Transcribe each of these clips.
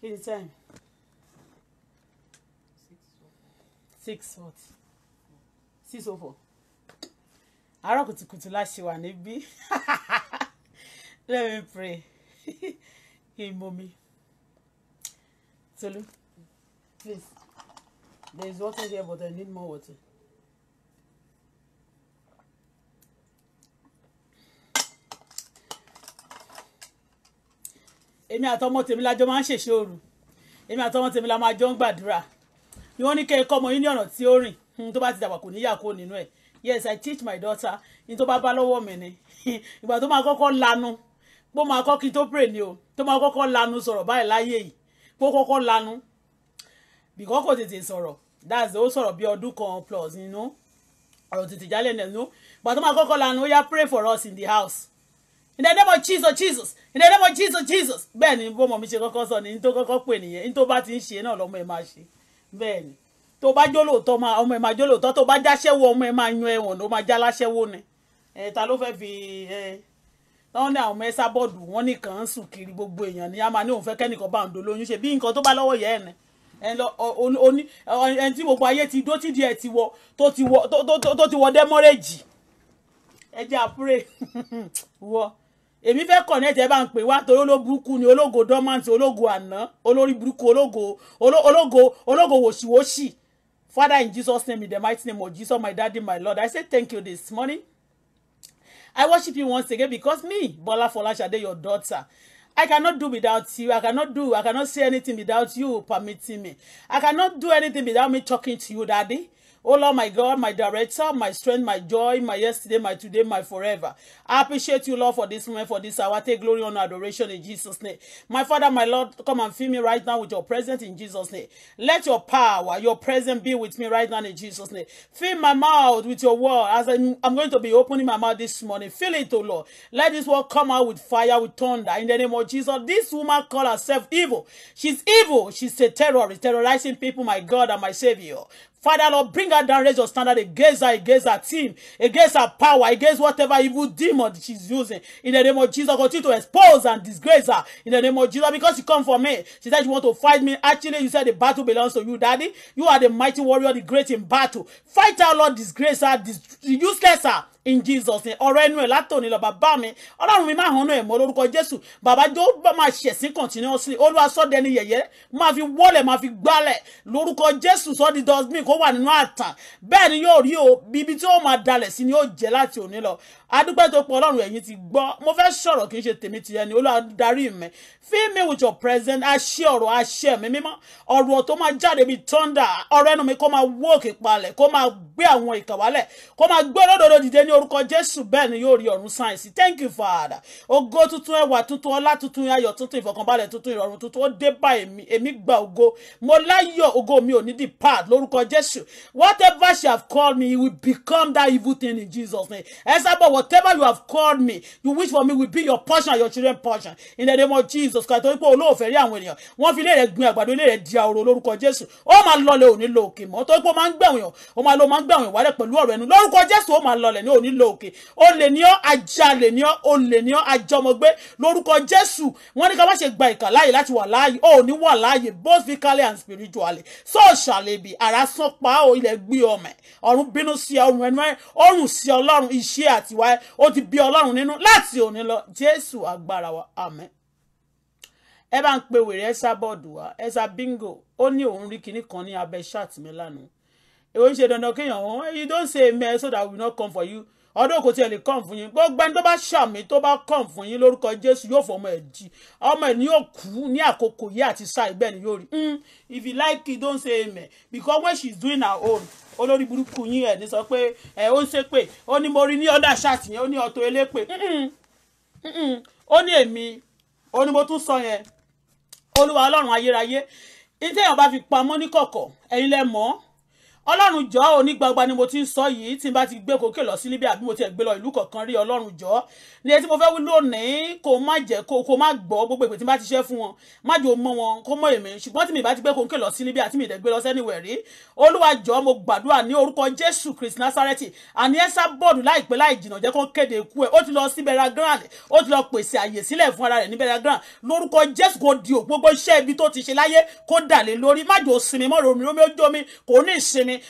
kí ni time six what oh six oh four to cut the last one. níbí let me pray Hey, mommy. mọ Tolu please there is water here but I need more water. èmi àtọmọ tèmi lájọ máa ń ṣèṣe òru èmi àtọmọ tèmi la máa jọ ń gbàdúrà ni wọ́n ní kẹ́ ẹ kọ́ ọmọ yín ní ọ̀nà tí ó rìn tó bá ti dàgbà kò ní yà kó nínú ẹ̀ yes i teach my daughter ní tó bá bá lọ́wọ́ mi ni ìgbà tó máa kọ́kọ́ lanu pé ó máa kọ́ kí n tó pray ni o tó máa kọ́kọ́ lanu sọ̀rọ̀ báyìí láyé yìí pé ó kọ́kọ́ lanu bìkọ́ kò tètè sọ̀rọ̀ that's the ó sọ̀rọ̀ bí ọdún kan plus nínú ọ̀rọ̀ tètè jálẹ̀ nínú ìgbà tó máa kọ́kọ́ lanu ó yá pray for us in the house in the name of Jesus Jesus in the name of Jesus Jesus bẹ́ẹ̀ ni bọ́mọ mi ṣe kọ́kọ́ sọ ni ní tó kọ́kọ́ pè nìyẹn ní tó bá ti ń ṣe náà lọ́mọ ẹ̀ máa ṣe bẹ́ẹ̀ ni tó bá jólóòtọ́ máa ọmọ ẹ̀ máa jólóòtọ́ tó bá jáṣẹ́wó ọmọ ẹ̀ máa yan ẹ̀wọ̀n ló máa já láṣẹ́wó ni ẹ̀ ta ló fẹ́ fi ẹ̀ wọ́n ní àwọn ẹ̀sà bọ́ọ̀dù wọ́n ní kàn ń sùn kiri gbogbo èèyàn ni a máa ní òun fẹ́ kẹ́nìkan bá ń dolóyún ṣe bí nǹkan tó bá lọ́wọ́ yẹ ẹ̀ ni ẹni tí gbogbo ayé ti dó tí díẹ̀ ti wọ tó ti wọ dẹ́mọ́rẹ́jì ẹ jẹ́ àpúrẹ́ wọ èmi fẹ́ connect ẹ bá ń pè wá torí olóburúkú ni ológo dormant ológo àná olórí burúkú ológo ológo ológo wòṣìwòṣì Father in Jesus name in the mighty name of Jesus my daddy my Lord I say thank you this morning I worship you once again because me Bola Folashade your daughter I cannot do without you. I cannot do. I cannot say anything without you permitting me. I cannot do anything without me talking to you, Daddy. Oh Lord, my God, my director, my strength, my joy, my yesterday, my today, my forever. I appreciate you, Lord, for this moment, for this hour. Take glory, and adoration in Jesus' name. My Father, my Lord, come and fill me right now with your presence in Jesus' name. Let your power, your presence be with me right now in Jesus' name. Fill my mouth with your word as I'm, I'm going to be opening my mouth this morning. Fill it, oh Lord. Let this word come out with fire, with thunder. In the name of Jesus, this woman called herself evil. She's evil. She's a terrorist, terrorizing people, my God and my Savior. Father, Lord, bring her down, raise your standard against her, against her team, against her power, against whatever evil demon she's using. In the name of Jesus, continue to expose and disgrace her. In the name of Jesus, because you come for me. She said you want to fight me. Actually, you said the battle belongs to you, Daddy. You are the mighty warrior, the great in battle. Fight her, Lord, disgrace her, dis useless her in Jesus ni ọ̀rọ̀ ẹnu ẹ̀ látòní lọ bàbá mi ọlọ́run mi máa hàn ẹ̀ mọ́ lórúkọ Jésù bàbá jó bá máa ṣẹ̀sín continuously olúwa sọ́dẹni yẹ̀yẹ́ máa fi wọ́lẹ̀ máa fi gbálẹ̀ lórúkọ Jésù sọ́di dustbin kó wà nínú àtà bẹ́ẹ̀ ni yóò rí o bíbi tí ó máa dalẹ̀ sí ni yóò jẹ́ láti òní lọ adúpẹ́ tó pọ̀ ọlọ́run ẹ̀yin ti gbọ́ mo fẹ́ sọ̀rọ̀ kì í ṣe tèmi ti ẹni olúwa darí mi fill me with your presence àṣẹ ọ̀rọ̀ àṣẹ mi mímọ́ ọ̀rọ̀ tó máa jáde bíi thunder ọ̀rọ̀ ẹnu mi kó máa wó òkè palẹ̀ kó máa gbé àwọn ìkà kó máa gbé olódodo dìde ní orúkọ jésù bẹ́ẹ̀ ni yóò rí ọ̀run sáyẹ̀nsì thank you father ògo tuntun ẹwà tuntun ọlá tuntun ayọ̀ tuntun ìfọ̀kànbalẹ̀ tuntun ìrọ̀rùn tuntun ó dé bá èmi èmi gba ògo mo láyọ̀ ògo mi ò ní depart lórúkọ jésù whatever she have called me he will become that evil thing in jesus name ẹ sábọ̀ whatever you have called me you wish for me will be your portion and your children portion in the name of Jesus Christ torí pé olóòfẹ́ rí àwọn ènìyàn wọ́n fi ilé rẹ̀ gbin àgbàdo ilé rẹ̀ di ahoro lórúkọ Jésù ó máa lọlẹ̀ òní lo òkè mọ́ torí ó máa ń gbẹ̀wọ̀n yàn ó máa lọ máa ń gbẹ̀wọ̀n ìwálẹ̀ pẹ̀lú ọ̀rọ̀ ẹnu lórúkọ Jésù ó máa lọlẹ̀ ní òní lo ó lè ní ọ́ ajá lè ní ọ́ ó lè ní ọ́ ajọmọgbé lórúkọ Jésù wọ́n ní ká má ṣe gba ìkà láàyè láti wà láàyè ó ní wà láàyè both physically and spiritually so ṣàlèbì àrà pa ilẹ̀ gbé ọmọ ọ̀run bínú sí ọ̀run ẹnu ọ̀run sí ọlọ́run iṣẹ́ àtiwá wa ó ti bí ọlọ́run nínú láti òní lọ jésù agbara, wa àmín ẹ bá ń pe wèrè ẹsà bọ́ọ̀dù wa ẹsà bingo ó ni òun rí kini kan ní abẹ́ ṣáàtì mi lánàá èwo ń ṣe dandan kéèyàn wọn oh, you don't say me, so that we not come for you ọdún kò tiẹ̀ lè kàn fún yín gbogbo ẹni tó bá ṣàmì tó bá kàn fún yín lórúkọ jésù yóò fọmọ ẹ̀ jí ọmọ ẹ̀ ni yóò kú ní àkókò yìí àti sáà ìbẹ́ẹ̀ ni yóò rí hmm, if you like it don't say amen because when she's doing her own olórí burúkú yín ẹ̀ ní sọ pé ẹ̀ ó ń ṣépè ó ní mo rí ní ọ̀dà ṣáàtì yẹn ó ní ọ̀tọ̀ elépè ó ní èmi ó ní mo tún sọ yẹn olúwa ọlọ́run ayérayé ní téèyàn bá fi pamọ́ ní kọ̀kọ̀ ẹ̀yin lẹ mọ̀ ọlọ́run jọ òní gbangba ni mo ti ń sọ yìí tí n bá ti gbé kókè lọ sí Libya àbí mo ti ẹ̀ gbé lọ ìlú kọ̀ọ̀kan rí ọlọ́run jọ ní etí mo fẹ́ wí lónìí kó má jẹ́ kó má gbọ́ gbogbo ìpè tí n bá ti ṣe fún wọn má jò mọ́ wọn kó mọ́ èmi ṣùgbọ́n tí mi bá ti gbé kókè lọ sí Libya àti mi ìdẹ̀ gbé lọ sẹ́niwẹ̀ rí olúwa jọ mo gbàdúrà ní orúkọ Jésù Kristi Násárẹ́tì àní ẹ́sà bọ́ọ̀dù láìpẹ́ láì jìnà jẹ́ kó kéde ikú ẹ̀ ó ti lọ sí bẹ̀rẹ̀ grand ó ti lọ pèsè àyè sílẹ̀ fún ara rẹ̀ ní bẹ̀rẹ̀ grand lórúkọ Jésù kò di òpópó iṣẹ́ ibi tó ti ṣe láyé kó dà lé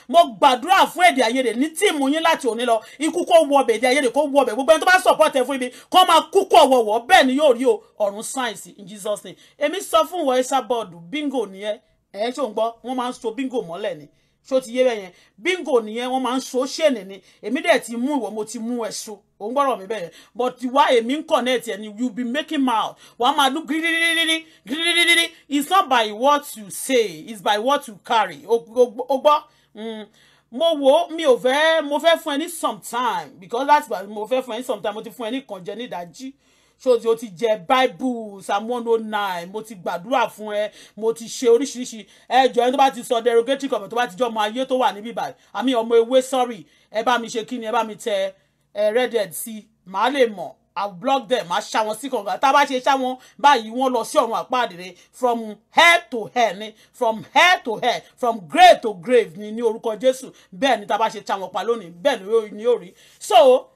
mo gbàdúrà fún èdè àìyedè ní tíìmù yín láti òní lọ ikú kó wọ ọbẹ̀ èdè àìyedè kó wọ ọbẹ̀ gbogbo ẹni tó bá support ẹ fún ibi kó máa kú kó ọ̀wọ̀wọ̀ bẹ́ẹ̀ ni yóò rí o ọ̀run sáyẹ̀nsì in Jesus name èmi sọ fún ìwọ ẹ̀sà bọ́ọ̀dù bíngò nìyẹn ẹ̀ ṣó ń gbọ́ wọ́n máa ń so bíngò mọ́lẹ̀ ni ṣó ti yé bẹ́ẹ̀ yẹn bíngò nìyẹn wọ́n máa ń so ṣèlè ni èmi dẹ̀ ti mú ìwọ mo ti mú ẹ̀ so òun gbọ́dọ̀ mi bẹ́ẹ̀ but wá èmi ń connect ẹni you be making mouth wàá máa dún gírírírírí gírírírírí it's not by what you say it's by what you carry o gbọ́ Mm. mo wo mi ò fẹ́ mo fẹ́ fún ẹ ní sometime because that's gbà mo fẹ́ fún ẹ ní sometime mo ti fún ẹ ní kànjẹ ní ìdájí so ti o ti jẹ bible psalm one oh nine mo ti gbàdúrà fún ẹ mo ti ṣe oríṣiríṣi ẹjọ ẹni tó bá ti sọ derogatory comment tó bá ti jọ ọmọ ayé tó wà níbí báyìí àmì ọmọ ewé sorry ẹ bá mi ṣe kí ni ẹ bá mi tẹ ẹ rẹ́dẹ̀ẹ́d sí màá lè mọ̀ i block them a ṣá wọn sí kànga tá a bá ṣe you wọn báyìí wọ́n lọ sí ọ̀run àpáàdìrẹ from head to head, from head to head, from grave to grave ni ní orúkọ jésù bẹ́ẹ̀ ni tá a bá ṣe ṣá wọn pa lónìí bẹ́ẹ̀ ni yóò rí so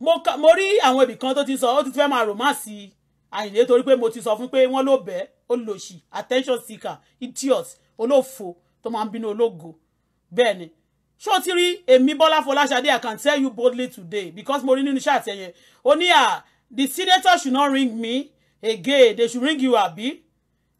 mo rí àwọn ibì kan tó ti sọ ó ti fẹ́ máa romance àyìnlé torí pé mo ti sọ fún pé wọ́n ló bẹ́ẹ̀ ó lòṣì attention seeker idiot olófo tó máa ń bínú ológo bẹ́ẹ̀ ni ṣó ti rí èmi Bọ́lá Fọláṣadé I can tell you boldly today because mo rí nínú iṣẹ́ àtẹ̀yẹ ó ní à ah, the senator should not ring me again they should ring you abi.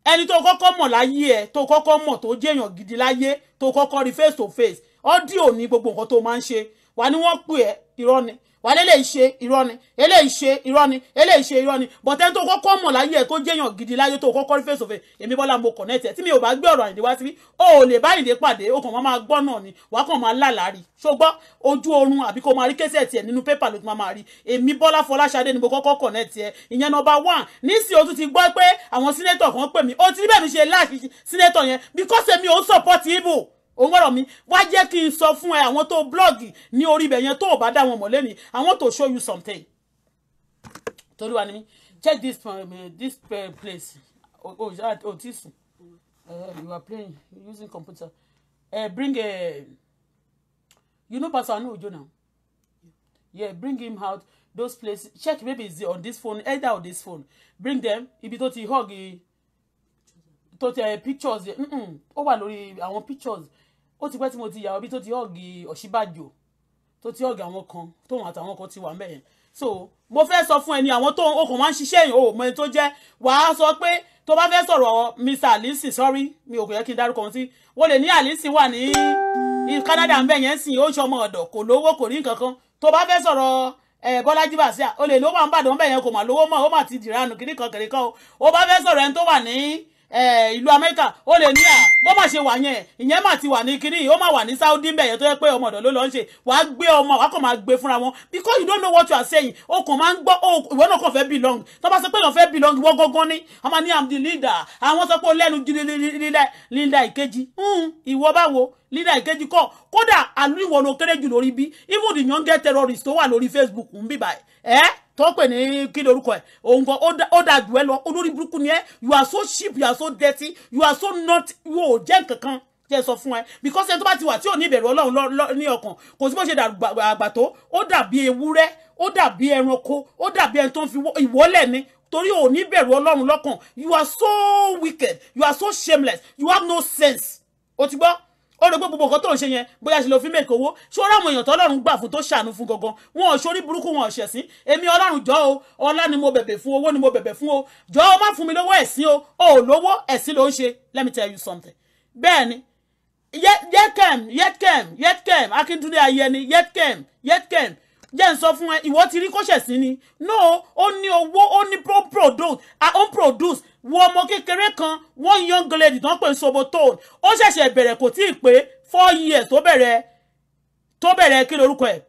ẹni tó kọ́kọ́ mọ̀ láyé ẹ tó kọ́kọ́ mọ̀ tó jẹ́yàn gidi láyé tó kọ́kọ́ rí face to face ọ́díò ní gbogbo nǹkan tó máa ń ṣe wà ní wọ́n pè ẹ́ irọ́ ni wà lélẹ̀ ìṣe irọ́ ni eléyìí ìṣe irọ́ ni eléyìí ìṣe irọ́ ni but ẹni tó kọ́kọ́ mọ̀ láyé ẹ̀ tó jẹ́yàn gidi láyé tó kọ́kọ́ face to face èmi bola mo connect ẹ̀ tí mi ò bá gbé ọ̀rọ̀ àyìnlé wá síbí o ò lè bá ìdè pàdé o kàn máa máa gbọ́ náà ni wàá kàn máa lálàárí ṣùgbọ́n ojú oorun àbí kó máa rí kẹ́sẹ̀ tiẹ̀ nínú pépà ló ti máa máa rí èmi bọ́lá fọláṣadé ni mo kọ́kọ́ connect ẹ̀ ìyẹn number one nísìnyí o tún ti gbọ́ pé àwọn sínétọ̀ kan pè mí o ti rí mi ṣe láàṣì sínétọ̀ yẹn because èmi ò ń support evil òun ọ̀rọ̀ mi wá jẹ́ kí n sọ fún ẹ àwọn tó blọ́ọ̀gì ní orí ibẹ̀ yẹn tó ò bá dá wọn mọ̀ lẹ́nìí àwọn tó show you something torí wa ni mi check this, um, uh, this uh, place oh, oh, oh this uh, you are playing using computer uh, bring a eh, you know pastor anu ojo now yeah bring him out those places check maybe Is on this phone either on this phone bring them ibi tó ti hug tó ti eh, pictures ó wà lórí àwọn pictures ó ti pẹ́ tí mo ti yàwó bí tó ti ọ̀gì Ọ̀ṣínbàjò tó ti ọ̀gì àwọn kan tóun àtàwọn kan ti wà mẹ́yẹn so mo fẹ́ sọ fún ẹni àwọn tó o kàn máa ń ṣiṣẹ́ yìí o mọ ẹni tó jẹ́ wàá sọ pé tó bá fẹ́ sọ̀rọ̀ Mr. Alice sorry mi ò kò yẹ kí n dárúkọ ohun sí wọ́n lè ní Alice wà ní Canada ńbẹ̀ yẹn sìn ó ń ṣọmọ ọ̀dọ̀ kò lówó kò ní nǹkan kan tó bá fẹ́ sọ̀rọ̀ Bọ́lájí Bàsíà o lè ló máa ń bàdàn ńbẹ̀ yẹn kò mà lówó mọ́ ó mà ti dìranù kìnnìkan kìnnìkan o ó bá fẹ́ sọ̀rọ̀ ẹni tó wà ní Eh, ìlú amẹ́ríkà ó lè ní à bó má ṣe wà yẹn ìyẹn má ti wà ní kinní ó má wà ní saudi mbẹ̀ yẹn tó yẹ pé ọmọ ọ̀dọ̀ ló lọ ń ṣe wàá gbé ọmọ wàá kàn máa gbé fúnra wọn because you don't know what you are saying o kàn máa ń gbọ́ ìwọ náà kàn fẹ́ belong tó bá sọ pé kàn fẹ́ belong wọ́n gángan ni a máa ní am the leader àwọn sọ pé ó lẹ́nu ju lílá ìkejì hmm, ìwọ báwo lílá ìkejì kọ kódà àlú ìwọ ló kéré jù lórí bí even the young girl terrorist tó wà lórí facebook ń bíbà ẹ́ eh? tó ní kí lorúkọ ẹ òun kan ó dà jù ẹ lọ olórí burúkú ni ẹ you are so cheap you are so dirty you are so not you ò jẹ́ nkankan jẹ́ sọ fún ẹ because ẹni tó bá ti wà tí ò ní ìbẹ̀rù ọlọ́run ní ọkàn kò sí bó ṣe dàgbà tó ó dàbí ewúrẹ́ ó dàbí ẹranko ó dàbí ẹni tó ń fi ìwọ́lẹ̀ ni torí ò ní bẹ̀rù ọlọ́run lọ́kàn you are so wicked you are so shameless you have no sense o ti gbọ́ ó rò gbogbo nǹkan tó ń ṣe yẹn bóyá lo fi mèkó owó ṣé ó ráwọn èèyàn tó ọlọ́run gbà fún tó ṣàánú fún gangan wọn ò ṣorí burúkú wọn ò ṣẹ̀sín èmi ọlọ́run jọ o ọlá ni mo bẹ̀bẹ̀ fún owó ni mo bẹ̀bẹ̀ fún o jọ o má fún mi lówó ẹ̀sín o o ò lówó ẹ̀sín ló let me tell you something Yet bẹ́ẹ̀ ni yetkem yetkem yetkem akíntúndé ayẹni yetkem yetkem yet. ń sọ fún ẹ ìwọ ti rí kóṣẹ̀sín ni no ó ní owó ó ní produce wo ọmọ kékeré kan one young lady tó ń pè sobotone ó ṣẹ̀ṣẹ̀ bẹ̀rẹ̀ kò tí ì pé four years tó bẹ̀rẹ̀ tó bẹ̀rẹ̀ kí lorúkọ ẹ̀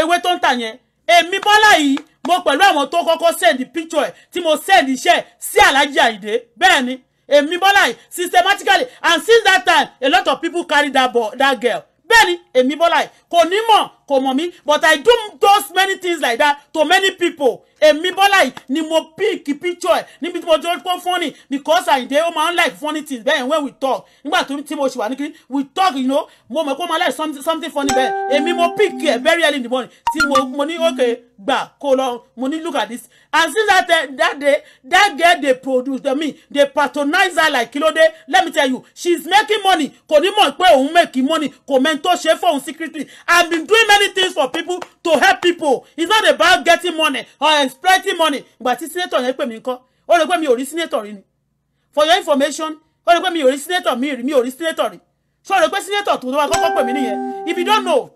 ewé tó ń tà yẹn èmi bọ́lá yìí mo pẹ̀lú àwọn tó kọ́kọ́ send picture ẹ̀ tí mo send iṣẹ́ sí alájí àyídé bẹ́ẹ̀ ni èmi bọ́lá yìí systematically and since that time a lot of people carry that, ball, that girl bẹ́ẹ̀ ni èmi bọ́lá yìí kò ní mọ̀ kò mọ̀ mí but i do those many things like that to many people èmi bọ́lá yìí ni mo pick picture ẹ̀ níbi tí mo jọ pọ́ funny because àyìndé ó máa ń like funny things bẹ́ẹ̀ when we talk nígbà tí mo ṣì wà ní kiri we talk you know mo mọ̀ pé ó máa like something something funny bẹ́ẹ̀ èmi mo pick ẹ̀ very early in the morning tí mo mo ní okay gbà kó lọ mo ní look at this and since that, uh, that day that girl dey produce the me dey patronize her like kílódé let me tell you she is making money kò ní mọ̀ pé òun make money kò mẹ́ni tó ṣe fóun secretly I've been doing many things for people to help people. It's not about getting money or exploiting money. but tí senator yẹn pè mí ńkọ́, ó rẹ mi ò senator ni. For your information, ó rẹ pé mi ò senator mi rí mi ò senator So, Ṣé o senator to wá kọ́kọ́ pè mí nìyẹn? If you don't know,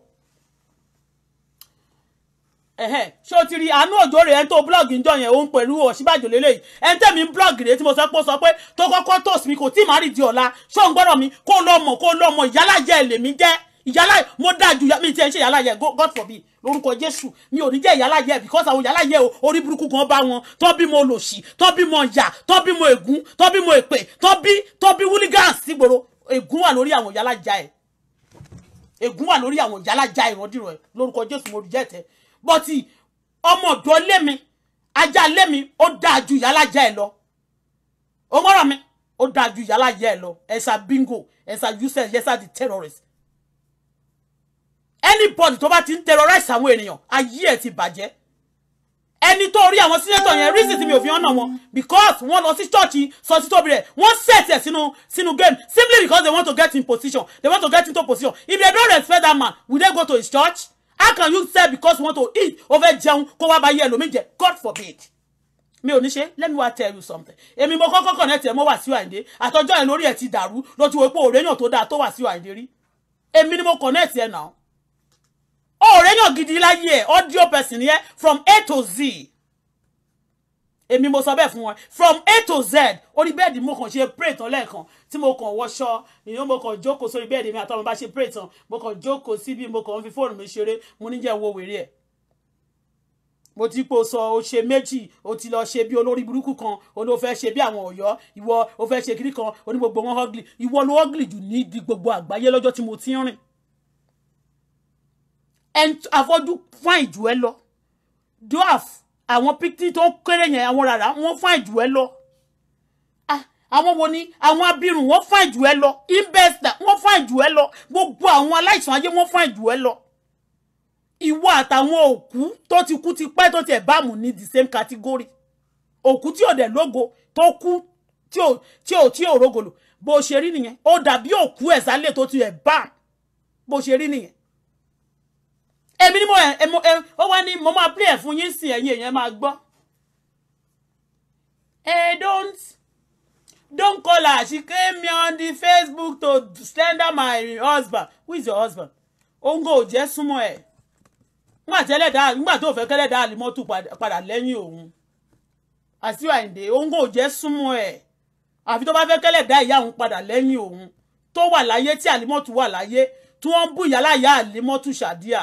ẹ̀hẹ́ ṣé o ti rí àánú òjò rẹ̀ ẹni tó blọ́ọ̀gì ńjọ yẹn òun pẹ̀lú òṣìbàjò lélẹ́yìí ẹni tẹ̀mí ń blọ́ọ̀gì rẹ̀ tí mo sọ pé ó sọ pé tó kọ́kọ́ tòsí mi kò tí ì má rí di ọ̀la ṣé òun gbọ́dọ̀ mi kó lọ́mọ kó lọ́mọ ìyálàjẹ́ lèmi jẹ́ ìyálà mo dájú mi tiẹ̀ ń ṣe ìyálà yẹ god forbid lórúkọ jésù mi ò ní jẹ́ ìyálà yẹ because àwọn ìyálà yẹ orí burúkú kan bá wọn tó bí mo lòṣì tó bí mo yà tó bí mo ègún tó bí mo èpè tó bí tó bí hooligans sígboro ègún wà lórí àwọn ìyálà já ẹ ègún wà lórí àwọn ìyálà já ìrọ̀dìrọ̀ ẹ lórúkọ jésù mo jẹ́ tẹ bọ́tì ọmọ ọ̀dọ́ lẹ́mi ajá lẹ́mi ó dáa ju ìyálà já ẹ lọ ó mọ́ràn mi ó dáa ìyálà yẹ ẹ lọ ẹ̀sà bingo ẹ̀sà useless ẹ̀sà the terrorist anybody tó bá ti ń terrorize àwọn ènìyàn ayé ẹ̀ ti bàjẹ́ ẹni tó rí àwọn sínétọ̀ yẹn reason tí mi ò fi ọ̀nà wọn because wọ́n lọ sí chọ́ọ̀chì sọ sí tóbi rẹ̀ wọ́n set ẹ̀ sínú sínú game simply because they want to get in position they want to get into position if they don't respect that man will they go to his church how can you say because you want to eat over fẹ́ jẹun kó wá bá yẹ ẹlòmíì jẹ God forbid mi ò ní ṣe let me wa tell you something èmi mo kọ́kọ́ connect ẹ̀ mo wà sí àyíndé àtọjọ́ ẹ̀ lórí ẹ̀ ti dàrú lójú wo pé òrèèyàn tó dáa tó wà sí àyíndé rí èmi ni mo connect ẹ̀ náà ọ̀rẹ́ yàn gidi láyé ẹ̀ audio person yẹn from a to z èmi mo sọ bẹ́ẹ̀ fún wọn from a to z orí bẹ́ẹ̀dì mo kàn ṣe pray tán lẹ́ẹ̀kan tí mo kàn wọṣọ ìyẹn mo kàn jókòó sórí bẹ́ẹ̀dì mi àtọ́ mo bá ṣe pray tán mo kàn jókòó síbi mo kàn fi fóònù mi ṣeré mo níjẹ́ wo wèrè ẹ̀ mo ti po sọ o ṣe méjì o ti lọ ṣe bí olórí burúkú kan o ló fẹ́ ṣe bí àwọn ọ̀yọ́ ìwọ o fẹ́ ṣe kiri kan o ní gbogbo wọn ugly ìwọ ló ugly jù ní gbogbo àgbáyé lọ́jọ́ tí mo ti ń rìn ẹni afọ́jú fine jù ẹ lọ dwarf àwọn picnic tó kéré yẹn àwọn rárá wọ́n fine jù ẹ lọ ah, àwọn wo ni àwọn abirùn wọ́n fine jù ẹ lọ investor wọ́n fine jù ẹ lọ gbogbo àwọn aláìsàn ayé wọ́n fine jù ẹ lọ ìwọ àtàwọn òkú tó ti kú ti pẹ́ tó ti ẹ̀ bámu ní the same category òkú tí ò dẹ̀ lógo tó kú tí ò tí ò tí ò rógolo bó ṣe rí nìyẹn ó dàbí òkú ẹ̀sálẹ̀ tó ti ẹ̀ bá bó ṣe rí nìyẹn èmi ni mo ẹ mo ẹ ó wá mo máa play ẹ fún yín sí ẹ̀yin èèyàn máa gbọ́. don't don't call her she came me on the Facebook to slander my husband who is your husband ongo ò jẹ́ súnmọ́ ẹ̀ nígbà tí ẹlẹ́dàá nígbà tó fẹ́ kẹ́lẹ́dàá àlìmọ́tò padà lẹ́yìn òun àti àyìndé ongo ò jẹ́ súnmọ́ ẹ̀ àfi tó bá fẹ́ kẹ́lẹ́dàá ìyá òun padà lẹ́yìn òun tó wà láyé tí àlìmọ́tò wà láyé tí wọ́n ń bú ìyá láyà àlìmọ́tò ṣàdíà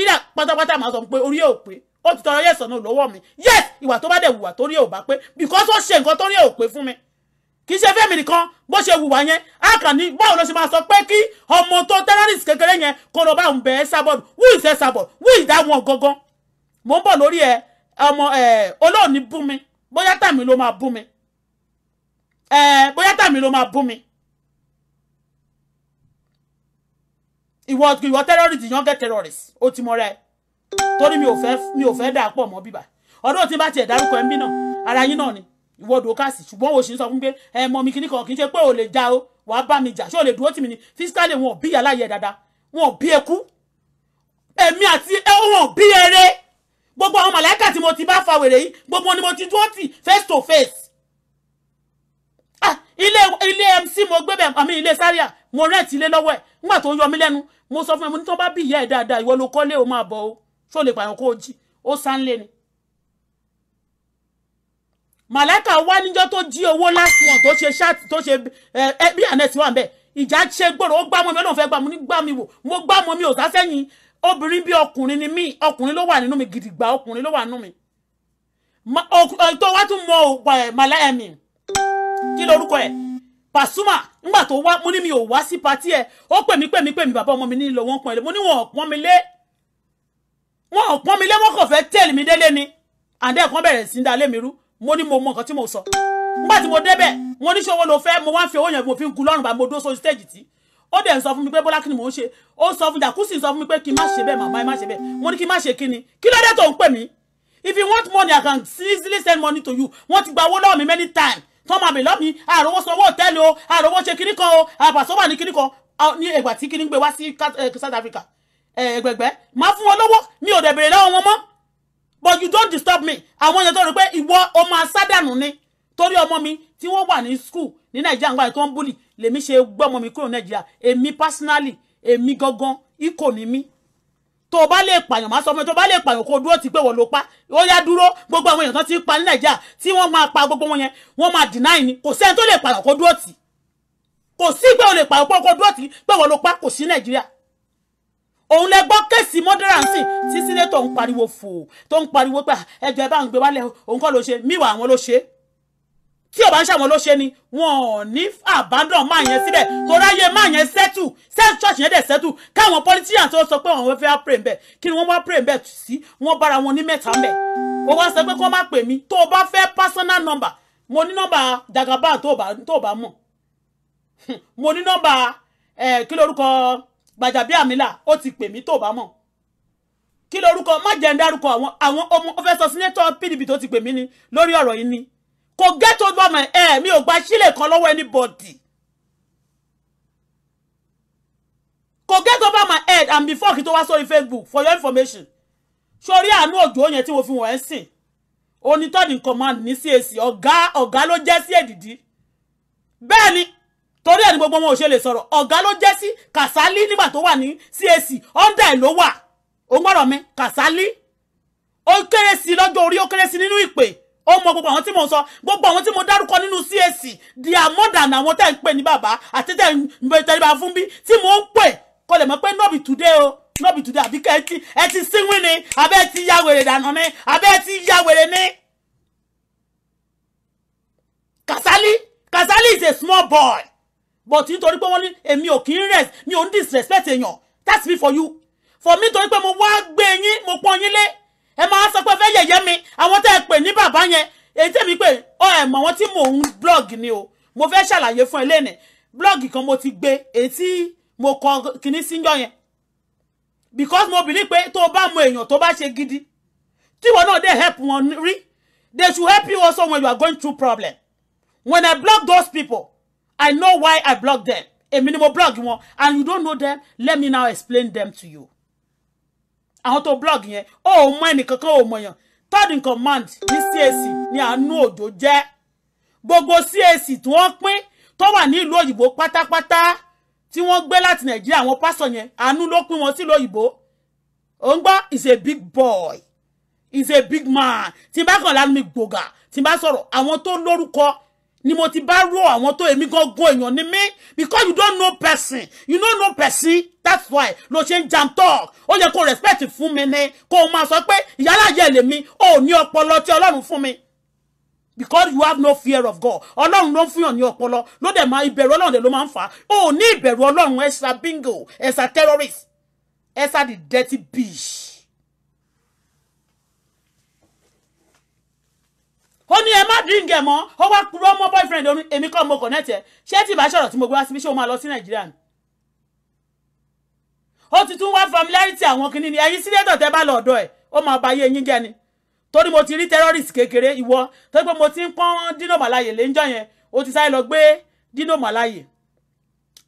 ìdá pátápátá máa sọ pé orí ò pé ó ti tọrọ yẹ̀sán náà lọ́wọ́ mi yes ìwà tó bá dẹ̀ wùwà torí ò bá pé because ó ṣe nǹkan torí ò pé fún mi kì í ṣe fẹ́mi nìkan bó ṣe wùwà yẹn àkànní báwo ló ṣe máa sọ pé kí ọmọ tó terrorist kékeré yẹn kó lọ bá òun bẹ̀ẹ́ sábọ̀dù wú ìṣe sábọ̀dù wú ìdá wọn gangan mò ń bọ̀ lórí ẹ ọmọ ẹ olóòní bú mi bóyá tàmí ló máa bú mi ẹ bóyá tàmí ló máa bú mi ìwọ ìwọ terrorist yan get terrorist ó ti mọ rẹ torí mi ò fẹ́ mi ò fẹ́ dà pọ̀ mọ́ bíbà ọdún tí bá tiẹ̀ dárúkọ ẹ̀ ń bí náà ara yín náà ni ìwọ dòkásì ṣùgbọ́n wo sì ń sọ fún pé ẹ mọ mi kíní kan kì í ṣe pé ò lè ja o wàá bá mi jà ṣé ò lè dúró tì mí ni fisikálì wọn ò bí yàrá yẹ dáadáa wọn ò bí eku èmi àti wọn bí eré gbogbo àwọn màláìkà tí mo ti bá fa wèrè yìí gbogbo ni mo ti dúró tì face to face ah, ilé ilé mc mo gbé bẹ̀ àmì ilé sáríà mo rẹ́ẹ̀tì ilé lọ́wọ́ ẹ̀ nígbà tó yọ mí lẹ́nu mo sọ fún ẹ mo ní tó bá bí ìyá ẹ̀ dáadáa ìwọ ló kọ́lé o máa bọ̀ o ṣó lè pààyàn kó o jí ó sánlé ni. màláìka wá níjọ́ tó jí owó last month tó ṣe ṣáàtì tó ṣe ẹ bí ànẹ́sì wà ń bẹ̀ ìjà ṣe gbòòrò ó gbá mọ́ mi ọlọ́run fẹ́ gbà mí gbá mi wò mo gbá mọ́ mi ò sásẹ́yìn obìnrin bí ọkùnrin ni mí ọkùnrin ló wà nínú mi gidigba ọkùnrin ló wà nínú mi tó wá tún mọ màláìka mi kí lorúkọ ẹ̀ Pasuma ngbà tó wá mo ní mi ò wá sí patí ẹ ó pè mí pè mí pè mí bàbá ọmọ mi ní lọ wọn pọn ẹ mo ní wọn ò pọn mi lé wọn ò pọn mi lé wọn kò fẹ́ tẹ̀lé mi délé ni àǹdẹ ẹ̀kan bẹ̀rẹ̀ sí dalé mi rú mo ní mo mọ nǹkan tí mo sọ ngbà tí mo débẹ̀ mo ní ṣòwò ló fẹ́ mo wá ń fi owó yẹn mo fi ń gun lọ́rùn bá mo dúró sórí stage tí ó dẹ̀ ń sọ fún mi pé bọ́lá kí ni mò ń ṣe ó sọ fún jàkúsì sọ fún mi pé kí n má ṣe bẹ́ẹ̀ màmá ẹ má ṣe bẹ́ẹ̀ mo ní kí n má ṣe kí kí ló tó ń pè mí if you want money i can easily send money to you wọ́n ti gba owó lọ́wọ́ mi many times tán máa mi lọ́ mi àròwọ́ sanwó òtẹ́ẹ̀lì o àròwọ́ ṣe kíní kan o àbàṣọ wà ní kíní kan ní ìgbà tí kíní gbé wá sí eh, South Africa eh, ẹgbẹgbẹ máa fún wọn lọ́wọ́ mi ò dẹ̀ béèrè lọ́wọ́ wọn mọ́ but you don't disturb me àwọn èèyàn tó rò pé ìwọ ọmọ asádànù ni torí ọmọ mi tí wọ́n wà ní school ní nàìjíríà nígbà tó ń búlì lèmi ṣe gbọ́ ọmọ mi kúrò nàìjíríà èmi personally èmi gangan ikọ̀ ni mi tó bá lè pààyàn máa sọ fún mi tó bá lè pààyàn kó dúró ti pé wọ́n ló pa ó yá dúró gbogbo àwọn èèyàn tán ti pa ní nàìjíríà tí wọ́n máa pa gbogbo wọn yẹn wọ́n máa deny ni kò sẹ́ni tó lè pààyàn kó dúró tì kò sí pé o lè pààyàn kó dúró tì pé wọ́n ló pa kò sí nàìjíríà òun lẹ gbọ́ kẹ́sì mọ́dẹ́rànsì tí sílẹ̀ tó ń pariwo fò tó ń pariwo pé ẹjọ́ ẹ bá ń gbé wálẹ̀ òun kọ́ ló ṣe míwàá àwọn ló ṣe é tí ò bá ń ṣàwọn ló ṣe ni wọn ò ní àbádàn máa yẹn sílẹ̀ tó ráyè máa yẹn sẹ́tù sẹ́tù church yẹn dẹ̀ sẹ́tù káwọn politicians tó sọ pé àwọn fẹ́ pray mbẹ̀ kí ni wọ́n wá pray mbẹ̀ sí wọ́n bára wọn ní mẹ́ta mbẹ̀ ó wá sọ pé kó má pè mí tó o bá fẹ́ personal number mo ní nọ́mbà Dagaba tó o bá mọ̀ hmm, mo ní nọ́mbà eh, kí lorúkọ Gbajabiamila ó ti pè mí tó o bá mọ̀ kí lorúkọ má jẹ́ ń dárúkọ àwọn ọmọ ó fẹ́ sọ sínétọ̀ PDP tó ti pè kò get over my head mi ò gba sílẹ̀ kan lọ́wọ́ anybody kò get over my head and before kí n tó wá sórí Facebook for your information sórí àánú òjò yẹn tí mo fi wọ̀n ẹ́ sìn onítọ́ni command ní CAC ọ̀gá ọ̀gá ló jẹ́ sí èdìdí bẹ́ẹ̀ ni torí ẹni gbogbo wọn ò ṣe lè sọ̀rọ̀ ọ̀gá ló jẹ́ sí Kàsálí nígbà tó wà ní CAC ọ̀ndà ẹ̀ ló wà ó ń gbọ́dọ̀ mi Kàsálí ó kéré sí lọ́jọ́ orí ó kéré sí nínú ìpè ó mọ gbogbo àwọn tí mo sọ gbogbo àwọn tí mo dárúkọ nínú CAC di àmọ́dàn àwọn tẹ́ ń pè ní bàbá àti tẹ́ ń tẹ́lifà fún bí tí mo ń pè kọlẹ̀ mọ́ pé nọ́ọ̀bì today o nọ́ọ̀bì today àbí kẹ́ ti ẹ ti sínwín ni abẹ́ ti ya wèrè dànù ni abẹ́ ti ya wèrè ni. Kasali Kasali is a small boy but nítorí pé wọ́n ní èmi ò kì í rest mi ò ń disrespect èèyàn that's me for you for me torí pé mo wá gbé yín mo pọ́n yín lé ẹ máa sọ pé fẹ́ yẹ̀yẹ́ mi àwọn tẹ́ ẹ pè ní bàbá yẹn èyí tẹ́mi pé ọ ẹ̀ mọ̀ wọ́n tí mò ń blog ni o mo fẹ́ ṣàlàyé fún ẹ lẹ́nìí blog kan mo ti gbé èyí tí mo kọ kíní síjọ yẹn because mo believe pé tó bá mọ èèyàn tó bá ṣe gidi tí náà dé help wọn rí they should help you also when you are going through problem when I block those people I know why I block them èmi ni mo blog wọn and you don't know them let me now explain them to you àwọn tó blog yẹn ó ò mọ ẹnìkankan ò mọ̀yàn third in command ní CAC ní àánú òjò jẹ́ gbogbo CAC tí wọ́n pín tó wà ní ìlú òyìnbó pátápátá tí wọ́n gbé láti nàìjíríà àwọn pásọ̀ yẹn àánú ló pín wọn sílùú òyìnbó ò ń gbọ́ is a big boy is a big man tí n bá kàn lánàá mi gbògà tí n bá sọ̀rọ̀ àwọn tó lórúkọ ni mo ti bá rò àwọn tó èmi gangan èèyàn ni mí because you don't know person you don't know person that's why ló ṣe jam talk ó yẹ kó respect fún mi ni kó o máa sọ pé ìyálàyẹ lèmi ò ní ọpọlọ tí ọlọ́run fún mi because you have no fear of God ọlọ́run ló ń fún yàn ní ọpọlọ ló dẹ̀ máa ìbẹ̀rù ọlọ́run dẹ̀ ló máa ń ni á ò ní ìbẹ̀rù ọlọ́run ẹ̀sà bingo ẹ̀sà terrorist ẹ̀sà the dirty bitch. ó ní ẹ má drink ẹ mọ́ ó wá kúrò ọmọ boyfriend òun èmi kọ́ mo connect ẹ ṣé tí ìbá sọ̀rọ̀ tí mo gbé wá síbi ṣé o máa lọ sí nàìjíríà ni. ó ti tún wá familiarity àwọn kìíní ni ẹ̀yin sílẹ̀ tọ̀tẹ́ bá lọ ọ̀dọ̀ ẹ̀ ó máa ba ayé yín jẹ́ ni torí mo ti rí terrorist kékeré ìwọ torí pé mo ti ń pọ́n Dino Melaye léńjọ́ yẹn o ti sáré lọ gbé Dino Melaye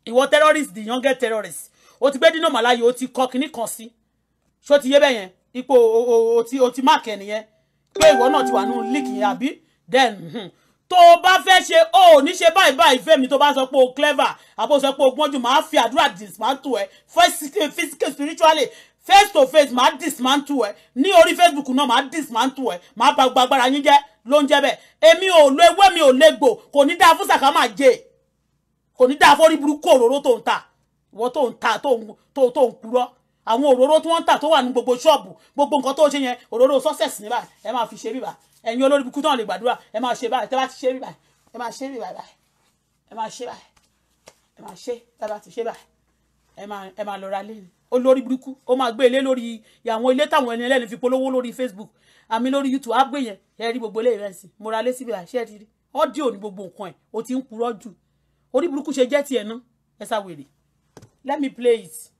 ìwọ terrorist the younger terrorist o ti gbé Dino Melaye o ti kọ kinní kan sí ṣó ti yé bẹ́ẹ̀ yẹn ipò o ti o ti máàkì ẹnìyẹn pé ìwọ náà ti wà nínú líìkì yẹn àbí then mhm. tó o bá fẹ́ ṣe o ò ní ṣe báyìí báyìí fẹ́mi tó bá sọ pé o clever àbó sọ pé o gbọ́njú máa fi àdúrà dismantle ẹ physical spiritually face to face máa dismantle ẹ ní orí facebook náà máa dismantle ẹ máa ba gbogbo agbára yín jẹ́ ló ń jẹ́ bẹ́ẹ̀ èmi ò lo ewé mi ò légbò kò ní dáa fún sàkámà jẹ́ kò ní dáa fún orí burúkú òróró tó ń ta ìwọ tó ń ta tó ń purọ́ àwọn òróró tí wọ́n ń tà tó wà ní gbogbo ṣọ́ọ̀bù gbogbo nǹkan tó ṣe yẹn òróró success ní báyìí ẹ máa fi ṣe bíbà ẹ̀yin olórí ibùkún náà lè gbàdúrà ẹ máa ṣe báyìí tẹ́ bá ti ṣe bíbà ẹ máa ṣe bíbà báyìí ẹ máa ṣe báyìí ẹ máa ṣe tẹ́ bá ti ṣe báyìí ẹ máa ẹ máa lọ ra lé olórí burúkú ó máa gbé ilé lórí àwọn ilé táwọn ẹni ẹlẹ́ni fi polówó lórí Facebook àmì lórí YouTube á gbé yẹn ẹ rí gbogbo ilé ìrẹsì mo ra lé síbi àṣẹ rírí ọ́díò ní gbogbo nǹkan ẹ̀ ó ti ń purọ́ jù orí burúkú ṣe jẹ́ tiẹ̀ ná ẹ sáwèrè let me play it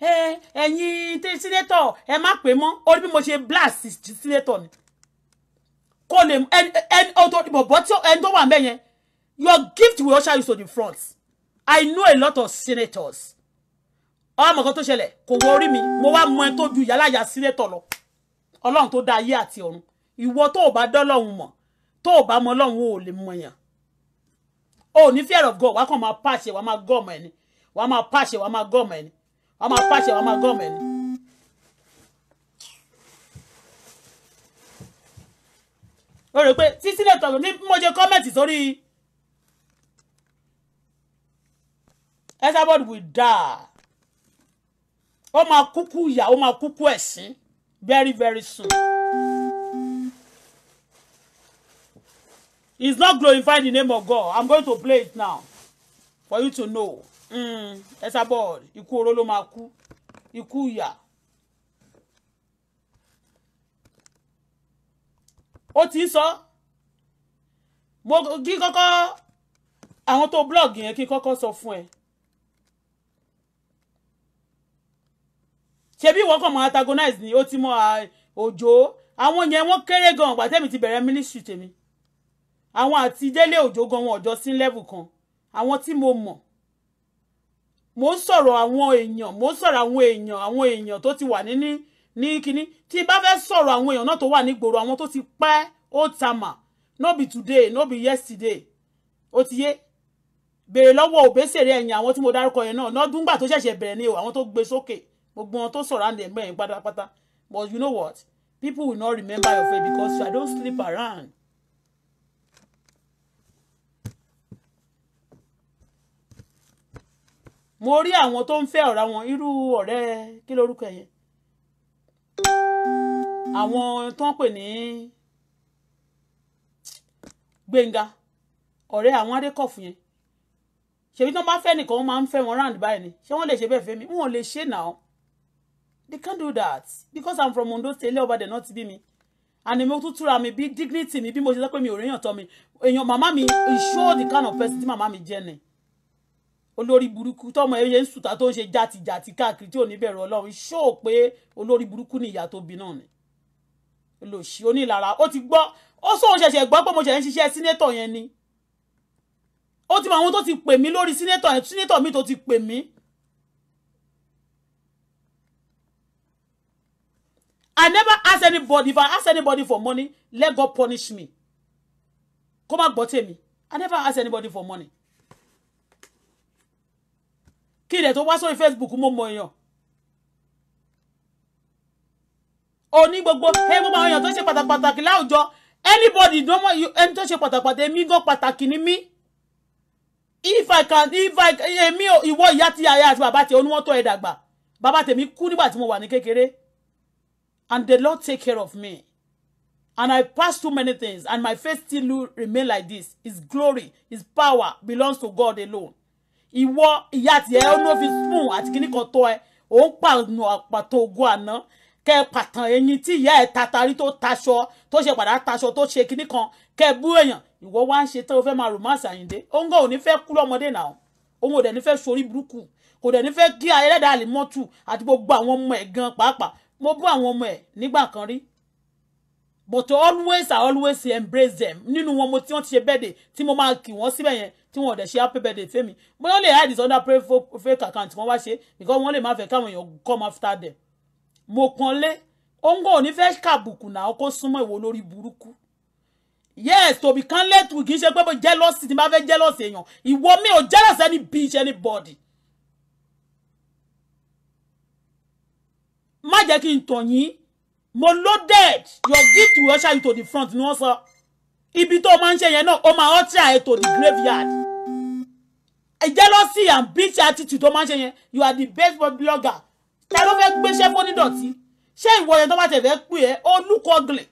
ẹ̀yin tí sínétọ̀ ẹ má pè mọ́ orí bí mo ṣe blast sínétọ̀ ni kò lè ẹni bọ̀bọ̀ tí ẹni tó wà mẹ́ yẹn your gift will usher you to the front I know a lot of senators ọmọ kan tó ṣẹlẹ̀ kò wọ orí mi mo wá mọ ẹni tó ju yàláyà sínétọ̀ lọ ọlọ́run tó dá ayé àti ọ̀run ìwọ tó o bá dọ́lọ́run mọ̀ tó o bá mọ ọlọ́run o lè mọ yàn o ní fear of God wàá kàn máa pàṣẹ wàá máa gọ́ ọmọ ẹni wàá máa pàṣẹ wàá máa gọ́ ọmọ ẹni wàá máa pàṣẹ wàá máa gọ́ọ̀mù ẹni. o rò pé tí sílẹ̀ tọ̀tọ̀ ní mo ṣe kọ́mẹ̀tì sórí Esabod will die ó máa kúkú ìyà ó máa kúkú ẹ̀sìn very very soon. He's not glorifying the name of God. I'm going to play it now for you to know. Esabod mm, ikú oró ló máa kú ikú ìyà ó ti ń sọ mo kí kọ́kọ́ àwọn tó blọ́ọ̀gì yẹn kí kọ́kọ́ sọ fún ẹ ṣebí ìwọ kàn mọ antagonize ni ó ti mọ òjò àwọn yẹn wọ́n kéré gan ọgbà tẹmí ti bẹ̀rẹ̀ mílíṣì tèmi àwọn àti délé òjò gan wọn ọjọ sí lẹ́bù kan àwọn tí mo mọ̀ mo ń sọ̀rọ̀ àwọn èèyàn mo ń sọ̀rọ̀ àwọn èèyàn àwọn èèyàn tó ti wà ní ní ní kínní tí bá fẹ́ sọ̀rọ̀ àwọn èèyàn náà tó wà nígboro àwọn tó ti pẹ́ old timer no be today no be yesterday ó ti yé béèrè lọ́wọ́ òbésèrè ẹ̀yìn àwọn tí mo dárúkọ yẹn náà lọ́dún gbà tó ṣẹ̀ṣẹ̀ bẹ̀rẹ̀ ni o àwọn tó gbé sókè gbogbo wọn tó sọ̀rọ̀ àǹdẹ̀ pátápátá but you know what people will not remember your face because I don't sleep around mo rí àwọn tó ń fẹ́ ọ̀rá wọn irú ọ̀rẹ́ kí lorúkọ yẹn àwọn tó ń pè ní Gbénga ọ̀rẹ́ àwọn adékọ̀fù yẹn ṣèbí tó bá fẹ́ nìkan wọ́n máa ń fẹ́ wọn round báyìí ni ṣé wọ́n lè ṣe bẹ́ẹ̀ fẹ́ mi wọ́n lè ṣe now they can't do that because i'm from Ondo State ilé ọba dẹ̀ náà ti bí mi àní mo tún túra mi bí dignity mi bí mo ṣe sọ pé mi ò ríyàn tọ́ mi èèyàn màmá mi is sure the kind of person tí màmá mi jẹ́ ni olórí burúkú tọmọ ẹ ń sùtà tó ń ṣe jàtìjàtì káàkiri tí ò ní bẹ̀rù ọlọ́run ṣó o pé olórí burúkú ni ìyá tó bí náà ni olóṣì onílara ó ti gbọ́ ó sóun ṣẹ̀ṣẹ̀ gbọ́ pé mo ṣẹ̀ ń ṣiṣẹ́ sínétọ̀ yẹn ni ó ti mọ àwọn tó ti pè mí lórí sínétọ̀ yẹn sínétọ̀ mi tó ti pè mí I never ask anybody if I ask anybody for money let God punish me kó má gbọ́ tèmi I never ask anybody for money kí ilẹ̀ tó wá sórí Facebook mo mọ èèyàn òní gbogbo ẹ gbogbo àwọn èèyàn tó ṣe pàtàkì láwùjọ anybody ẹni tó ṣe pàtàkì èmi gan pàtàkì ni mí if i can if i èmi ìwọ ìyá ti àyà àti bàbá tẹ oníwọ́n tó ẹ dàgbà bàbá tèmi kú nígbà tí mo wà ní kékeré and the Lord take care of me and i pass through many things and my face still remain like this his glory his power belongs to God alone ìwọ ìyá tiẹ̀ ó ló fi spoon àti kíní kan tó ẹ òun pàánù àpàtó ogun àná kẹ pàtàn eyín tí ìyá ẹ tatari tó taṣọ tó ṣe padà taṣọ tó ṣe kíní kan kẹ bú èèyàn ìwọ wá ń ṣe tẹ́ o fẹ́ máa romance Àyìndé òun kò ní fẹ́ kú lọ́mọdé náà òun ò dẹ̀ ní fẹ́ sorí burúkú kò dẹ̀ ní fẹ́ kí ayẹlẹ́dàá lè mọ́tù àti gbogbo àwọn ọmọ ẹ̀ gan pàápàá mo bú àwọn ọmọ ẹ̀ nígbà kan rí but always i always embrace them nínú wọn mo tí wọ́n ti ṣe birthday tí mo máa kì wọ́n síbẹ̀ yẹn tí wọ́n ò dẹ̀ ṣe happy birthday fẹ́mi bóyá lè hide is under pray fake account wọ́n wá ṣe because wọ́n lè má fẹ́ káwọn èèyàn come after them mo pọ́n lé ongo ò ní fẹ́ kàbùkù náà kó súnmọ́ ìwo lórí burúkú yes to be candid kì í ṣe pé mo jealousy tí n bá fẹ́ jealousy èèyàn ìwọ mi ò jealous any bitch anybody má jẹ́ kí n tàn yín mo loaded your gift will usher you to the front ni wọ́n sọ ibi tó o máa ń ṣe yẹn náà o máa usher ẹ to the graveyard a jealousy and bitch attitude tó máa ń ṣe yẹn you are the best blogger ta ló fẹ́ gbéṣẹ́ fónídọ̀tí ṣé ìwọ yẹn tó bá tẹ̀ fẹ́ pè ẹ́ ó lúkọ gìlẹ̀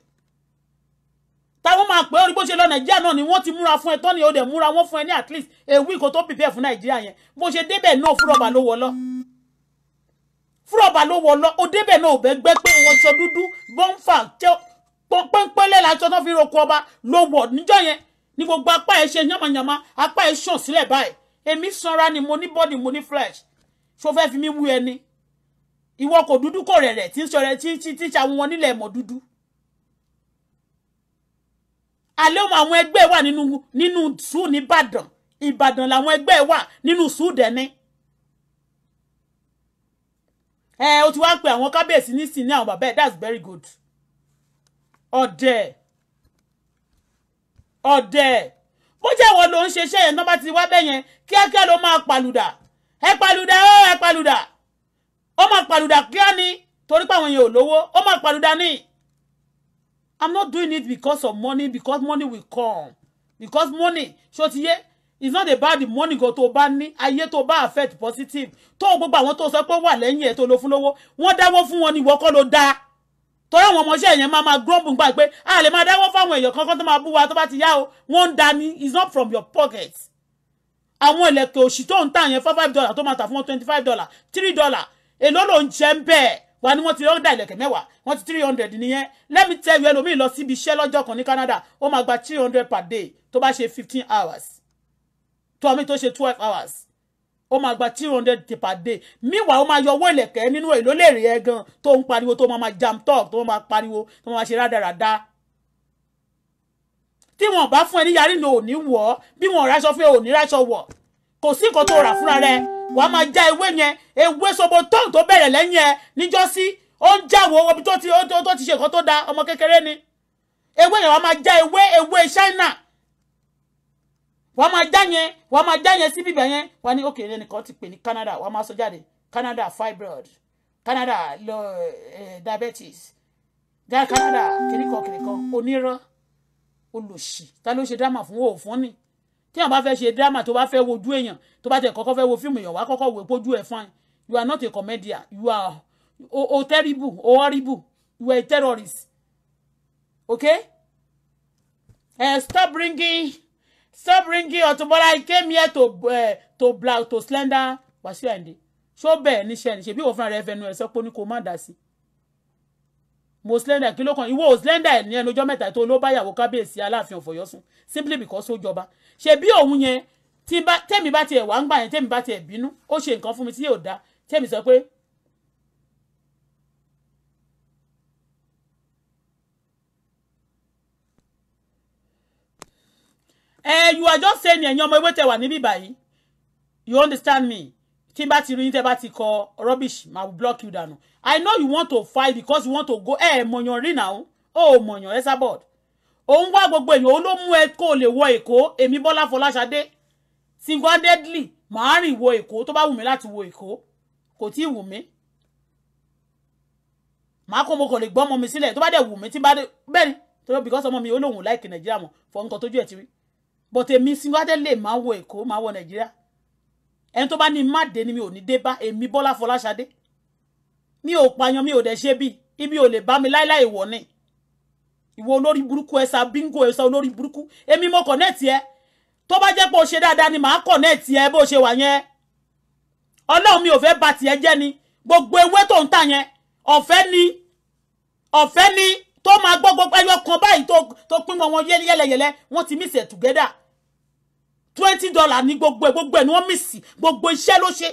táwọn máa pè é orí bó ṣe lọ nàìjíríà náà ni wọ́n ti múra fún ẹ tán ni ó dẹ̀ múra wọ́n fún ẹ ní at least a week kó tó prepare fún nàìjíríà yẹn bó ṣe débẹ̀ náà fúrọ̀bà ló wọ lọ fúrọ̀bà ló wọ̀ lọ òdebẹ̀ náà ò bẹ́ gbẹ́ pé wọṣọ dúdú bọ́ńfà pọ́npẹ́lẹ́ làṣọ tó fi roko ọba ló wọ̀ níjọ́ yẹn ni gbogbo apá ẹ̀ ṣe yánmayànmá apá ẹ̀ ṣàn sílẹ̀ báyìí èmi sanra ni mo ní bọ́ọ̀dì mo ní flesh ṣo fẹ́ fi mí wú ẹni ìwọ kò dúdú kò rẹ̀rẹ̀ tí ń sọ̀rẹ̀ tí tí tí ṣàwọn wọn nílẹ̀ mọ̀ dúdú. àlẹ́ òun àwọn ẹgbẹ́ wà nínú nínú sùn ní Ìbàdàn Ìbàdàn làwọn ẹgbẹ́ wà nínú sùn dẹ́ni ẹ eh, o ti wá ń pe àwọn kábíyèsí nísìn ní àwọn bàbá ẹ that's very good ọ̀dẹ̀ ọ̀dẹ̀ bó jẹ́ ìwọ ló ń ṣeṣẹ́ yẹn nọ́mbà ti wá bẹ́ẹ̀ yẹn kíákíá ló máa palùdà ẹ palùdà ó ẹ palùdà ó máa palùdà kíá ni torí pé àwọn èèyàn ò lówó ó máa palùdà ni i'm not doing it because of money because money will come because money ṣó ti yé it's not about the money go tó bá ní ayé tó bá affect positive To gbogbo àwọn tó sọ pé wà lẹ́yìn ẹ̀ to lo fún lówó wọ́n dáwọ́ fún wọn ni ìwọ kọ́ ló dáa torí àwọn ọmọọṣẹ́ yẹn máa máa grumble gbà pé a lè máa dáwọ́ fáwọn èèyàn kankan tó máa bú wa tó bá ti yá o wọ́n ń dání it's not from your pocket àwọn ìlẹ̀kẹ̀ òṣì tó ń tà yẹn four five dollar tó máa tà fún wọn twenty five dollar three dollar èló ló ń jẹ ń bẹ́ẹ̀ wa ni wọ́n ti rọ́ndà ìlẹ̀kẹ̀ mẹ́wàá wọ́n ti three hundred let me tell you ẹlòmíì lọ síbi iṣẹ́ lọ́jọ́ kan ní Canada ó máa gba three hundred per day To bá ṣe fifteen hours tó àmì tó ṣe twelve hours ó máa gba two hundred per day meanwhile ó máa yọ owó ìlẹ̀kẹ̀ nínú èlò lè rí ẹ gan tó ń pariwo tó máa jam talk tó máa pariwo tó máa ṣe rádaràda tí wọn bá fún ẹ ní yarí ni ò ní wọ bí wọn ráṣọ fún ẹ ò ní ráṣọ wọ kò sí nǹkan tó rà fúnra rẹ wàá máa já ewé yẹn ewé sobo tóun tó bẹ̀rẹ̀ lẹ́yìn ẹ níjọ́sí ó ń jáwọ́ ibi tó ti ṣe nǹkan tó da ọmọ kékeré ni ewé yẹn wàá máa já ewé ewé China wàá máa já yẹn wàá máa já yẹn sí bíbẹ̀ yẹn wàá ní òkèèrè nìkan ti pè ní Canada wàá máa sọ jáde Canada fibroid Canada lo eh, diabetes já Canada kìnìkan kìnìkan onírọ́ olòṣì ta ló ṣe drama fún òfun ni tí àwọn bá fẹ́ ṣe drama tó bá fẹ́ wojú èèyàn tó bá tẹ̀ kọ́kọ́ fẹ́ wo fíìmù èèyàn wàá kọ́kọ́ wò pójú ẹ̀ fún ẹ you are not a comedian you are o, o terrible o horrible you are a terrorist okay? Uh, stop bringing stop bringing Auto Bola I came here to uh, to black to slander Wasiu Ayinde ṣó bẹ́ẹ̀ níṣẹ́ ni ṣebí òfin rẹ̀ fẹnu ẹ̀ sọ pé ní kò má dá sí mo slender kí ló kàn ìwọ slender ẹ̀ ní ẹnu ọjọ́ mẹ́ta tó ló bá yàwó kábíyèsí aláàfin ọ̀fọ̀yọ́ sùn simply because ó jọba ṣebí òun yẹn tèmi bá tiẹ̀ wá ń gbà yẹn tèmi bá tiẹ̀ bínú ó ṣe nǹkan fún mi tí yóò dá tèmi sọ pé eh, you are just saying me, and ewé tẹ wà níbí báyìí you understand me tí n bá ti rí yín ti kọ rubbish ma will block you down. i know you want to fight because you want to go Eh, ẹ mọ̀yàn rí náà ó mọ̀yàn ẹ sábọ̀d òun wá gbogbo èèyàn ó ló mú ẹ kó o lè wọ èkó èmi bọ́lá fọláṣadé single handedly màá rìn wọ èkó tó bá wù mí láti wọ èkó kò tí ì wù mí màá kó mo mi sílẹ̀ tó bá dẹ̀ wù mí tí bá dẹ̀ bẹ́ẹ̀ ni torí because ọmọ mi ó lóun like nàìjíríà mọ̀ fọ́ nǹkan tójú ẹ̀ ti rí but èmi Tinubu lè máa wọ Èkó máa wọ Nàìjíríà ẹni tó bá ní má dé ni mi ò ní dé bá èmi Bọ́lá Fọláṣadé mi ò pààyàn mi ò dẹ̀ ṣe bí ibi ò lè bá mi láíláì wọ̀ ni ìwọ olórí burúkú bingo bíngò ẹ̀sà olórí burúkú èmi mo kọ̀nẹ́ẹ̀tì e tó bá jẹ́ pé o ṣe ni ma kọ̀nẹ́ẹ̀tì e bó ṣe wà yẹn ọlọ́run mi ò fẹ́ ba tiẹ̀ jẹ́ ni gbogbo ewé tó ń tà yẹn ni ọ̀fẹ́ ni tó máa gbọ́ gbogbo ẹyọ kan báyìí tó pín wọn yẹ́lẹ́yẹ́lẹ́ wọ́n ti mix it together twenty dollar ní gbogbo ẹ gbogbo ẹ ni wọ́n mísì gbogbo iṣẹ́ ló ṣe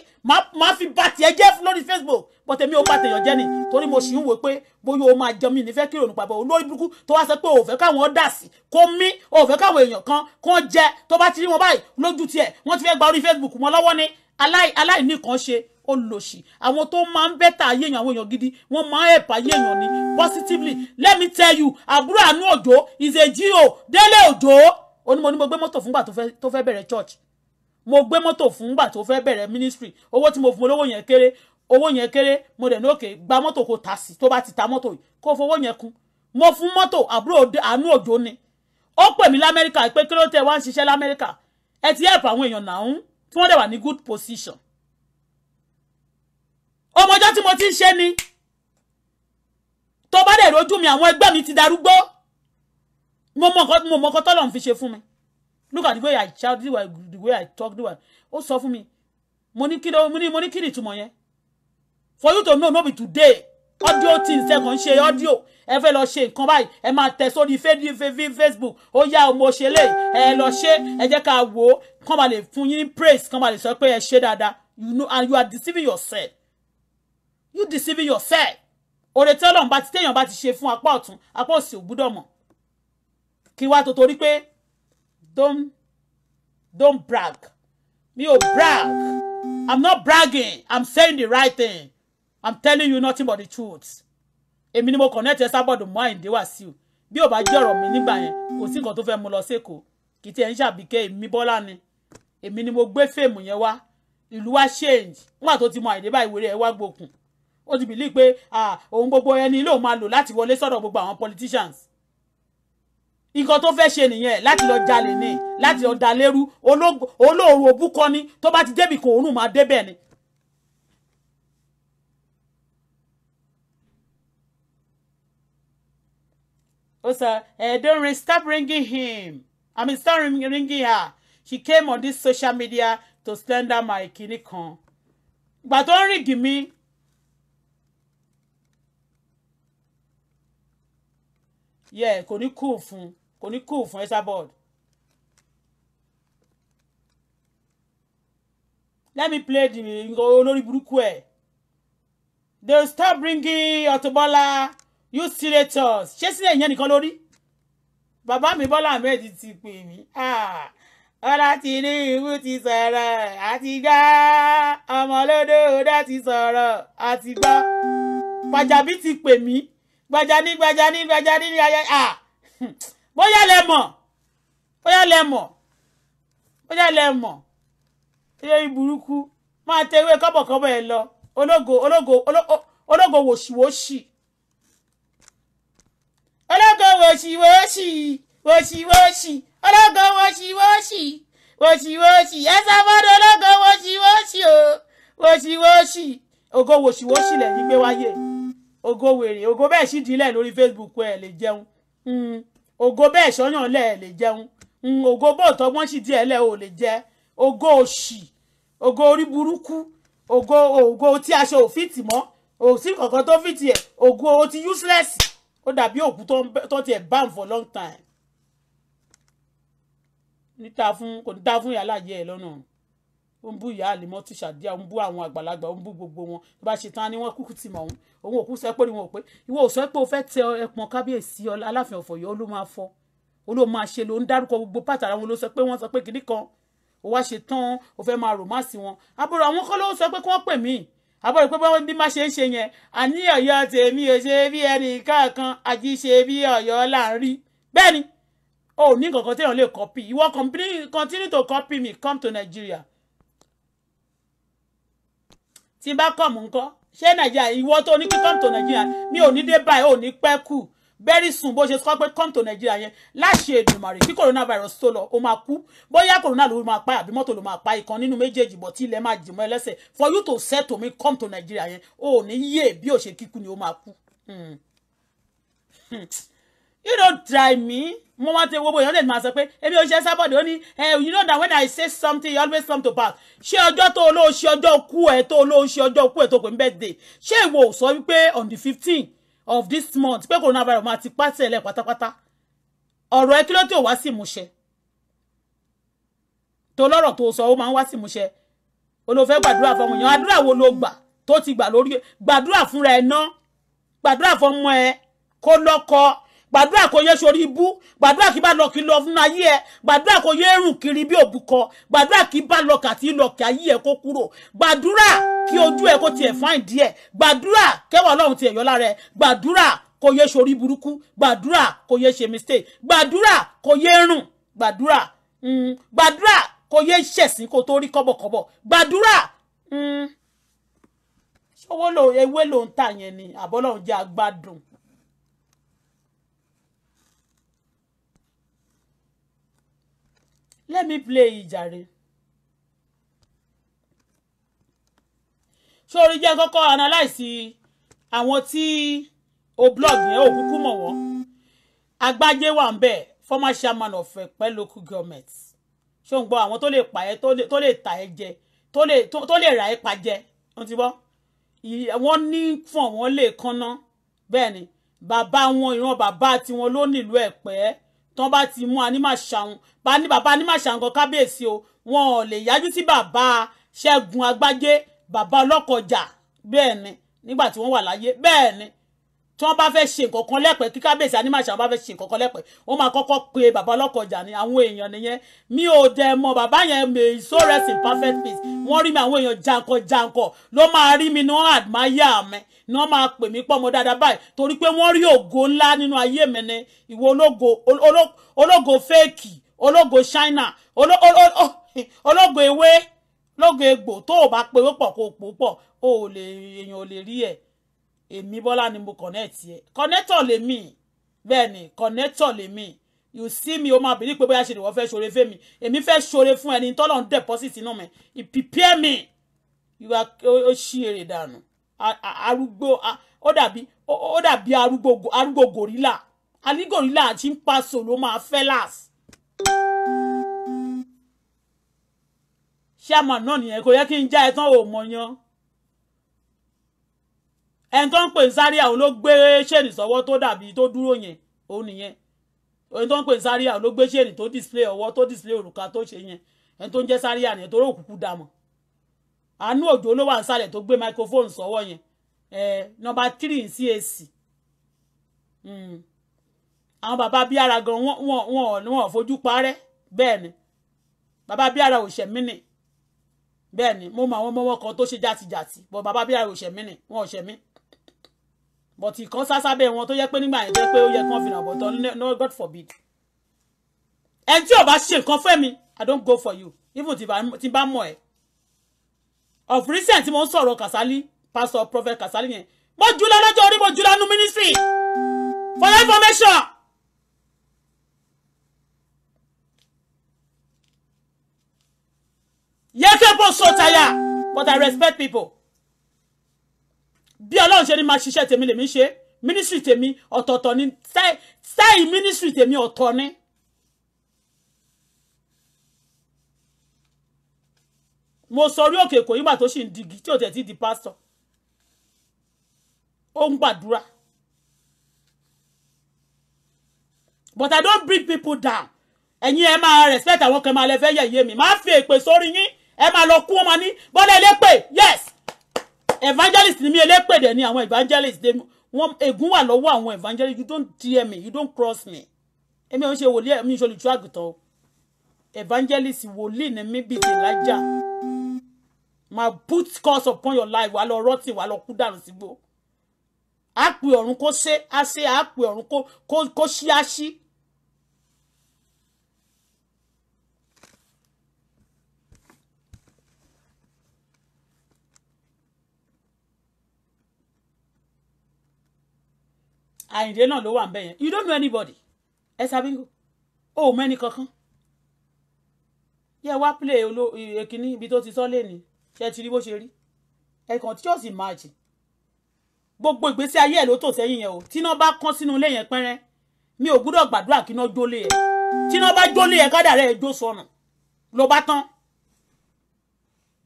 máa fi bà tiẹ̀ jẹ́ lórí facebook but èmi ò bá tèèyàn jẹ́ ni torí mo sì ń wò pé bóyá o máa jẹun mi nífẹ̀ẹ́ kí ìròyìn pàbọ̀ olórí burúkú tó wá sọ pé o ò fẹ́ dà sí kó mí o káwọn èèyàn kan kó jẹ tó bá ti rí wọn báyìí lójú tiẹ̀ wọ́n ti fẹ́ gba orí facebook mọ́ lọ́wọ́ ni aláìníkan ṣe olòṣì àwọn tó máa ń bẹ́tà ayé èèyàn àwọn èèyàn gidi wọ́n máa ń help ayé ni. positively let me tell you àbúrò àánú òjò is a geo délé òjò ó ní mo ní mo gbé mọ́tò fúngbà tó fẹ́ bẹ̀rẹ̀ church mo gbé mọ́tò fúngbà tó fẹ́ bẹ̀rẹ̀ ministry owó tí mo fún olówó yẹn kéré owó yẹn kéré mo dẹ̀ ní òkè gba mọ́tò kó tà sí tó bá ti ta mọ́tò yìí fowó yẹn kún mo fún mọ́tò àbúrò àánú òjò ni ó pè mí lamẹ́ríkà pé kí ló tẹ wá ń ṣiṣẹ́ lamẹ́ríkà ẹ ti help àwọn èèyàn náà tí wọ́n dẹ̀ wà ní good position ọmọjọ́ tí mo ti ń ṣe ni tó bá dẹ̀ rojú mi àwọn ẹgbẹ́ mi ti darúgbó mo mọ nǹkan mo mọ tọ́lọ̀ ń fi ṣe fún mi look at the way I shout the way, I talk the way ó sọ fún mi mo ní kí mo ní mo ní kí ìtumọ̀ yẹn for you to know no be today audio things ẹ kàn ń ṣe audio ẹ fẹ́ lọ ṣe nǹkan báyìí ẹ máa tẹ̀ sórí facebook ó yá o mo ṣe lè ẹ lọ ṣe ẹ jẹ́ ká wò ó kàn bá lè fún yín praise kàn bá lè sọ pé ẹ ṣe dáadáa you know and you are deceiving yourself you deceiving yourself òrè tell ọlọ́run bá ti téèyàn bá ti ṣe fún apá ọ̀tún apá òsì ò gbúdọ̀ mọ̀ kí wá tó torí pé don't don't brag mi ò brag i'm not bragging i'm saying the right thing i'm telling you nothing but the truth èmi ni mo connect ẹ sábọ̀dù mọ́ àyíǹde wàsíù bí ò bá jẹ́ ọ̀rọ̀ mi nígbà yẹn kò sí nǹkan tó fẹ́ mu lọ sẹ́kọ̀ọ́ kì í tiẹ̀ ń ṣàbíkẹ́ èmi bọ́lá ni èmi ni mo gbé fèmù yẹn wá ìlú wa change nígbà tó ti mọ àyíǹde báyìí wéré ẹ wá gbókùn ó ti bìlí pé òun gbogbo ẹni ló máa lò láti wọlé sọ̀rọ̀ gbogbo àwọn politicians nǹkan tó fẹ́ ṣe nìyẹn láti lọ jalè ní láti lọ dalérú olóòrò òbúkọ ni tó bá ti débì kò òórùn máa débẹ̀ ni ó sọ ẹ eh, don't stop ringing him i mean stop ringing her she came on this social media to slander my kìnnì kan ìgbà tó ń ríngì mi yeah kò ní cool fún kò ní cool fún Esabod. let me play the olórí burúkú ẹ̀ they stop bringing Auto Bola you serious ṣé sílẹ̀ ìyẹn nìkan lórí bàbá mi Bọ́lá Ahmed ti pè mí ah, ọlá ti ní ìwú ti sọ̀rọ̀ àti gbá ọmọlódó dá ti sọ̀rọ̀ àti gbá pàjábí ti pè mí gbajani gbajani gbajani ní ayé à ah! bóyá lẹ mọ̀ bóyá lẹ mọ̀ bóyá lẹ mọ̀ eré burúkú máa tẹ ewé kọ́bọ̀kọ́bọ̀ ẹ lọ ológo ológo ológo wòṣìwòṣì ológo wòṣìwòṣì wòṣìwòṣì ológo wòṣìwòṣì wòṣìwòṣì ẹ sá fọ́dọ̀ ológo wòṣìwòṣì o wòṣìwòṣì ògo wòṣìwòṣì lẹ́yìn gbé wáyé ògo wèrè ògo bẹ́ẹ̀ sì dín lẹ̀ lórí Facebook ẹ̀ lè jẹun hmm. ògo bẹ́ẹ̀ sọ́yàn lẹ̀ lè jẹun hmm, ògo bó tọgbọ́n sì díẹ̀ lẹ̀ ò lè jẹ ògo òṣì ògo orí burúkú ògo ògo tí aṣọ ò fìtì mọ́ òsì kankan tó fìtì ẹ̀ ògo ó ti useless ó dàbí òkú tó ti ẹ̀ bam for long time níta fún kò níta fún ìyá alájẹ ẹ lọ́nà ọ̀run ó ń bú ìyá àlìmọ́ ti ṣàdíà ó ń bú àwọn àgbàlagbà ó ń bú gbogbo wọn bá ṣe tán ni wọ́n kúkú ti mọ̀ òun òun òkú sọ pé ni ò pé ìwọ ò sọ pé o fẹ́ tẹ ẹpọn kábíyèsí aláàfin ọ̀fọ̀ yìí ló máa fọ́ ó máa ṣe ló ń dárúkọ gbogbo pàtàkì àwọn ló sọ pé wọ́n sọ pé kinní kan ó wá ṣe tán ó fẹ́ máa rò máàsì wọn àbúrò àwọn kọ́ ló sọ pé kí wọ́n pè mí àbọ̀rẹ̀ pé bí má ṣe ń ṣe yẹn àní ọ̀yọ́ tèmi ò ṣe bí ẹnì kankan àjí ṣe bí ọ̀yọ́ là ń o ní kankan téèyàn lè copy ìwọ continue to copy me come to Nigeria tí n bá kọ̀mù ńkọ́ ṣé nàìjíríà ìwọ tó ní kí come to nàìjíríà mi ò ní dé báyìí ò ní pẹ́ kù very soon bó ṣe sọ pé come to nàìjíríà yẹn láṣẹ Èdùmàrè kí coronavirus tó lọ ó máa kú bóyá corona ló máa pa àbí mọ́tò ló máa pa ìkan nínú méjèèjì bọ̀ tí ilẹ̀ máa jìmọ́ ẹlẹ́sẹ̀ for you to set to me come to nàìjíríà yẹn ò ní yé bí ò ṣe kíkú ni ó máa kú. Hmm. Hmm you no try me mo wá ti gbogbo èèyàn lè máa sọ pé èmi ò ṣe sábọ̀dì ó ní ẹ eh, you know that when i say something you always come to pass ṣé ọjọ́ tó olóò ṣe ọjọ́ kú ẹ̀ tó olóò ṣe ọjọ́ kú ẹ̀ tó pè ní birthday ṣé ìwọ ò sọ wípé on the fifteen of this month pé coronavirus máa ti pàṣẹ ẹlẹ́ pátápátá ọ̀rọ̀ ẹ kí ló tí ò wá sí ìmúṣẹ tó lọ́rọ̀ tó sọ ó máa ń wá sí ìmúṣẹ olóòfẹ́ gbàdúrà fọmọ èèyàn àdúrà wo ló gbà tó ti gbà lórí gbàdúrà fúnra ẹ ná gbàdúrà fọmọ ẹ ko. lọ́kọ̀ọ́ gbàdúrà kò yẹ sórí ibú gbàdúrà kí bá lọ kí lọ fún ayé ẹ gbàdúrà kò yẹ rùn kiri bí òbúkọ gbàdúrà kí bá lọ kàtí lọ kí ayé ẹ kó kúrò gbàdúrà kí ojú ẹ kó tiẹ̀ fáìn díẹ̀ gbàdúrà kẹwàá ọlọ́run tiẹ̀ yọ lára ẹ gbàdúrà kò yẹ sórí burúkú gbàdúrà kò yẹ ṣe mistake gbàdúrà kò yẹ rùn gbàdúrà mm, gbàdúrà kò yẹ ṣẹ̀sìn kó tó rí kọ́bọ̀kọ́bọ̀ gbàdúrà mm, ṣọwọ́ ewé ló ń tà yẹn ni àbọ́lọ́run jẹ́ agbádùn let me play ìjàre. sórí jẹ́ kọ́kọ́ analyse àwọn tí o blog yẹn ò kúkú mọ̀ wọ́n agbájé wà ń former chairman of Ẹ̀pẹ́ local government ṣó ń gbọ́ àwọn tó lè pa ẹ́ to le ta ẹ́ jẹ to le ra ẹ́ pa jẹ wọ́n ti bọ́ wọ́n ní fún wọn lè kanná bẹ́ẹ̀ ni bàbá wọn Baba Ti tiwọn ló nílùú Ẹ̀pẹ́ tán bá ti mú Animashaun bá ni ma Animashaun kan kábíyèsí o wọn le lè yájú baba, bàbá Ṣẹ́gun baba bàbá ọlọ́kọjà ni nígbà tí wọ́n wà láyé ni tí wọ́n bá fẹ́ ṣe nǹkan kan lẹ́pẹ́ kí kábíyèsí anímàṣà bá fẹ́ ṣe nǹkan kan lẹ́pẹ́ wọ́n máa kọ́kọ́ pe bàbá ọlọ́kọjà ní àwọn èèyàn nìyẹn mi ò dẹ̀ mọ̀ bàbá yẹn may so rest in perfect peace wọ́n rí mi àwọn èèyàn jankan jankan ló máa rí mi ní wọ́n àdmáyà mi ni wọ́n máa pè mí pọ̀ mọ́ dáadáa báyìí torí pé wọ́n rí ògo ńlá nínú ayé mi ni ìwọ ológo ológo fẹ́ẹ̀kì ológo ṣáínà oh, ológo ewé ológo egbò tó o bá pe owó pọ̀ kó o pò pọ̀ o ò lè èèyàn èmi bọ́lá ni mo connect yẹ connector lèmi bẹ́ẹ̀ ni connector lèmi you see me o máa bìrì pé bóyá ṣe ni wọ́n fẹ́ ṣoore fún mi èmi fẹ́ ṣoore fún ẹni tọ́lọ̀ ń deposit inú mi he prepare me ìwà ó ṣí èrè dànù arúgbó ó dàbí ó dàbí arúgbó gorilla àní gorilla àti ń pa sòló máa fẹ́ láàsì. ṣé àmà náà nìyẹn kò yẹ kí n já ẹ tán ò mọ̀ yan ẹni tó ń pè ń sáré àwọn ló gbé ṣéènì sọ́wọ́ tó dàbí tó dúró yẹn òun nìyẹn ẹni tó ń pè ń àwọn ló gbé ṣéènì tó display ọwọ́ tó display òrùka tó ṣe yẹn ẹni tó ń jẹ́ sáré àná tó ròkùnkù dàmọ̀ àánú òjò ló wà ń tó gbé microphone sọ́wọ́ yẹn ẹ nọmba three ń CAC hmm. àwọn bàbá bí ara gan wọn wọn wọn fojú parẹ́ bẹ́ẹ̀ ni bàbá bí ara òṣèmí ni bẹ́ẹ̀ ni mo mọ àwọn ọmọ wọn kan tó ṣe játijàti bọ́ bàbá bí ara òṣèmí wọn òṣèmí but ìkan sásábẹ́ wọn tó yẹ pé nígbà yẹn jẹ́ pé ó yẹ kán fìlà bọ̀tán no God forbid ẹni tí ò bá ṣe nǹkan fẹ́ mi I don't go for you even tí bá mọ̀ ẹ́ of recent mo ń sọ̀rọ̀ Kasali pastor prophet Kasali yẹn mo jula lọ́jọ́ orí mo jula nu ministry for your information. yeke so sotaya but I respect people bí ọlọ́run ṣe ni máa ṣiṣẹ́ tèmi lèmi ṣe mínísírì tèmi ọ̀tọ̀ọ̀tọ̀ ni sáì mínísírì tèmi ọ̀tọ̀ ni. mo sọ orí òkè kò yígbà tó sì ń digi tí ò tẹ̀ tí di pásítọ̀ ó ń gbàdúrà but i don't bring people down ẹ̀yin ẹ máa respect àwọn kan máa lẹ fẹ́ yẹ̀yẹ́ mi máa fi èpè sórí yín ẹ máa lọ kú ọmọ ní bọ́lá ilé pè yes evangelist ni mí elépèdè ni àwọn evangelist dé wọn ègún wà lọ́wọ́ àwọn evangelist you don't tear me you don't cross me èmi ò ń ṣe wòlíì èmi ìṣòlù tú àgùntàn evangelist wòlíì ni mí bíi ìlàjà máa put curse upon your life wà lọ rọ́tì wà lọ kú dànù sígbó àpè ọ̀run kó ṣe á ṣe àpè ọ̀run kó ṣí á ṣí àyìndé náà ló wà ń bẹ̀ yẹn you don't know anybody ẹ sábíngò o ò mẹ́ni kankan yẹ wá play olo èkìní eh, ibi tó ti sọ lẹ́ni ṣe ti rí bó ṣe rí ẹ̀kan tí yóò sì máa jì gbogbo ìgbésí ayé ẹ̀ ló tò sẹ́yìn yẹn o tíná bá kán sínú ilé yẹn pẹ́rẹ́ mi ò gbúdọ̀ gbàdúrà kí iná jólé ẹ̀ tíná bá jólé ẹ̀ kádà rẹ̀ jó sọnù ló bá tán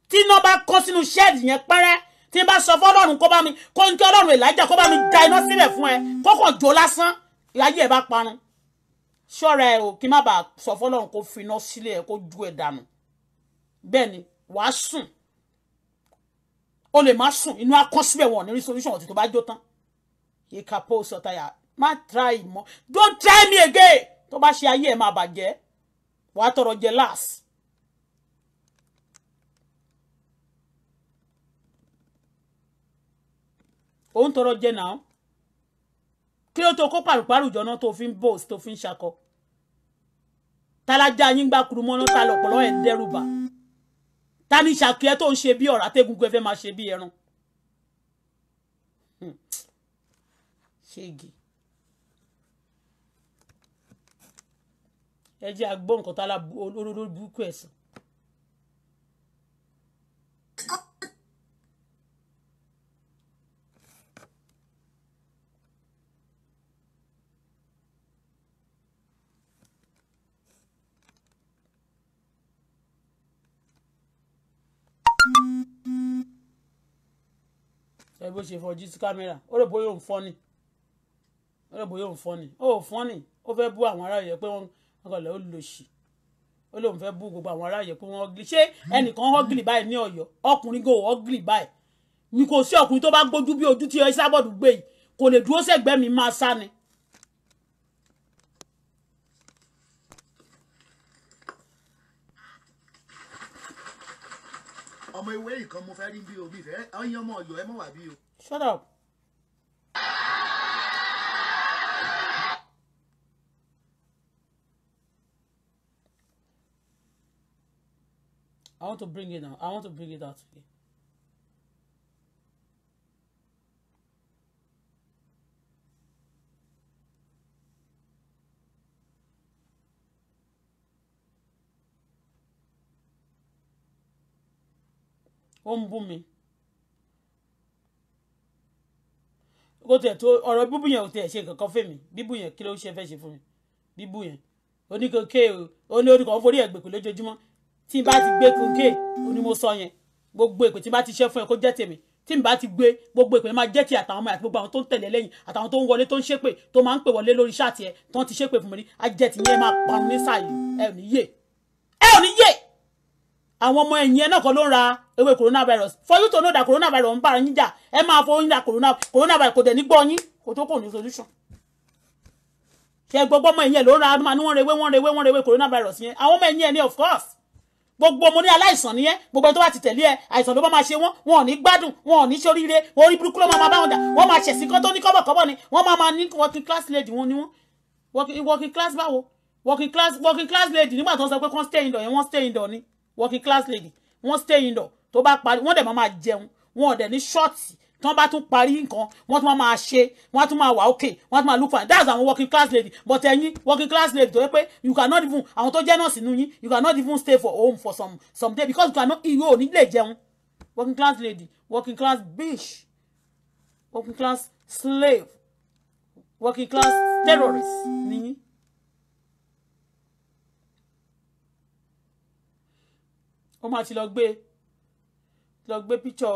tíná bá kán sínú ṣẹ́ẹ̀dì yẹn pẹ́rẹ́ tí n bá sọ fọlọ́run kó bá mi kó n kí ọlọ́run ìlàjà kó bá mi da iná sílẹ̀ fún ẹ kó kàn jó lásán ìyáyé ẹ bá parun ṣọ́ra ẹ o kí n má bàa sọ fọlọ́run kó fi iná sílẹ̀ kó ju ẹ dànù bẹ́ẹ̀ ni wàá sùn o lè má sùn inú akọ́ síbẹ̀ wọ̀n ní resolution ọ̀tí tó bá jó tán ìka post ọ̀tayà má try mọ́ don't try me again tó bá ṣe ayé ẹ̀ máa bàjẹ́ wàá tọrọ jẹ last ò ń tọrọ jẹ náà kí ló tó kó pàrùpàrù jọ̀nà tó fi ń bòs tó fi ń ṣakọ tálájà yín gbá kuru mọ́ná ta lọ̀pọ̀lọ́ ẹ̀ dẹ́rù bà ta ni ṣàkíyẹ tó ń ṣe bí ọ̀rá tẹ́gungun ẹ fẹ́ máa ṣe bí ẹran hmm. ṣégi ẹ jẹ́ àgbọ̀ nǹkan tá a la olóró burúkú ẹ̀ ṣe bó ṣe fọjú sí kámẹ́rà ó rò bóyá òun fọ́nì ó rò bóyá òun fọ́nì ó ò fọ́nì ó fẹ́ bú àwọn ará yẹ pé wọ́n kàn lọ́ lò sí ó lóun fẹ́ bú gbogbo àwọn ará yẹ pé wọ́n ọ́gìlì ṣé ẹnìkan ọ́gìlì báyìí ní ọ̀yọ́ ọkùnrin gò ọ́gìlì báyìí mi kò sí ọkùnrin tó bá gbójú bí ojú tí Esabod gbé yìí kò lè dúró sẹ́gbẹ́ mi máa sá ni ọmọ ewé ìkan mo fẹ́ rí bí omi fẹ́ ọyàn ọmọ ọ̀yọ́ ẹ mọ̀ wá bí o. shut up. I want to bring it out. I want to bring it out today. ó ń bú mi kó tiẹ̀ tó ọ̀rọ̀ bíbú yẹn ò tiẹ̀ ṣe kankan fún mi bíbú yẹn kí ló ṣe fẹ́ ṣe fún mi bíbú yẹn oníkókè o ó ní orúkọ forí ẹ̀ gbèkú lójoojúmọ́ tí n bá ti gbé kókè ó ní mo sọ yẹn gbogbo èpè tí n bá ti ṣe fún ẹ kó jẹ́ tèmi tí n bá ti gbé gbogbo ìpè máa jẹ́ ti àtàwọn ọmọ àti gbogbo àwọn tó ń tẹ̀lé lẹ́yìn àtàwọn tó ń wọlé tó ń ṣépè tó máa ń pè wọlé lórí ṣáàtì ẹ tó ń ti ṣépè fún mi ní ajẹ́ ti yẹn máa parun ní sáà yìí ẹ ò ní yé ẹ ò ní yé àwọn ọmọ ẹ̀yìn ẹ̀ náà kọ́ ló ń ra ewé coronavirus for you to know that coronavirus ń bá yín jà ẹ máa fọ oyin da coronavirus kò dẹ̀ ní gbọ́ yín kò tó kò ní solution ṣe gbogbo ọmọ ẹ̀yìn ẹ̀ ló ń ra ma ní wọ́n rewé wọ́n rewé wọ́n rewé coronavirus yẹn àwọn ọmọ ẹ̀yìn ẹ̀ ni of course gbogbo ọmọ ní aláìsàn nìyẹn gbogbo ẹni tó bá ti tẹ̀lé ẹ àìsàn ló bá máa ṣe wọ́n wọn ò ní gbádùn wọn ò ní ṣoríire orí burúkú ló máa bá wọn dà wọ́n máa ṣẹ̀sìn kan tó ní kọ́bọ̀kọ́bọ̀ ni wọ́n máa máa ní working class lady wọn ni wọ́n working class báwo working class working class lady nígbà tó ń sọ pé kán stay indoor yẹn wọ́n stay indoor ni working class lady wọ́n stay indoor tó bá parí wọ́n dẹ̀ máa máa jẹun wọ́n dẹ̀ ní ṣọ́ọ̀tì tí wọ́n bá tún parí nǹkan wọ́n tún máa ṣe wọ́n tún máa wà okay wọ́n tún máa look fine that's àwọn working class lady but ẹ̀yin working class lady tó yẹ pé you cannot even àwọn tó jẹ́ nọ́ọ̀sì nínú yín you cannot even stay for home for some some day because you cannot iye ò ní lè jẹun working class lady working class bitch working class slave working class terrorist nìyí. ó máa ti lọ gbé lọ gbé píchọ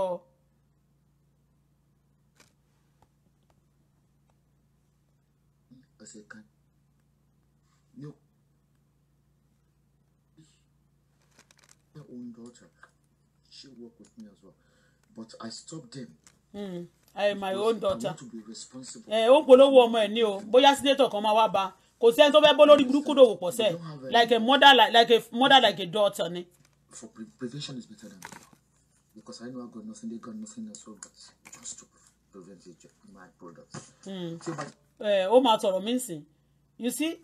ọ̀sẹ̀ kan ní my own daughter she work with me as well but I stopped them. Mm. my own daughter. ẹ eh, ó polówó ọmọ ẹ ní o bóyá sínétọ̀ kan máa wá bá kò sẹ́ni tó fẹ́ bọ́ lórí burúkú dòwò pọ̀ sẹ́ẹ̀ like a mother like, a mother like a daughter ni for pre prevention is better than cure because I know I got nothing, they got nothing as well. but just to prevent it, my products. Mm. So, but, eh, ó máa tọrọ mí nsìn you see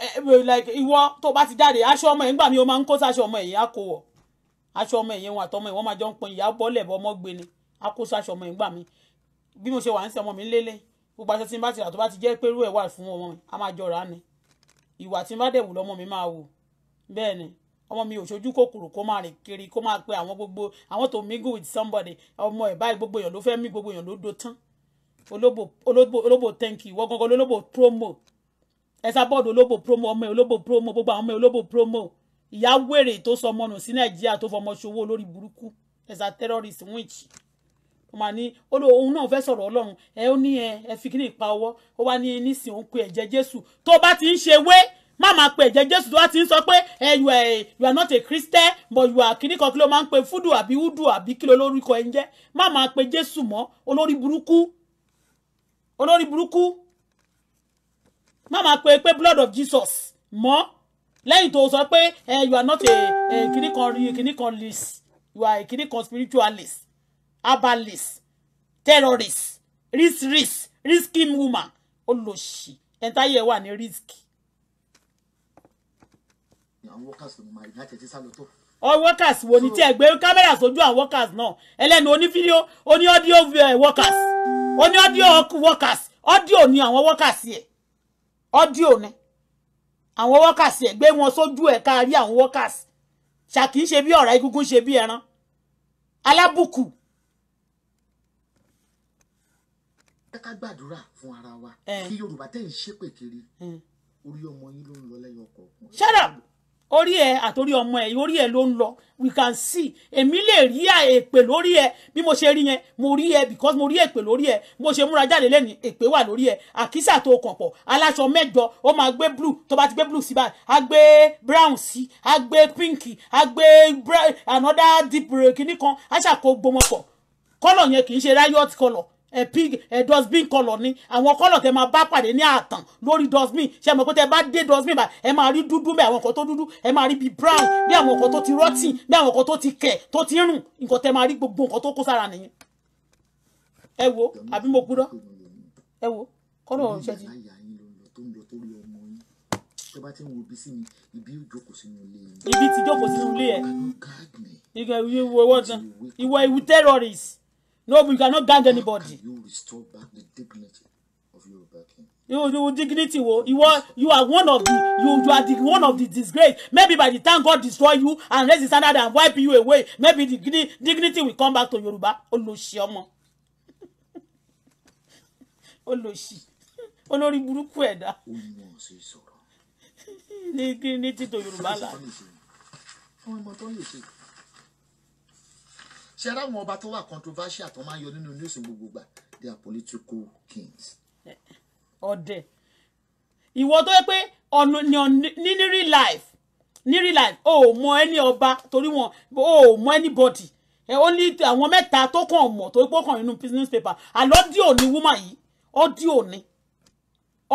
eh, like you want to ti jáde aṣọ ọmọ ẹ̀ ńgbà mi ó máa ń kó sáṣọ ọmọ ẹ̀yìn àkó wọ̀ aṣọ ọmọ ẹ̀yìn wọn àtọmọ ẹ̀ wọ́n máa jọ ń pin ìyá bọ́lẹ̀ bọ́ ọmọ gbé ni àkó sáṣọ ọmọ ẹ̀ ńgbà mi bí mo ṣe wà ń sin ọmọ mi lélẹ̀ gbogbo aṣọ tí n bá ti rà tó bá ti jẹ́ pé irú ẹ̀ wà fún ọmọ mi a máa jọ rà á ni ìwà tí n bá dẹ̀ wù lọ́mọ mi máa wù bẹ́ẹ̀ ni ọmọ mi ò ṣojú kòkòrò kó máa rìn kiri kó máa pe àwọn gbogbo àwọn tó mingle with somebody ọmọ ẹ̀ báyìí gbogbo èèyàn ló fẹ́ mí gbogbo èèyàn ló do tán olóbò olóbò olóbò tẹ́ǹkì ìwọ gangan olóbò promo ẹ̀sà bọ́ọ̀dù olóbò promo ọmọ ẹ̀ olóbò promo gbogbo àwọn ọmọ ẹ̀ olóbò promo ìyá wèrè tó sọ ọmọ nù sí nàìjíríà tó fọmọ ṣòwò lórí burúkú ẹ̀sà terrorist winch ó máa ní òun náà fẹ́ sọ̀rọ̀ ọlọ́run ẹ ó ní ẹ ẹ fi kíní ìpa ọwọ́ ó wá ní nísìnyí òun pe ẹ̀jẹ̀ jésù tó bá ti ń ṣe wé má máa pe ẹ̀jẹ̀ jésù tó wá ti ń sọ pé ẹ eh, you are you are not a christian but you are kíní kan kí ló máa ń pe fúdù àbí wúdù àbí kí ló lórúkọ ẹ ń jẹ́ má máa pe jésù mọ́ olórí burúkú olórí burúkú má máa pe pé blood of jesus mọ́ lẹ́yìn tó sọ pé eh, you are not a eh, kíní kan kíní kan list you are kíní kan spiritualist herbalist terrorist risk risk risky woman olóṣì ẹ̀ńtáyé wà ní risk àwọn workers kò ní máa rí láti ẹtí all workers wo ni tí ẹ gbé kámẹ́rà sójú workers náà ẹlẹ́nu oní fídíò oní audio eh, workers oní audio workers audio ni àwọn workers yẹ audio ni àwọn workers yẹ gbé wọn sójú ẹ̀ ká rí àwọn workers ṣàkì í ṣe bí ọ̀rá egungun ṣe bí ẹran alábùkù. ká gbàdúrà fún ara wa eh. kí Yorùbá tẹ̀ ń ṣépè kiri eh. orí ọmọ yín ló ń lọ lẹ́yìn ọkọ̀ ọ̀kan orí ẹ àtòrí ọmọ ẹ orí ẹ ló ń lọ we can see èmi lè rí èpè lórí ẹ bí mo ṣe rí yẹn mo rí ẹ because mo rí èpè lórí ẹ mo ṣe múra jáde lẹ́nu èpè wà lórí ẹ àkísà tó kàn pọ̀ aláṣọ mẹ́jọ ó máa gbé blue tó bá ti gbé blue sí báyìí á gbé brown sí á gbé pink á gbé another deep kìnnìkan á ṣàkó gbọmọ pọ̀ kọ́lọ̀ yẹn kì í ṣe riot kọ́lọ̀ ẹ pig ẹ dustbin kọlọ ni àwọn kọlọ tẹ máa bá pàdé ní àtàn lórí dustbin ṣe mọ̀ pé tẹ bá dé dustbin bá ẹ máa rí dúdú bí àwọn kan tó dúdú ẹ máa rí bí brown bí àwọn kan tó ti rọtì bí àwọn kan tó ti kẹ̀ tó ti rùn nǹkan tẹ máa rí gbogbo nǹkan tó kó sára nìyẹn. ẹ wo àbí mo gbúdọ ẹ wo kọlọ ọrùn ṣẹjì. ibi ti jókòó sínú ilé ẹ ìwọ ìwú terrorist. No, we cannot gang anybody. Can you restore back the dignity of Yoruba king. You, you dignity, wo. you are you are one of the you, you are the one of the disgrace. Maybe by the time God destroy you and raise his standard and wipe you away, maybe the dignity, dignity will come back to Yoruba. Olóṣì ọmọ. Olóṣì. Olórí Oh, ẹ̀dá. Dignity Oh, Yoruba la. Àwọn ọmọ tó ń lè ṣe ṣe ara àwọn ọba tó wà controversial tó máa ń yọ nínú news gbogbo they are political kings. ọ̀dẹ̀ ìwọ tó yẹ pé ọ̀nà ní ní real life ní real life o ò mọ ẹni ọba torí wọn o ò mọ anybody ẹ ó ní àwọn mẹ́ta tó kàn mọ̀ tó gbọ́ kàn nínú newspaper àlọ́díò ni woman yìí ọ́díò ni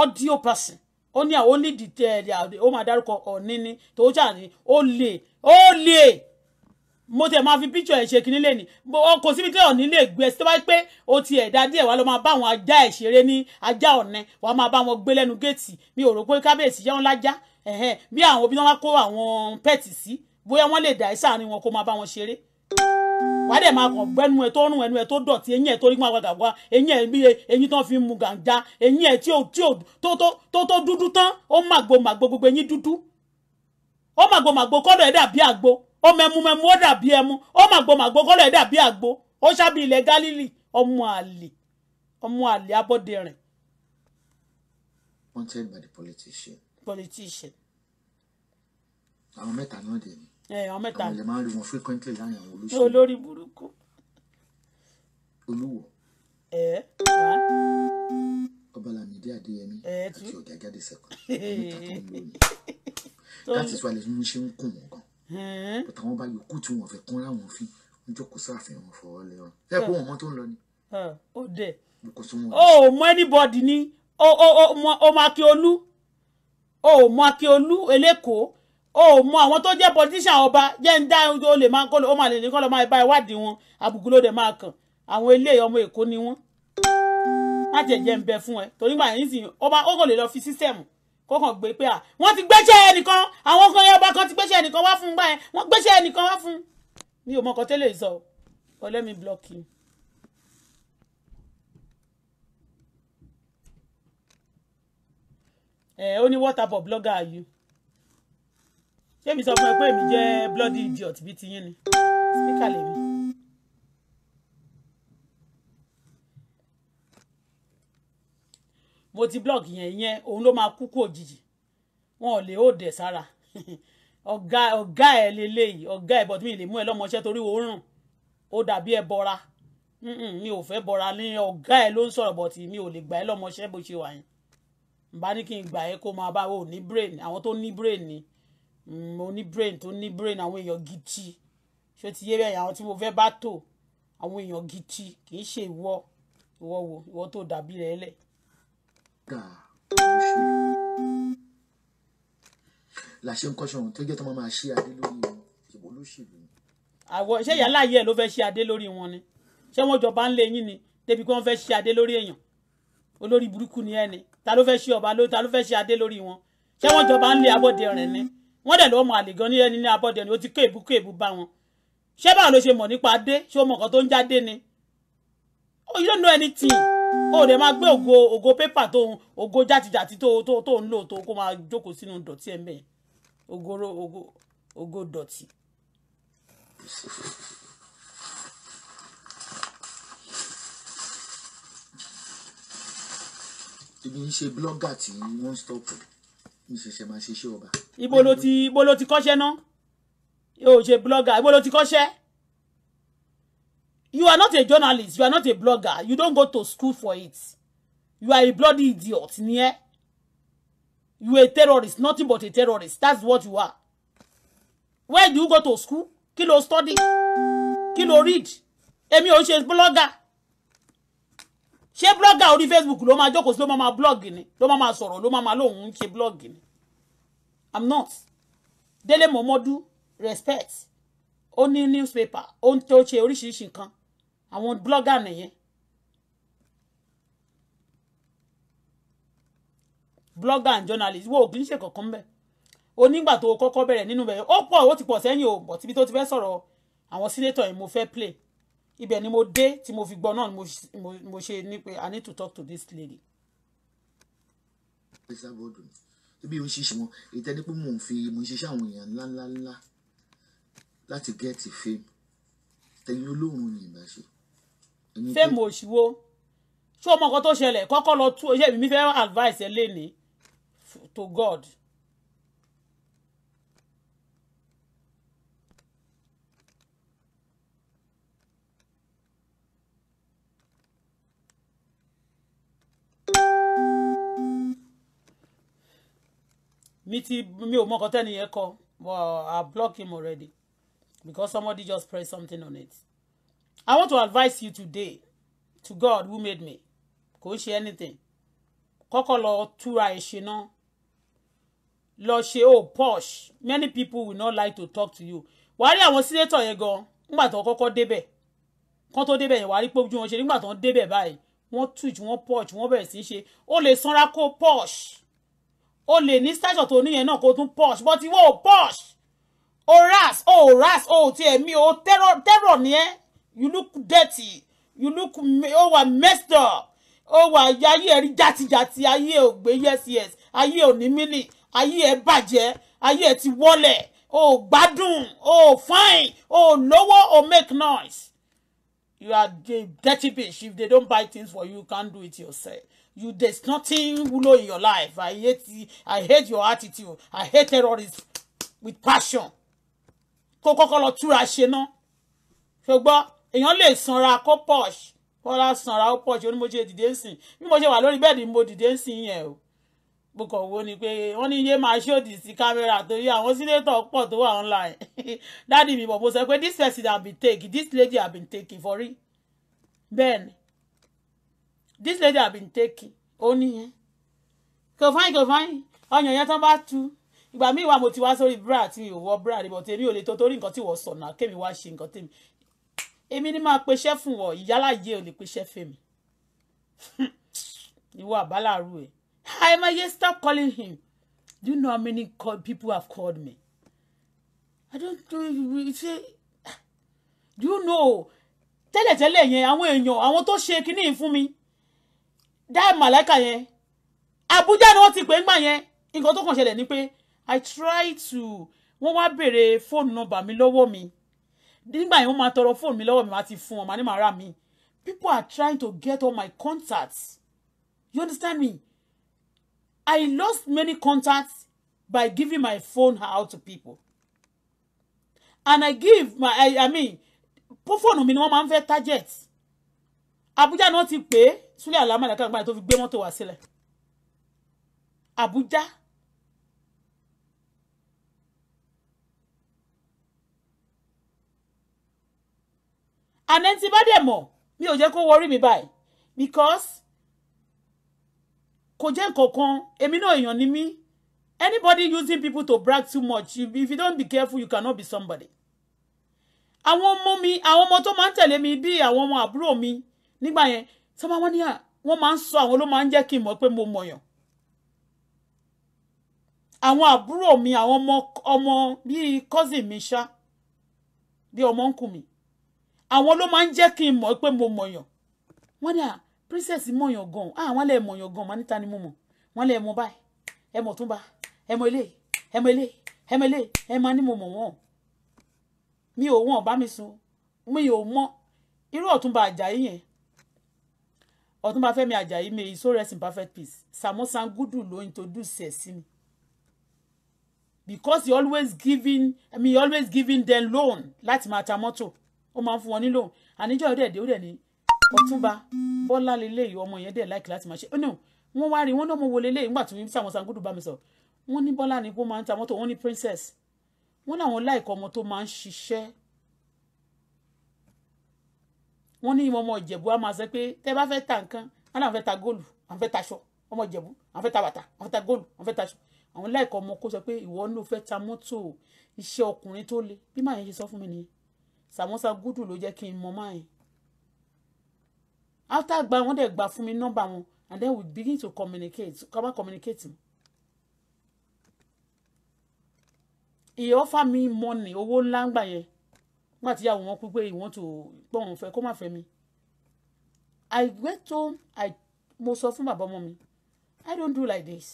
ọ́díò person ó ní àwọn ó ní dìtẹ́ eh, eh, ó máa dárúkọ ọ̀nìní tó jà ní ó lè ó lè mo tẹ̀ máa fi picture ẹ̀ ṣe kínní lẹ́ni kò síbi tí òní lè gbé sí tó bá pé o ti ẹ̀dá díẹ̀ wá ló máa bá àwọn ajá ẹ̀ ṣeré ní ajá ọ̀nẹ́ wà á máa bá wọn gbé lẹ́nu géètì mi ò rò pé kábíyèsí jẹ́ wọn lájá bí àwọn òbí náà wá kó àwọn pẹ́ẹ̀tì sí bóyá wọ́n lè dà ẹ́ sáàárín wọn kó máa bá wọn ṣeré wà á dẹ̀ máa kàn gbẹ́nu ẹ̀ tó rùn ẹnu ẹ̀ tó dọ̀tí eyín ẹ̀ tó rí gbàgbà wá eyín ẹ̀ bí eyín tán fi mu gàǹjà eyín ẹ̀ tí ò tó tó dúdú tán ó màgbo màgbo ó màgbò màgbò kọ́dọ̀ ẹ̀ dàbí àgbo ó mẹ́mu mẹ́mu ó dàbí ẹmu ó màgbò màgbò kọ́dọ̀ ẹ̀ dàbí àgbo ó ṣàbí ilẹ̀ Gálílì ọmọ àlè ọmọ àlè Abọ́dẹrìn. wanted by the politician. politician. àwọn mẹ́ta náà dẹ̀ ni. ẹ àwọn mẹ́ta. àwọn ilẹ̀ máa ń rí wọn frequently láàrin àwọn olóṣèlú. olórí burúkú. olúwo. ẹ ẹ Ọbalamide Adéyẹmí àti Ọ̀jájá the second àwọn mẹ́ta tó ń lò ní that is why lẹ́yìn ṣe ń kùn wọ́n gan bàtà wọn bá yòókù tí wọn fẹ́ kún láwọn fi ń jókòó sáàfin wọn fọwọ́ lé wọn ẹ kó wọn mọ tó ń lọ ni. ó dẹ ó mọ anybody ni ó mọ Akíolú ó mọ Akíolú elékòó ó mọ àwọn tó jẹ́ politician ọba jẹ́ ń dá ó lè máa kó máa lè ní kọ́ lọ́ máa bá ìwádìí wọn àbùkù ló dẹ̀ máa kàn àwọn ilé ọmọ Èkó ni wọ́n láti ẹ̀jẹ̀ ń bẹ fún ẹ torí gbà yín sì ó kò lè lọ fi sísẹ̀mù kó kàn gbé pé à wọ́n ti gbéṣẹ́ ẹnìkan àwọn kan ọba kan ti gbéṣẹ́ ẹnìkan wá fún un báyẹn wọ́n gbéṣẹ́ ẹnìkan wá fún un mi ò mọ ọkọ tẹ́lẹ̀ sọ ọ let me block you. ẹ ó ní what type of blogger are you ṣé mi sọ fún ẹ pé èmi jẹ́ bloody idiot bíi ti yín ni speaker lèmi. mo ti blog yẹn yẹn òun ló máa kú kú òjijì wọn ò lè òde sára ọ̀gá ọ̀gá ẹ̀ lélẹ́yìí ọ̀gá ẹ̀ bọ̀dún ìlè mú ẹ lọ́mọṣẹ́ torí òórùn ó dàbí ẹ bọra mi ò fẹ́ bọra ní ọ̀gá ẹ̀ ló ń sọ̀rọ̀ bọ̀tì mi ò lè gbà ẹ́ lọ́mọṣẹ́ bó ṣe wà yẹn bá ní kí n gbà ẹ́ kó máa bá o brain àwọn tó ní brain ni mm, mo brain tó ní brain àwọn èèyàn gidi ṣé ti yé bẹ́ẹ̀ àwọn tí mo fẹ́ bá tò àwọn èèyàn gidi kì í ṣe ìwọ ìwọ wo ìwọ tó dàbí rẹ̀ lẹ́ẹ̀ gbà ló làṣẹ ń kọ́ṣọ́ ohun tó jẹ́ tó máa ṣe adé lórí ìbò olóṣèlú. àwọ ṣé ìyá láàyè ẹ ló fẹ́ ṣe adé lórí wọn ni ṣé wọ́n jọba ń lé yín ni débi kí wọ́n fẹ́ ṣe adé lórí èèyàn olórí burúkú ni ẹni ta ló fẹ́ ṣe ọba ló ta ló fẹ́ ṣe adé lórí wọn ṣé wọ́n jọba ń lé abọ́dẹ rẹ̀ ni wọ́n dẹ̀ lọ́mọ àlè ní ẹni ní abọ́dẹ ni ó ti kéèbù kéèbù bá wọn ṣé báwo ló ṣe mọ̀ nípa adé ṣé ó mọ̀ nǹkan tó ń jáde ni oh you don't know anything ó lè máa gbé ògo ògo pépà to ògo játijàti jati tó to to lò tó kó máa jókòó sínú dọ̀tí ẹ̀ mẹ́ẹ̀ ògoro ògo ògo dọ̀tí. ibi ń ṣe blọ́gà tí wọ́n stọ́pù ń ṣẹ̀ṣẹ̀ máa ṣiṣẹ́ ọba. ibo ló ti ibo ló ti kọ́ṣẹ́ náà yóò ṣe blọ́gà ibo ló ti kọ́ṣẹ́ you are not a journalist you are not a blogger you don't go to school for it you are a bloody idiot ni ẹ you a terrorist nothing but a terrorist that's what you are where do you go to school kí ló study kí ló read èmi ò ṣe blogger She blogger orí facebook ló máa jókòó sí ló máa máa blog ni ló máa máa sọ̀rọ̀ ló máa máa lóun ń ṣe blog ni i'm not délé mọ̀mọ́dú respect ó newspaper ó ń tó ṣe oríṣiríṣi nǹkan àwọn blogger nìyẹn blogger and journalist wo kì í ṣe kankan bẹ́ẹ̀ onígbà tó kọ́kọ́ bẹ̀rẹ̀ nínú bẹ̀rẹ̀ ó pọ̀ ó ti pọ̀ sẹ́yìn o bọ̀ tíbi tó ti fẹ́ sọ̀rọ̀ àwọn senator yìí mo fẹ́ play ibẹ̀ ni mo dé tí mo fi gbọ́ náà ni mo ṣe ní pé i need to talk to this lady. bí o ṣiṣẹ́ wọn ìtẹ́ni pé mò ń fi mo ṣiṣẹ́ àwọn èèyàn ńláńláńlá láti get fame tẹ̀yìn olóòórùn ni ìgbà fẹ́ẹ̀mù òṣìwò ṣé o mọ nǹkan tó ṣẹlẹ̀ kọ́kọ́ lọ tú ṣé èmi fẹ́ advice ẹ lénìí to God. mi ti mi ò mọ nǹkan tẹ́ni yẹn kọ but I block him already because somebody just press something on it. I want to advise you today to God who made me kò ń ṣe anything kọ́kọ́ lọ túra ẹ̀ ṣe náà lọ ṣe ó oh, posh many people will not like to talk to you wàá rí àwọn sínétọ̀ yẹn gan nígbà tó kọ́kọ́ débẹ̀ kán tó débẹ̀ yẹn wàá rí pé ojú wọn ṣe nígbà tó ń débẹ̀ báyìí wọ́n twitch wọ́n posh wọ́n bẹ̀rẹ̀ sí í ṣe ó lè sanra kó posh ó lè ní stature tó níyẹn náà kó tún posh but ìwọ ò posh o ras o ras o tiẹ̀ mi o terror terror ni ẹ́ you look dirty you look oh, wà messed up Oh, wà ayé ẹ̀ rí jàtijàti ayé ò gbé yes yes ayé ò ní mílì ayé ẹ̀ bàjẹ́ ayé ẹ̀ ti wọlẹ̀ Oh, gbádùn Oh, fine Oh, ó lówó ó make noise you are the dirty bitch if they don't buy things for you you can't do it yourself you there's nothing wulo in your life i hate i hate your attitude i hate terrorists with passion kó kọ́kọ́ lọ túra ṣe ná ṣùgbọ́n èèyàn lè sanra kó pọ̀ṣ kọ́lá sanra ó pọ̀ṣ oní mo ṣe dìde ń sìn bí mo ṣe wà lórí bẹ́ẹ̀dì mo dìde ń sìn yẹn o mo kàn wo ni pé wọ́n ní iye máa ṣòdì sí kámẹ́rà torí àwọn sínétọ̀ pọ̀ tó wà online dáàdi mi bọ̀ mo sọ pé this person have been taking this lady have been taking for real bẹ́ẹ̀ni this lady have been taking ó níyẹn kò fáyín kò fáyín ọyàn yẹn tán bá tu ìgbà míì wà mo ti wá sórí bra àti mi bra níbọ̀ tèmi ò lè tó torí nǹkan tí wọ́n sọ̀nà kémi wá ṣe nǹkan tèmi èmi ni máa peṣẹ́ fún ọ ìyálàyé ò lè peṣẹ́ fèmí ìwọ àbálàrú ẹ i may yet stop calling him do you know how many call, people have called me i don't know you say do you know tẹ́lẹ̀tẹ́lẹ̀ yẹn àwọn èèyàn àwọn tó ṣe kinní fún mi dá màláìka yẹn Abuja ni wọ́n ti pè ń gbà yẹn nǹkan tó kàn ṣẹlẹ̀ ni pé i try to wọ́n wá béèrè fóònù nọ́mbà mi lọ́wọ́ mi nígbà yẹn wọ́n máa tọrọ fóònù mi lọ́wọ́ mi máa ti fún wọn ní màá rà people are trying to get all my contacts you understand me I lost many contacts by giving my phone out to people and I give my I, I mean fóònù mi ni wọ́n máa ń fẹ́ target Abuja náà ti pè é Sule Alao Málàíkà gbáyé tó fi gbé mọ́tò wá sílẹ̀ Abuja àná tí bá dẹ̀ mọ̀ mi ò jẹ́ kó wọrí mi báyìí because kò jẹ́ nǹkan kan èmi náà ni mí anybody using people to brag too much if you don't be careful you cannot be somebody. àwọn ọmọ mi àwọn ọmọ tó máa ń tẹ̀lé mi bí àwọn ọmọ àbúrò mi nígbà yẹn tó máa wọ́n ní à wọ́n máa ń sọ àwọn ló máa ń jẹ́ kí n mọ̀ pé mo mọ̀yàn. àwọn àbúrò mi àwọn ọmọ ọmọ bíi cousin mi ṣá bíi ọmọ ń kù mi àwọn ló máa ń jẹ́ kí n mọ̀ pé mo mọ̀yàn wọ́n dà ah, princess mọ̀yàn gan ah wọ́n lè mọ̀yàn gan mà níta ni mo mọ̀ wọ́n lè mọ báyìí ẹ mọ̀ tún bá ẹ mọ eléyìí ẹ mọ eléyìí ẹ mọ eléyìí ẹ máa ní mo mọ̀ wọ́n mi ò wọ́n bá mi sùn mi ò mọ̀ irú ọ̀túnba àjàyí yẹn ọ̀túnba fẹ́mi àjàyí may he so rest in perfect peace Sàámú Ṣàngùdù ló introduce ẹ̀ sí mi because he always giving I mean he always giving them loan láti máa ta mọ́tò ó máa ń fún wọn nílò àníjọ́ ó dẹ̀ dé ó dẹ̀ ní ọ̀túnba bọ́lá leléyìí ọmọ yẹn dẹ̀ láìkí láti máa ṣe ó oh nù wọ́n wá rí wọ́n náà mo wo leléyìí nígbà tí sàwọn sangudu bá mi sọ wọ́n ní bọ́lá ni kó máa ń ta mọ́tò wọ́n ní princess wọ́n làwọn láìkọ ọmọ tó máa ń ṣiṣẹ́ wọ́n ní ọmọ ìjẹ̀bú á máa sọ pé tẹ́ bá fẹ́ ta nǹkan wọ́n náà fẹ́ ta góòlù àwọn fẹ́ taṣọ ọmọ ìjẹ̀bú àwọn fẹ́ ta bàtà àwọn fẹ́ ta góòlù àwọn fẹ́ taṣọ àwọn láìkọ ọmọ kó sọ pé ìwọ náà fẹ́ ta mọ́tò iṣẹ́ ọkùnrin tó le bí màá yẹn ṣe sọ fún mi nìyẹn samosa gudu ló jẹ́ kí n mọ máa yẹn after gba wọn dẹ̀ gba fún mi nọ́mbà wọn and then we begin to communicate kaba communicate mu ìyẹn ọfà mi mọ́nì owó ńlá ń gbà yẹn nígbà tí ìyàwó wọn kú pé ìwọ́n tó pọ̀ wọn fẹ́ kó má fẹ́ mi I went home I mo sọ fún bàbá ọmọ mi I don't do like this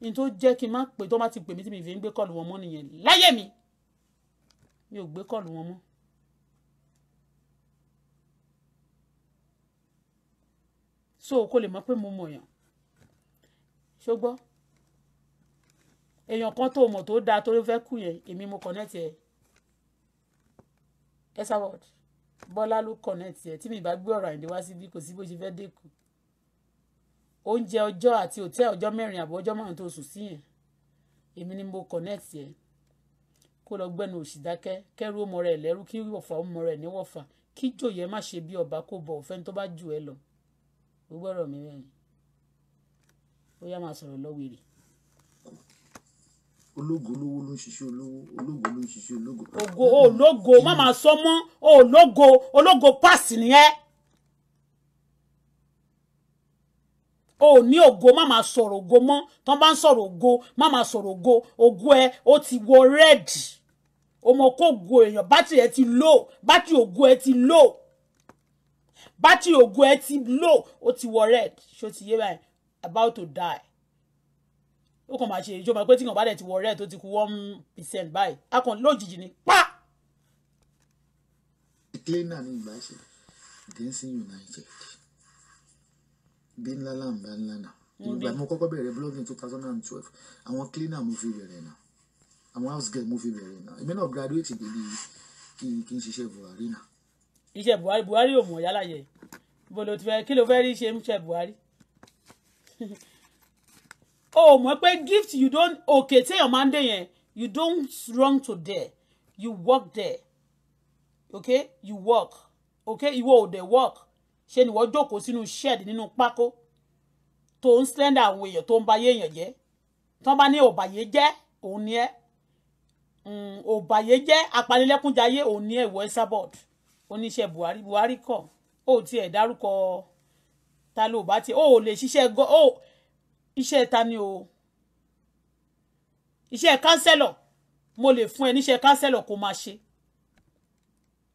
ní tó jẹ́ kí n má pè tó má ti pè mí tí mi fi ń gbé kọ́ọ̀lù wọn mọ́ nìyẹn láyé mi mi ò gbé kọ́ọ̀lù wọn mọ́ so kó lè mọ̀ pé mo mọ̀ yàn ṣùgbọ́n èèyàn kan tó mọ̀ tó dáa tó fẹ́ kú yẹn èmi mo connect ẹ̀ ẹ̀sà word bọ́lá ló connect ẹ̀ tí mi bá gbé ọ̀rọ̀ àyìndé wá síbí kò sí bó ṣe fẹ́ dẹ́kù oúnjẹ ọjọ́ àti òtẹ́ ọjọ́ mẹ́rin àbọ̀ ọjọ́ márùn tó sùn sí yẹn èmi ni mo connect ẹ̀ kó lọ gbẹ́nu òsì dákẹ́ kẹ́rù ó mọ rẹ̀ lẹ́rú kí wọ̀fà ó mọ rẹ̀ níwọ̀fà kí jòyè má ṣe bí ọba kó bọ̀ òfẹ́ni tó bá jù ẹ lọ ó gbọ́dọ̀ mi bẹ́ẹ̀ ni ó yá máa sọ̀rọ̀ lọ́wìrì. ológo olówó ló ń ṣiṣẹ́ olówó ológo ló ń ṣiṣẹ́ ológo. ògo ológo má máa sọ mọ́ ológo ológo pass nìyẹn. o ní ògo má máa sọ̀rọ̀ ògo mọ́ tán bá ń sọ̀rọ̀ ògo má máa sọ̀rọ̀ ògo ògo ẹ ó ti wọ rẹ́ẹ̀dì ọmọ kò go èèyàn bátìrì ẹ ti lò bátìrì ògo ẹ ti lò bátìrì ògo ẹ ti low ó ti wọ red ti yé báyìí about to die ó kàn máa jo ma pé tí kàn bá dẹ̀ ti wọ red ti kú one percent báyìí a kàn lójijì ni pa. cleaner ni ìgbà ṣe dancing united bí ńlá làǹbá ńlá náà ìgbà mo kọ́kọ́ bẹ̀rẹ̀ blogging two thousand and twelve àwọn cleaner mo fi bẹ̀rẹ̀ náà àwọn house girl mo fi bẹ̀rẹ̀ náà èmi náà graduate débi kí n ṣiṣẹ́ buhari náà iṣẹ́ buhari buhari ò mọ̀ yálàyẹ ibo ló ti fẹ́ kí ló fẹ́ rí ṣe ń ṣe buhari o mọ̀ pé gift you don okay. téèyàn máa ń dé yẹn you don't run to there you work there okay you work okay ìwọ ò dẹ̀ work ṣe ni wọ́n jókòó sínú shed nínú pákó tó ń slender àwọn èèyàn tó ń ba ayé èèyàn jẹ́ tó ń bá ní òbàyé jẹ́ òun ni ẹ́ mm, òbàyé jẹ́ apanilẹ́kúnjayé òun ni ẹ̀ wọ́ ẹ́ sábọ̀dù oníṣẹ́ buhari buhari kọ̀ ó tiẹ̀ dárúkọ ta ló bá tiẹ̀ ó lè ṣiṣẹ́ gọ́ ó iṣẹ́ ta ni o iṣẹ́ kánsẹ́lọ̀ mo lè fún ẹ níṣẹ́ kánsẹ́lọ̀ kó máa ṣe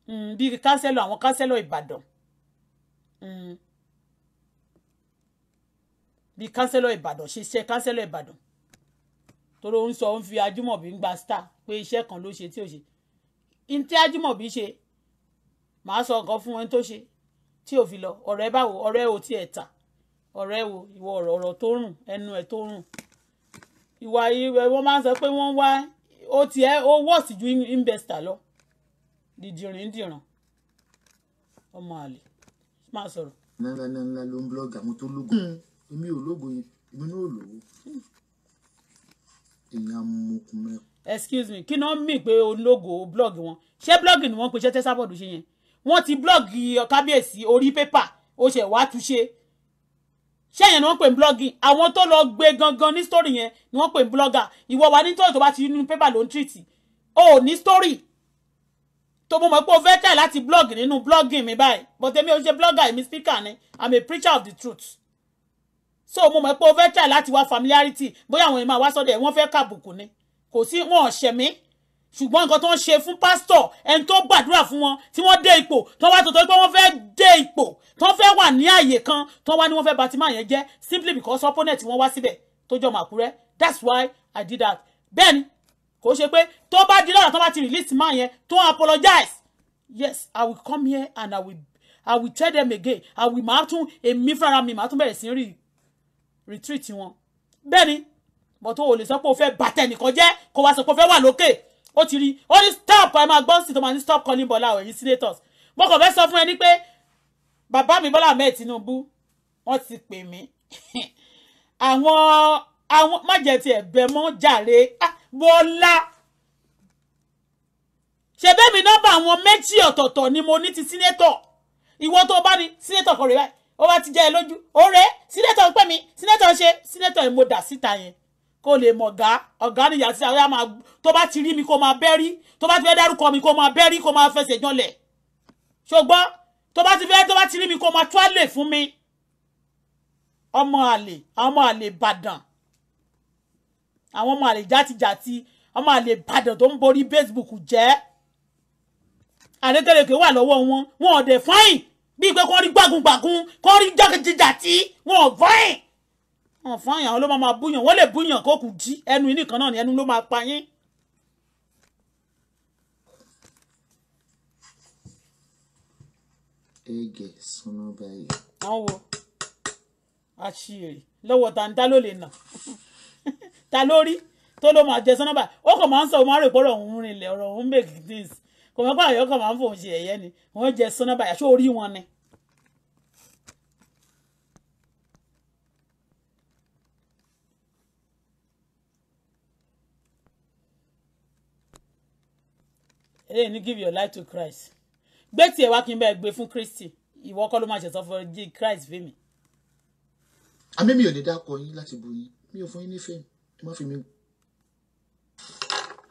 hmm, bí kánsẹ́lọ̀ àwọn kánsẹ́lọ̀ ìbàdàn hmm. bí kánsẹ́lọ̀ ìbàdàn ṣe ṣe kánsẹ́lọ̀ ìbàdàn toro ń sọ ń fi ajúmọ̀bí ń gba star pé iṣẹ́ kan ló ṣe tí ò ṣe ní tí ajúmọ̀bí ṣe màá sọ nǹkan fún ẹni tó ṣe tí ò fi lọ ọ̀rẹ́ báwo ọ̀rẹ́ o tiẹ̀ tà ọ̀rẹ́ wo ìwọ ọ̀rọ̀ tó rùn ẹnu ẹ̀ tó rùn ìwà ìwẹ̀ wọ́n máa ń sọ pé wọ́n wá ó tiẹ̀ ó wọ́ọ̀sì ju investor lọ dìdìrín dìrán ọmọ àlè máa sọ̀rọ̀. ńlá ńlá ńlá ló ń blọ́ọ̀gì àwọn tó lógo hmm. èmi ò lógo yẹn èmi náà ò lówó èèyàn amọkùnrin. excuse me kí ni wọ́n mì pé ológo blọ́ọ̀gì wọn ṣé blọ́ọ̀gì ni wọ́n pe ṣẹ́tẹ́ sábọ̀dù ṣe yẹn wọ́n ti blọ́ọ̀gì kábíyèsí orí pépà ó ṣe wá túnṣe ṣẹ́yìn ni wọ́n pè ń blọ́ọ̀gì àwọn tó lọ gbé gangan ní story yẹn ni wọ́n pè ń blọ́ọ̀gà ìwọ wa ní tọ́jú tó bá ti nínú pépà ló ń tìrìtì o ní story tó mo mọ̀ pé o fẹ́ tẹ̀ láti blọ́ọ̀gì nínú blọ́ọ̀gì mi báyìí but èmi ò ṣe blọ́ọ̀gà èmi speaker ni i'm a preacher of the truth so mo mọ̀ pé o fẹ́ tẹ̀ láti wá familiarity bóyá àwọn èèyàn máa wá sọ́dọ̀ ẹ̀ wọ́n fẹ́ kàbùkù ni kò sí wọn ò ṣùgbọ́n nǹkan tó ń ṣe fún pásítọ̀ ẹni tó gbàdúrà fún wọn tí wọ́n dé ipò tó wá tòótọ́ pé wọ́n fẹ́ dé ipò tó fẹ́ wà ní àyè kan tó wá ní wọ́n fẹ́ batimá yẹn jẹ́ simply because opponent wọn wá síbẹ̀ tó jọmọ àkúrẹ́ that's why I did that bẹ́ẹ̀ni kò ṣe pé tó bá di lọ́la tó bá ti release má yẹn tó apologize yes I will come here and I will I will tell them again I will máa tún èmi fúnra mi máa tún bẹ̀rẹ̀ sí rí retreat wọn bẹ́ẹ̀ni bọ́tò ò lè sọ pé o fẹ́ bàtẹ́ nìkan jẹ́ kó wá sọ pé o fẹ́ wà lókè ó ti rí ó ní stop ẹ máa gbọ́ sí tó stop calling Bọ́lá ẹ̀yin senators mo kàn fẹ́ sọ fún ẹ ní pé bàbá mi Bọ́lá Ahmed Tinubu wọ́n ti pè mí àwọn àwọn májètì ẹ̀bẹ̀ mọ́ jàre ah, Bọ́lá ṣèbẹ́mi nọ́mbà àwọn méjì ọ̀tọ̀ọ̀tọ̀ ni mo ní ti senator ìwọ tó bá ní senator kan rè báyìí ó bá ti jẹ́ ẹ lójú ó rèé senator ń pè senator ṣe senator ẹ̀ mo dà síta yẹn kó lè mọ̀ ọ̀gá ọ̀gá níyà sí àwọn àmà tó bá ti rí mi kó máa bẹ́rí tó bá ti fẹ́ dárúkọ mi kó máa bẹ́rí kó máa fẹsẹ̀ janlẹ̀ ṣùgbọ́n tó bá ti fẹ́ tó bá ti rí mi kó máa tó àlè fún mi ọmọ àlè àwọn ọmọ àlè ìbàdàn àwọn ọmọ àlè játijàti ọmọ àlè ìbàdàn tó ń borí Facebook jẹ́ àrékèrèké wà lọ́wọ́ wọn wọn ò dẹ̀ fáìn bíi pé kọ́ rí gbàgùngbàgùn kọ́ rí jákèjìjàti wọn ò fáìn wọn àyàn ló máa búyàn wọ́n lè búyàn kó kù jí ẹnu yìí nìkan náà ni ẹnu ló máa pa yín. ege súnmọ́ báyìí. wọ́n wo àṣìírí lọ́wọ́ tá ń dá ló lè nà ta lórí tó ló máa jẹ sọ́nà báyìí ó kàn máa ń sọ ọmọ àrèpọ̀rọ̀ òun rinlẹ̀ ọ̀rọ̀ òun make things kò mọ́ pààyàn kàn máa ń fòun ṣe ẹ̀yẹ́ ni wọ́n jẹ sọ́nà báyìí àṣọ orí wọn ni. eléyìí ní give your life to Christ gbé tiẹ̀ wá kí n bẹ́ẹ̀ gbé fún Kristi ìwọ kọ́ ló máa ṣẹ̀sọ́ fún jí Christ fèmí. àmì mi ò ní dákọ yín láti bu yín mi ò fún yín nífẹ̀ẹ́ ẹ má fi mi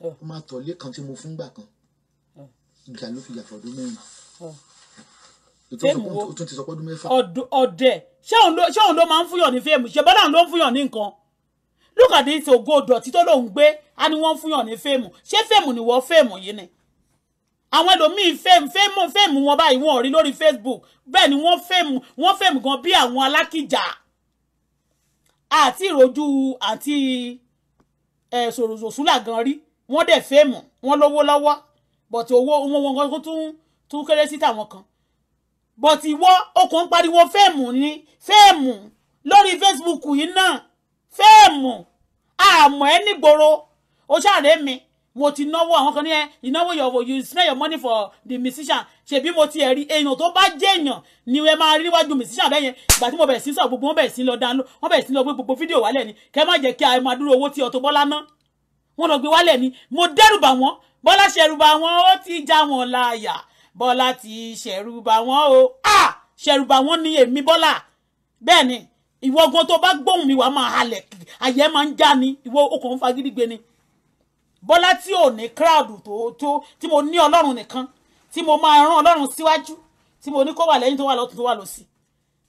oh. ó máa tọ̀ lé kan tí mo fún gbà kan oh. ìjà ló fi yàtọ̀ ọdún mẹ́rin oh. o tún ti sọ pé ọdún mẹ́fà. ọ̀dẹ̀ ṣé òun ló máa ń fúyàn ní fíìmù ṣe bọ́dà ló ń fúyàn ní nǹkan lókàdé tí ògo dọ̀tí tó lòún gbé á ní wọ́n ń fúyàn ní fíìmù ṣé fíìmù ni wọ́n fíìmù yìí ni àwọn ẹlòmíín fẹ́ẹ̀mù fẹ́ẹ̀mù fẹ́ẹ̀mù wọn báyìí wọn ò rí lórí Facebook bẹ́ẹ̀ ni wọ́n fẹ́ẹ̀mù wọ́n fẹ́ẹ̀mù gan bí àwọn alákìjà àti ìrojú àti ẹ̀ sòròsòsúlà gan rí wọ́n dẹ̀ fẹ́ẹ̀mù wọ́n lówó lọ́wọ́ but owó owó wọn kan tún tún kéré sí tàwọn kan but ìwọ okùn ń pariwo fẹ́ẹ̀mù ni fẹ́ẹ̀mù lórí Facebook yìí náà fẹ́ẹ̀mù àmọ́ ẹ nígboro ó ṣàrẹ́ mi mo ti náwó àwọn kan ní ẹ ìnáwó yọ̀wò you spend your money for the musician ṣèbí mo ti ẹ̀rí èèyàn tó bá jẹ́ èèyàn ni ẹ máa rí níwájú musician bẹ́ẹ̀ yẹn ìgbà tí mo bẹ̀rẹ̀ sí sọ gbogbo wọn bẹ̀rẹ̀ sí lọ download wọn bẹ̀rẹ̀ sí lọ gbé gbogbo fídíò wálẹ̀ ni kẹ́ má jẹ́ kí a máa dúró owó tí Auto Bola ná wọn lọ gbé wálẹ̀ ni mo dẹ́rùbà wọn Bọ́lá ṣẹ̀rùbà wọn ó ti já wọn láàyà Bọ́lá ti ṣẹ̀rùbà wọn o ah ṣẹ̀rùbà wọn ni èmi Bọ́lá bẹ́ẹ̀ ni ìwọ gan tó mi wàá máa halẹ̀ àyẹ́ máa ń já ni bọ́lá tí ò ní crowd tó tó tí mo ní ọlọ́run nìkan tí mo máa rán ọlọ́run síwájú tí mo ní kó wà lẹ́yìn tó wà lọ́tún tó wà lọ́sì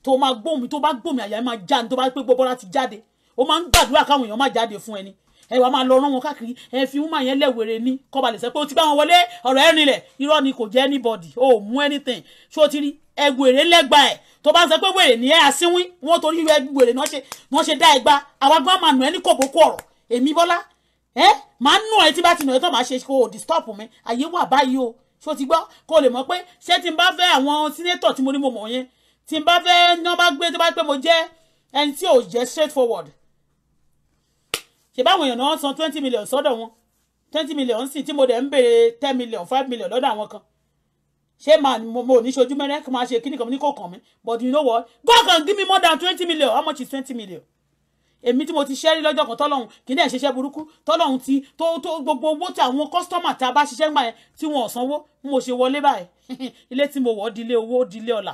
tó máa gbóhùn mi tó bá gbóhùn mi àyà mi máa já ni tó bá pé gbogbo ti jáde ó máa ń gbàdúrà káwọn èèyàn má jáde fún ẹni ẹ wàá máa lọ rán wọn káàkiri ẹ fi wúmà yẹn lẹ́wẹ̀rẹ̀ ní kọ́ba lè sẹ́ pé o ti bá wọn wọlé ọ̀rọ̀ ẹ rinlẹ̀ irọ́ ni kò jẹ́ anybody o ò mú anything ṣé o ti rí ẹgbẹ̀rẹ̀ lẹ́gba ẹ̀ tó bá ń sọ pé wèrè ní ẹ àsínwín wọn torí ẹgbẹ̀rẹ̀ náà ṣe dá ẹgba àwa gbọ́n mànú ẹ ní kòbókò ọ̀rọ̀ èmi bọ́lá ẹ eh? máa nù ẹ tí bá ti nù ẹ tó máa ṣe disturb mi àyè wà báyìí o So, ti gbọ́ kó o lè mọ̀ pé ṣé tí n bá fẹ́ àwọn sínétọ̀ tí mo ní mo mọ̀ yẹn tí n bá fẹ́ ní wọ́n bá gbé tó bá pé mo jẹ́ ẹni tí ò jẹ́ straight forward ṣe báwọn èèyàn náà san twenty million So sọ́dọ̀ wọn twenty million sì tí mo dẹ̀ ń béèrè ten million five million lọ́dọ̀ àwọn kan ṣé màá mo ní ṣojú mẹ́rẹ́ kí n máa ṣe kíni kan ní kò kàn mí but you know what God can give me more than twenty million how much is twenty million èmi tí mo ti ṣẹ́ rí lọ́jọ́ kan tọ́lọ́hún kì í dẹ̀ ṣiṣẹ́ burúkú tọ́lọ́hún ti tó tó gbogbo owó tí àwọn kọ́sítọ́mà tá a bá ṣiṣẹ́ gbà yẹn tí wọn sanwó mo ṣe wọlé báyìí ilé tí mo wọ̀ di owó di ọ̀la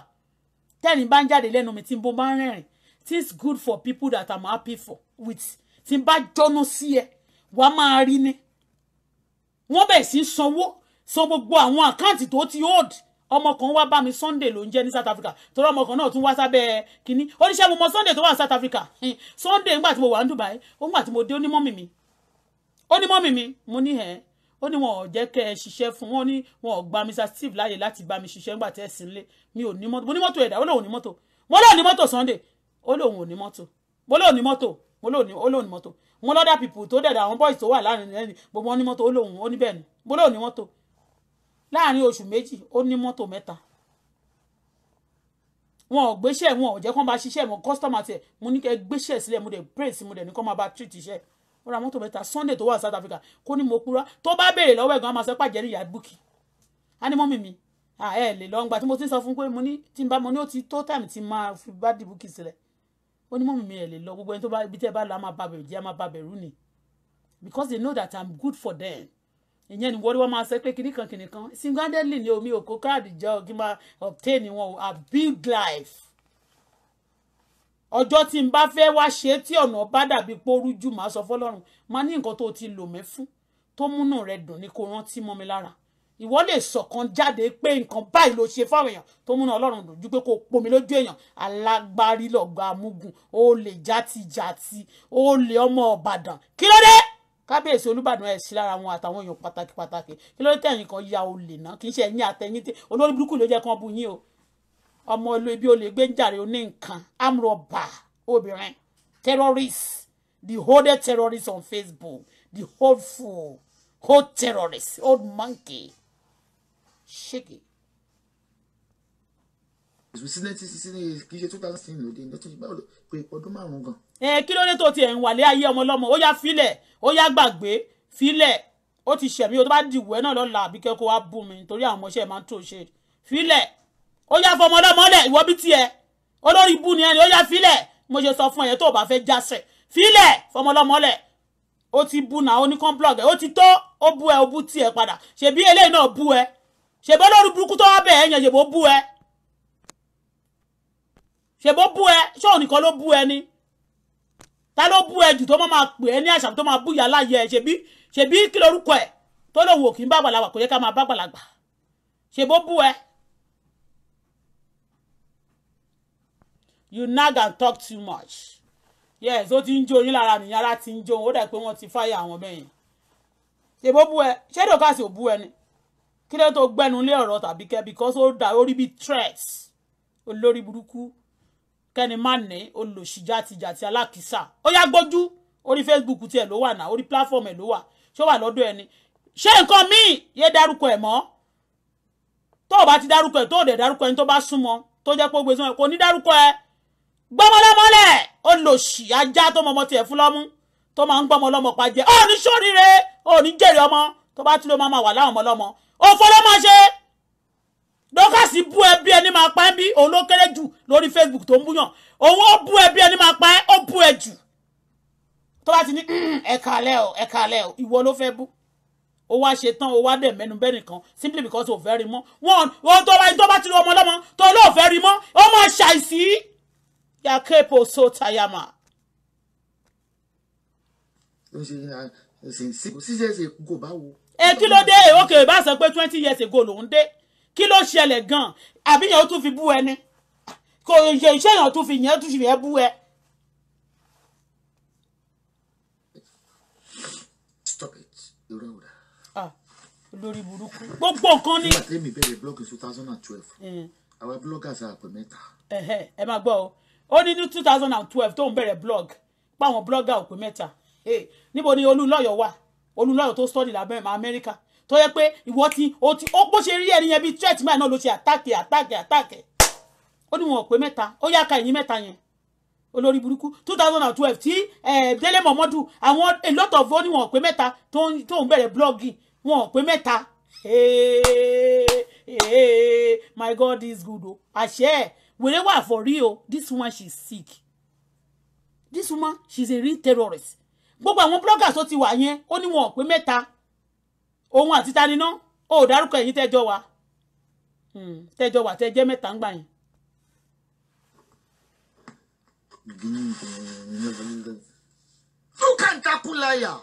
tẹ́rìn bá ń jáde lẹ́nu mi tí mo bá ń rẹ́rìn this good for people that I'm happy for with tí n bá jọ́nú sí ẹ wà á máa rí ni wọ́n bẹ̀ sí sanwó san gbogbo àwọn àkáǹtì tó ti hold ọmọ kan wá bá mi Sunday ló ń jẹ́ ní South Africa torí ọmọ kan náà tún wá sábẹ́ kínní oníṣẹ́ mo mọ Sunday tó wà ní South Africa Sunday ńgbà tí mo wà ní Dubai ó ńgbà tí mo dé ó ní mọ́mì mi ó ní mi mo ní ẹ̀ ó ní wọn ò jẹ́ kẹ́ ẹ ṣiṣẹ́ fún wọn ní wọn ò gba Mr Steve láàyè láti bá mi ṣiṣẹ́ ńgbà tí ẹ sì ń lé mi ò ní mọ́tò mo ní mọ́tò ẹ̀dá ó lóun ní mọ́tò mo lóun ní mọ́tò Sunday ó lóun ò ní mọ́tò mo lóun ní mọ́tò mo lóun ní mọ́tò mo lọ́dà pípù tó dẹ̀dà àwọn bọ́ìsì tó wà láàrin lẹ́yìn gbogbo wọn ní mọ́tò ó lóun ó ní bẹ́ẹ̀ ni mo láàrin oṣù méjì ó ní mọ́tò mẹ́ta wọn ò gbéṣẹ́ wọn ò jẹ́ kó máa ṣiṣẹ́ mọ́ kọ́sítọ́mà tiẹ̀ mo ní kẹ́ gbéṣẹ́ sílẹ̀ mo dẹ̀ bírè sí mo dẹ̀ ní kó máa bá treat iṣẹ́ ó ra mọ́tò mẹ́ta Sunday tó wà South Africa kó ní mo kúrò tó bá béèrè lọ́wọ́ ẹ̀gbọ́n máa sọ pé àjẹrí ìyá búkì á ní mọ́mì mi ẹ lè lọ ńgbà tí mo ti sọ fún pé mo ní tí n bá mo ní ó ti tó time tí máa fi bá dì búkì sílẹ̀ ó ní mọ́mì mi ẹ lè lọ gbogbo ẹni tó bá ibi tẹ́ bá lọ á máa bàbẹ̀rù jẹ́ á máa bàbẹ̀rù ni because they know that I'm good for them ìyẹn ni wọ́n wọ́n máa sọ pé kìnnìkan kìnnìkan singadeli ni omi òkó káàdì jẹ́ ọ̀gí máa obtain wọn o a big life ọjọ́ tí n bá fẹ́ wá ṣe tí ọ̀nà bá dàbí pooru jù máa sọ fọlọ́run máa ní nǹkan tó ti lò mí fún tó múnú rẹ dùn ni kò rántí mọ́ mi lára ìwọ lè sọ̀kan jáde pé nǹkan báyìí ló ṣe fáwọn èèyàn tó múnú ọlọ́run dùn ju pé kò pomi lójú èèyàn alágbárí lọ́gbà amúgùn ó lè játijàti ó lè ọmọ ọ̀bàdàn kí ló dé kábíyèsí olúbàdàn ẹ̀ sí lára wọn àtàwọn èèyàn pàtàkì pàtàkì kí ló tẹ̀yìn kan ya olè náà kì í ṣe ẹ̀yìn àtẹ̀yìn tí olórí burúkú ló jẹ́ kán bu yín o ọmọ ìlú ibi olè gbé ń jàre oní nǹkan amrọ̀bà obìnrin terrorist the whole terrorist on Facebook the whole fool whole terrorist old monkey shake ìsúsílẹ̀ tí sísílẹ̀ kì í ṣe two thousand sixteen ló dé ní ọdún báwo pé ọdún márùn-ún gan-an Eh, kí ló dé tó tiẹ̀ ń wàlé ayé ọmọ ọlọ́mọ ó yá filẹ̀ ó yá gbàgbé filẹ̀ ó ti ṣẹ̀mí o tó bá dìwọ́ ẹ náà lọ́la àbí kẹ́kọ̀ọ́ wá bù mí torí àwọn ọmọọṣẹ́ máa ń tó ṣe filẹ̀ ó yá fọmọ ọlọ́mọ lẹ̀ ìwọ bí tiẹ̀ olórí bú ni ẹni ó yá filẹ̀ mo ṣe sọ fún ẹ tó o bá fẹ́ jásẹ̀ filẹ̀ fọmọ ọlọ́mọ lẹ̀ ó ti bú náà ó ní kán blọọgì ó ti tó ó bú ẹ ó bú tiẹ̀ padà ṣèbí eléyìí náà bú ẹ ṣèbí olórí burúkú tó wá bẹ̀ yẹn ṣèbó bú ẹ ṣèbó bú ẹ ṣóò nìkan ló bú ẹ ni ta ló bú ẹ jù tó máa pè ẹ ní àṣà tó máa bú ìyá láyé ẹ ṣebí ṣebí kí lorúkọ ẹ tó lòun ò kí ń bá àgbàlagbà kò yẹ ká máa bá àgbàlagbà ṣebó bú ẹ. you nag and talk too much yes ó ti ń jó yín lára nìyẹn ara ti ń jó ó dà pé wọ́n ti fáyà àwọn bẹ́ẹ̀ yẹn ṣebó bú ẹ ṣé dòkàsì ò bú ẹ ni kí ló tó gbẹnu lé ọ̀rọ̀ tàbí kẹ́ because ó rí bí threat olórí burúkú kẹ́ni má ní olùsíjàtìjàtì alákìsà ó yá gbójú orí facebook tiẹ̀ ló wà náà orí platform ẹ̀ ló wà ṣé ó wà lọ́dọ̀ ẹni ṣé nǹkan míì yé dárúkọ ẹ̀ mọ́ tó o bá ti dárúkọ ẹ̀ tó o dẹ̀ dárúkọ ẹni tó bá súnmọ́ tó jẹ́ pé ó gbé súnmọ́ ẹ̀ kò ní dárúkọ ẹ̀ gbọ́mọlọ́mọlẹ̀ olùsí ajá tó mọ ọmọ tiẹ̀ fún lọ́mú tó máa ń gbọ́mọ lọ́mọ pa jẹ́ ó ní sóríire ní jèrè ọmọ tó bá tún ló máa wà láwọn ọmọ òfò ló máa ṣe Dorcas bú ẹ bí ẹni máa pa ẹ́ bí òun ló kéré jù lórí Facebook tó ń búyàn òun ó bú ẹ bí ẹni máa pa ẹ́ ó bú ẹ jù tó bá ti ní mm, ẹ kálẹ́ o ẹ kálẹ́ o ìwọ ló fẹ́ bú ó wá ṣe tán ó wá dẹ̀ mẹ́nu bẹ́ẹ̀ nìkan simply because ó fẹ́ rí mọ́ wọn ohun tó bá tó bá ti rí ọmọ lọ́mọ tó ló fẹ́ rí mọ́ ó máa ṣàìsí yakepo so tayama. ẹ kí ló dé òkè bá sọ pé twenty years ago lòún dé kí ló ṣẹlẹ̀ gan-an àbí yẹn ó tún fi bú ẹni kò ṣe iṣẹ́ yẹn ó tún fi yẹn tún fi yẹn bú ẹ. stop it irọ́ wura. ah lórí burúkú gbogbo nǹkan ni. nígbà tẹ́mi bẹ̀rẹ̀ blọọgì two thousand and twelve àwọn bloggers àpè mẹ́ta. ẹ máa gbọ́ o ó ní ní two thousand and twelve tó ń bẹ̀rẹ̀ blog páwọn blogger òpè mẹ́ta níbo ni olúlọ́yọ̀ wà olúlọ́yọ̀ tó study lábẹ́rẹ̀ mọ́ amẹ́ríkà tó yẹ pé ìwọ ti o ti ó bó ṣe rí ẹni yẹn bíi threat man náà ló ṣe àtàkì àtàkì àtàkì ó ní wọn pé mẹ́ta ó yá ka ẹ̀yìn mẹ́ta yẹn olórí burúkú two thousand and twelve tí délé mọ̀mọ́dù àwọn a lot of ó ní wọn pé mẹ́ta tó ń bẹ̀rẹ̀ blọ́ọ̀gì wọn pé mẹ́ta my god is good o àṣẹ wèrè wà for real this woman she sick this woman she's a real terrorist gbogbo àwọn bloggers tó ti wà yẹn ó ní wọn pé mẹ́ta òun àti ta níná ó ò dárúkọ ẹ̀yin tẹ́jọ́ wa hmm, tẹ́jọ́ wa tẹ́jẹ́ mẹ́ta ń gbà yín. you can tackle liar.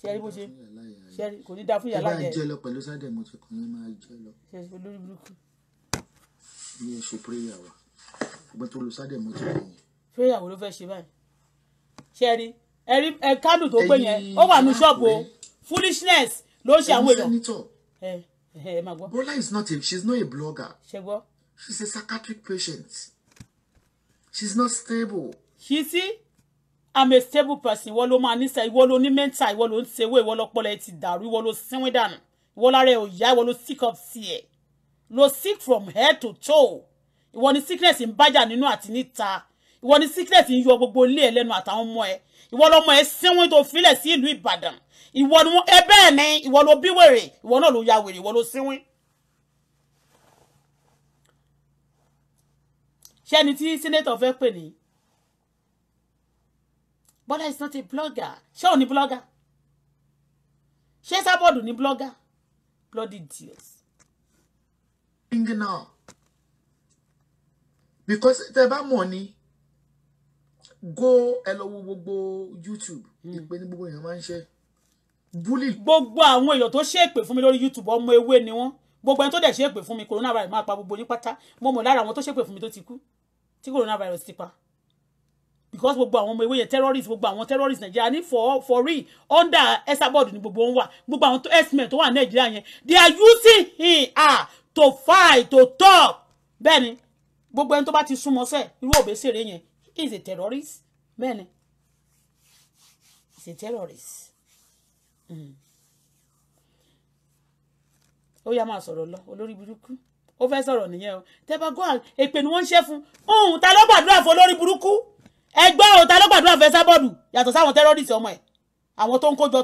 sẹ́rí ah, ah. bó ṣe sẹ́rí kò ní dáa fún yàrá jẹ́. ẹ bá jẹ́ lọ pẹ̀lú sádẹ̀ mo ti kàn yín máa jẹ́ lọ. sẹ́rí olórí burúkú. bí ẹ ṣe prayer wa ọgbọ́n tó lu sádẹ̀ mo ti kàn yín. prayer wo ló fẹ́ ṣe báyìí sẹ́rí ẹ̀rí ẹ̀kánù tó gbé yẹn ó wà ní ṣọ́ọ̀bù o foolishness ló ń ṣe àwọn èèyàn. ẹ ẹ máa Bola is not a she is not a blogger. ṣe gbọ́. she is a psychiatric patient. she is not stable. ṣí sí i'm a stable person ìwọ ló máa níṣẹ́ ìwọ ló ní mental ìwọ ló ń ṣèwé ìwọ lọ́pọlọ ẹ ti dàrú ìwọ ló sínwín dànù ìwọ lára ẹ ò yá ìwọ ló sick up sí ẹ ló sick from head to toe ìwọ ni sickness ń bájà nínú àti níta ìwọ ni sickness ń yọ gbogbo ilé ẹ lẹ́nu àtàwọn ọmọ ẹ ìwọ lọmọ ẹ sínwín tó filẹ̀ sí ìlú Ìbàdàn ìwọ ni ẹ bẹ́ẹ̀ ni ìwọ ló bí wèrè ìwọ náà ló ya wèrè ìwọ ló sínwín. ṣé ẹni tí senator fẹ́ pè ní Bọ́lá is not a blogger ṣé òun ni blogger ṣé sábọ̀dù ni blogger bloody deals. ringing now because tẹ bá mọ̀ ni go ẹ lọ wo gbogbo YouTube hmm. ìpè ní gbogbo èèyàn máa ń ṣe bully. gbogbo àwọn èèyàn tó ṣèpè fún mi lórí YouTube ọmọ ewé ni wọ́n gbogbo ẹni tó dẹ̀ ṣépè fún mi coronavirus máa pa gbogbo ní pátá mo mọ̀ lára àwọn tó ṣépè fún mi tó ti kú tí coronavirus ti pa because gbogbo àwọn ọmọ ewé yẹn terrorist gbogbo àwọn terrorist nàìjíríà ní for for real under esabod ni gbogbo wọn wà gbogbo àwọn x tó wà nàìjíríà yẹn they are using him ah to fight to talk bẹ́ẹ̀ ni gbogbo ẹni tó bá ti súnmọ́ sẹ́ẹ̀ irú òbésèré yẹn is a terrorist bẹ́ẹ̀ ni is a terrorist mm. ó yá máa sọ̀rọ̀ lọ olórí burúkú ó fẹ́ sọ̀rọ̀ nìyẹn o tẹ́bà gọ́ èpè ni wọ́n ń ṣe fún un ta ló gbàdúrà fún olórí burúkú ẹgbẹ́ o ta ló gbàdúrà fún ẹ sábọ́ọ̀dù yàtọ̀ sáwọn tẹ́rọ́rìsì ọmọ ẹ̀ àwọn tó ń kójọ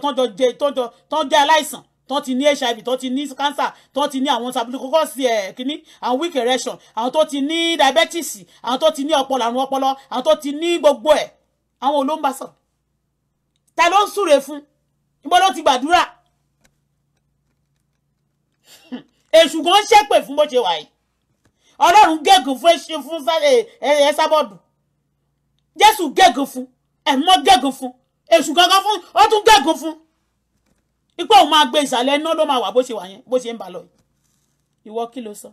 tó ń jẹ aláìsàn tó ti ní hiv tó ti ní cancer tó ti ní àwọn staphylococcus ẹ̀ kínní àwọn weak erection àwọn tó ti ní diabetes àwọn tó ti ní ọpọlọ àrùn ọpọlọ àwọn tó ti ní gbogbo ẹ̀ àwọn ò ló ń bá sọ̀rọ̀ ta ló ń súre fún ibo ló ti gbàdúrà èṣù gan ṣépè fún bó ṣe wà yìí ọlọ́run gégùn fún ẹṣin fún ẹ eh, eh, eh, sábọ́ọ̀dù jésù gégùn fún ẹ̀mọ́ gégùn fún èṣù gangan fún ó tún fún ipò òun máa gbé ìsàlẹ̀ iná ló máa wà bó ṣe wà yẹn bó ṣe ń bà lọ ìwọ kí ló sọ.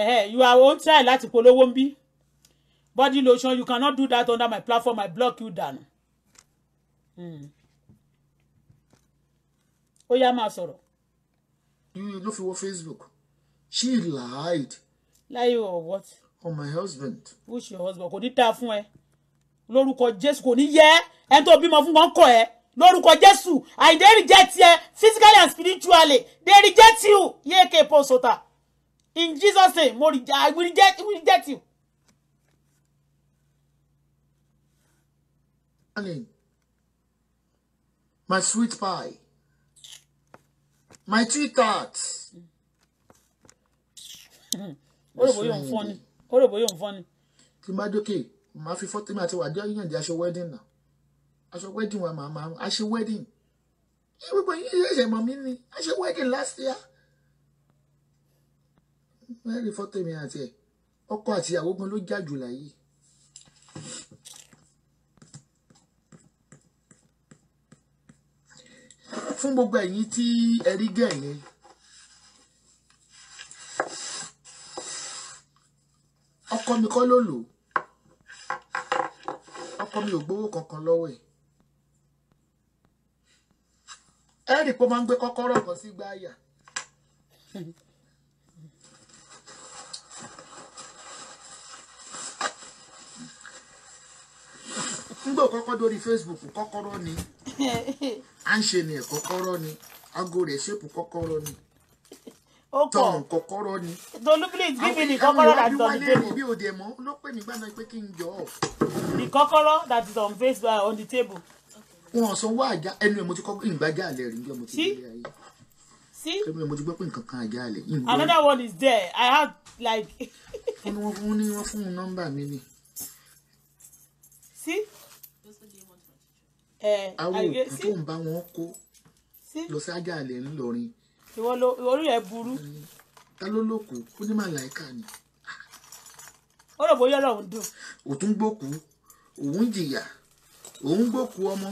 ẹ̀hẹ́ you are on try láti polówó ń bí body lotion you cannot do that under my platform I block you down. Mm. ó yá máa sọ̀rọ̀. ló fi wọ Facebook she lied. lie or what or my husband. push your husband kò ní ta fún ẹ lórúkọ jésù kò ní yẹ ẹni tó bímọ fún wọn kọ ẹ lórúkọ jésù and they reject you physically and spiritually they reject you yéèké pọ́sọ̀tà in jesus name mo I will reject will reject you. darling my sweet pie my sweet tart. ó lè bóyá òun fọ́ ó rò bóyá òun fọ́ ni. tí má dókè màá fi fọ́tí mi àti wà jẹ́ yíyànjú aṣọ wedding náà aṣọ wedding wa màá máa aṣọ wedding yíyí gbogbo yíyí ẹ̀ṣẹ̀ mọ̀ mí ni aṣọ wedding last year. mẹ́rin fọ́tí mi àti ẹ̀ ọkọ àti ìyàwó gan ló jà jù láyé. fún gbogbo ẹ̀yin tí ẹ rí gẹ̀yìn ọkọ mi kọ́ ló lò ọkọ mi ò gbowó kankan lọ́wọ́ ẹ̀ ẹ̀rì pé ó máa ń gbé kọ́kọ́rọ́ kan sí gbáàyà ngbò kọ́kọ́ dórí Facebook kọ́kọ́rọ́ ni à ń ṣe ni ẹ̀ kọ́kọ́rọ́ ni aago rẹ̀ ṣépù kọ́kọ́rọ́ ni ó pọ̀ tọrùn kọ́kọ́rọ́ ni. tolu please give me the kọ́kọ́rọ́ that table. mi ò dé ló pè mí gbàgbọ́ pé kí n yọ ọ. the kọ́kọ́rọ́ that is on face uh, on the table. wọn sọ wá àjà ẹnu ẹ mo ti kọ ìgbàjà àlẹ rí níjọ mo ti gbé ayé. see ẹnu ẹ mo ti gbọ́ pé nǹkan kan àjà àlẹ. another one is there i had like. wọ́n ní wọ́n fún ní wọ́n fún un nọ́mbà mi ni. see. àwọn òkú tó ń bá wọn kó lọ sí àjà àlẹ ńlọrin ìwọ ló orí ẹ burú. ta ló lòkù ó ní màláìka ni. ó rò bóyá ọ̀rọ̀ ń dùn. òtún gbòkú òun jìyà òun gbòkú ọmọ.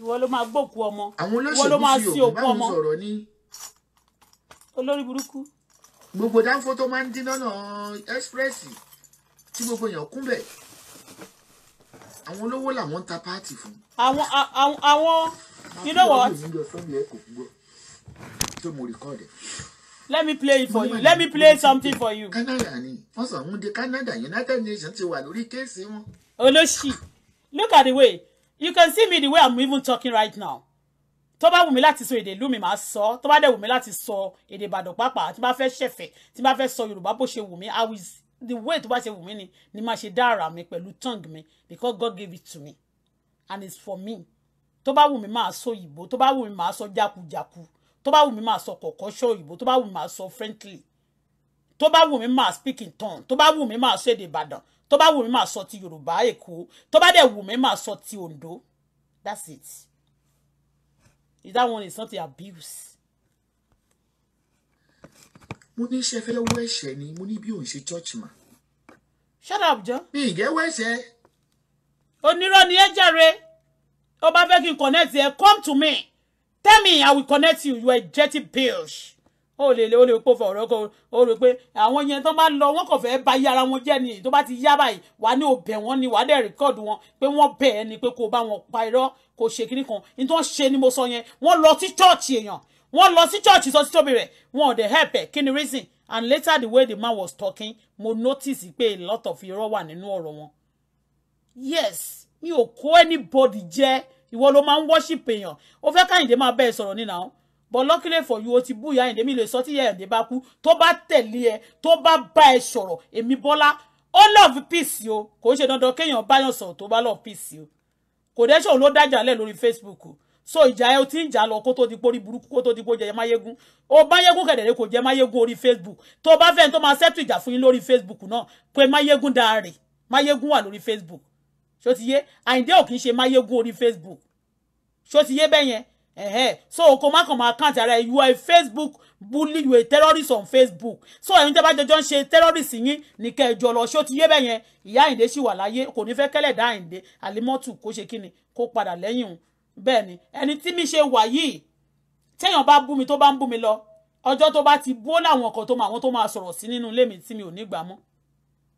ìwọ ló máa gbòkú ọmọ. àwọn olóṣèlú fi òkú báwọn sọ̀rọ̀ ní. olórí burúkú. gbogbo dáńfó tó máa ń dín lọ́nà ẹ́sprẹ́sì tí gbogbo èèyàn kún bẹ̀ àwọn olówó làwọn ń ta páàtì fún. àwọn àwọn àwọn you know what tó mo record ẹ. let me play for you let me play something for you. canada ni wọ́n sọ àwọn ọmọdé canada united nations ti wà lórí kéèsì wọn. olóṣì look at the way you can see me the way i'm even talking right now tó bá wù mí láti sọ èdè ìlú mi màá sọ tó bá dẹ̀ wù mí láti sọ èdè ìbàdàn pàápàá tí bá fẹ́ ṣẹ̀fẹ̀ tí bá fẹ́ sọ yorùbá bó ṣe wù mí i will the way tó bá ṣe wù mí ni ni máa ṣe dá ara mi pẹ̀lú tongue mi because God gave it to me and it's for me tó bá wù mí màá sọ ìbò tó bá wù mí màá sọ jákujàku tó bá wù mí máa sọ kọ̀ọ̀kọ́ ṣọ́ òyìnbó tó bá wù mí máa sọ friendly tó bá wù mí máa speak in tongue tó bá wù mí máa sọ èdè ìbàdàn tó bá wù mí máa sọ ti yorùbá èkó tó bá dẹ̀ wù mí máa sọ ti ondo that's it is that one is not the abuse. mo ní ṣe fẹ́ lọ́wọ́ ẹ̀ṣẹ̀ ni mo ní bí òun ṣe church mà. shut up John. mi ì jẹ́wọ́ ẹ̀ṣẹ̀. onírọ́ ni ẹ jàre ó bá fẹ́ kí n connect ẹ come to me tell me i will connect you you are jetty bills ó lè ó lè pò fọ̀rọ̀ kó o rò pé àwọn yẹn tó bá lọ wọn kò fẹ́ bá yí ara wọn jẹ́ ni tó bá ti yá báyìí wà ní òbẹ̀ wọn ni wà á dẹ̀ rìkọ́ọ̀dù wọn pé wọ́n bẹ̀ ẹ́ ni pé kò bá wọn pa irọ́ kò ṣe kíní kan ní tó ń ni mo sọ yẹn wọ́n lọ sí chọ́ọ̀chì èèyàn wọ́n lọ sí chọ́ọ̀chì sọ sí tóbi rẹ̀ wọn ò dẹ̀ help ẹ̀ kí reason and later the way the man was talking mo notice pé a lot of irọ́ wà nínú ọ̀rọ̀ wọn yes mi ò kó anybody jẹ́ ìwọ ló máa ń worship èèyàn ó fẹ́ káyìndé máa bẹ́ẹ̀ sọ̀rọ̀ nínà ó but luckily for you o ti bú ìyá àyìndé mi lè sọ tí ìyá àyìndé bá kú tó bá tẹ̀lé ẹ tó bá bá ẹ sọ̀rọ̀ èmi bọ́lá ó love peace o kò ṣe dandan kéèyàn báyàn sọ̀rọ̀ tó bá love peace o kò dẹ́ ṣòun ló dájà lẹ̀ lórí Facebook so ìjà ẹ ti ń jà lọ kó tó di pórí burúkú kó tó di pó jẹ máyégún ó máyégún kẹ̀dẹ̀rẹ́ kò jẹ máyégún orí facebook tó bá fẹ́ tó máa ṣẹ́tù ìjà fún yín lórí facebook náà pé máyégún dáa rè máyégún wà lórí facebook ṣó ti yé àyíndé ò kì í ṣe máyégún orí facebook ṣó ti yé bẹ́ẹ̀ yẹn ẹ̀hẹ́ so kò má kàn máa kàn tara you are a facebook bully you are a terrorist on facebook so ẹ̀yin tẹ́ bá jọjọ́ ń ṣe terrorist yín ní kẹjọ lọ ṣó ti yé bẹ́ẹ̀ yẹn ìyá àyíndé ṣì wà láyé kò ní fẹ́ kẹ́lẹ̀ dá àyíndé àlímọ́tù kó ṣe kíni kó padà lẹ́yìn òun bẹ́ẹ̀ ni ẹni tí mi ṣe wà yìí téèyàn bá bú mi tó bá ń bú mi lọ ọjọ́ tó bá ti bó láwọn kan tó máa àwọn tó máa sọ̀rọ̀ sí nínú ilé mi tí mi ò ní gbà mọ́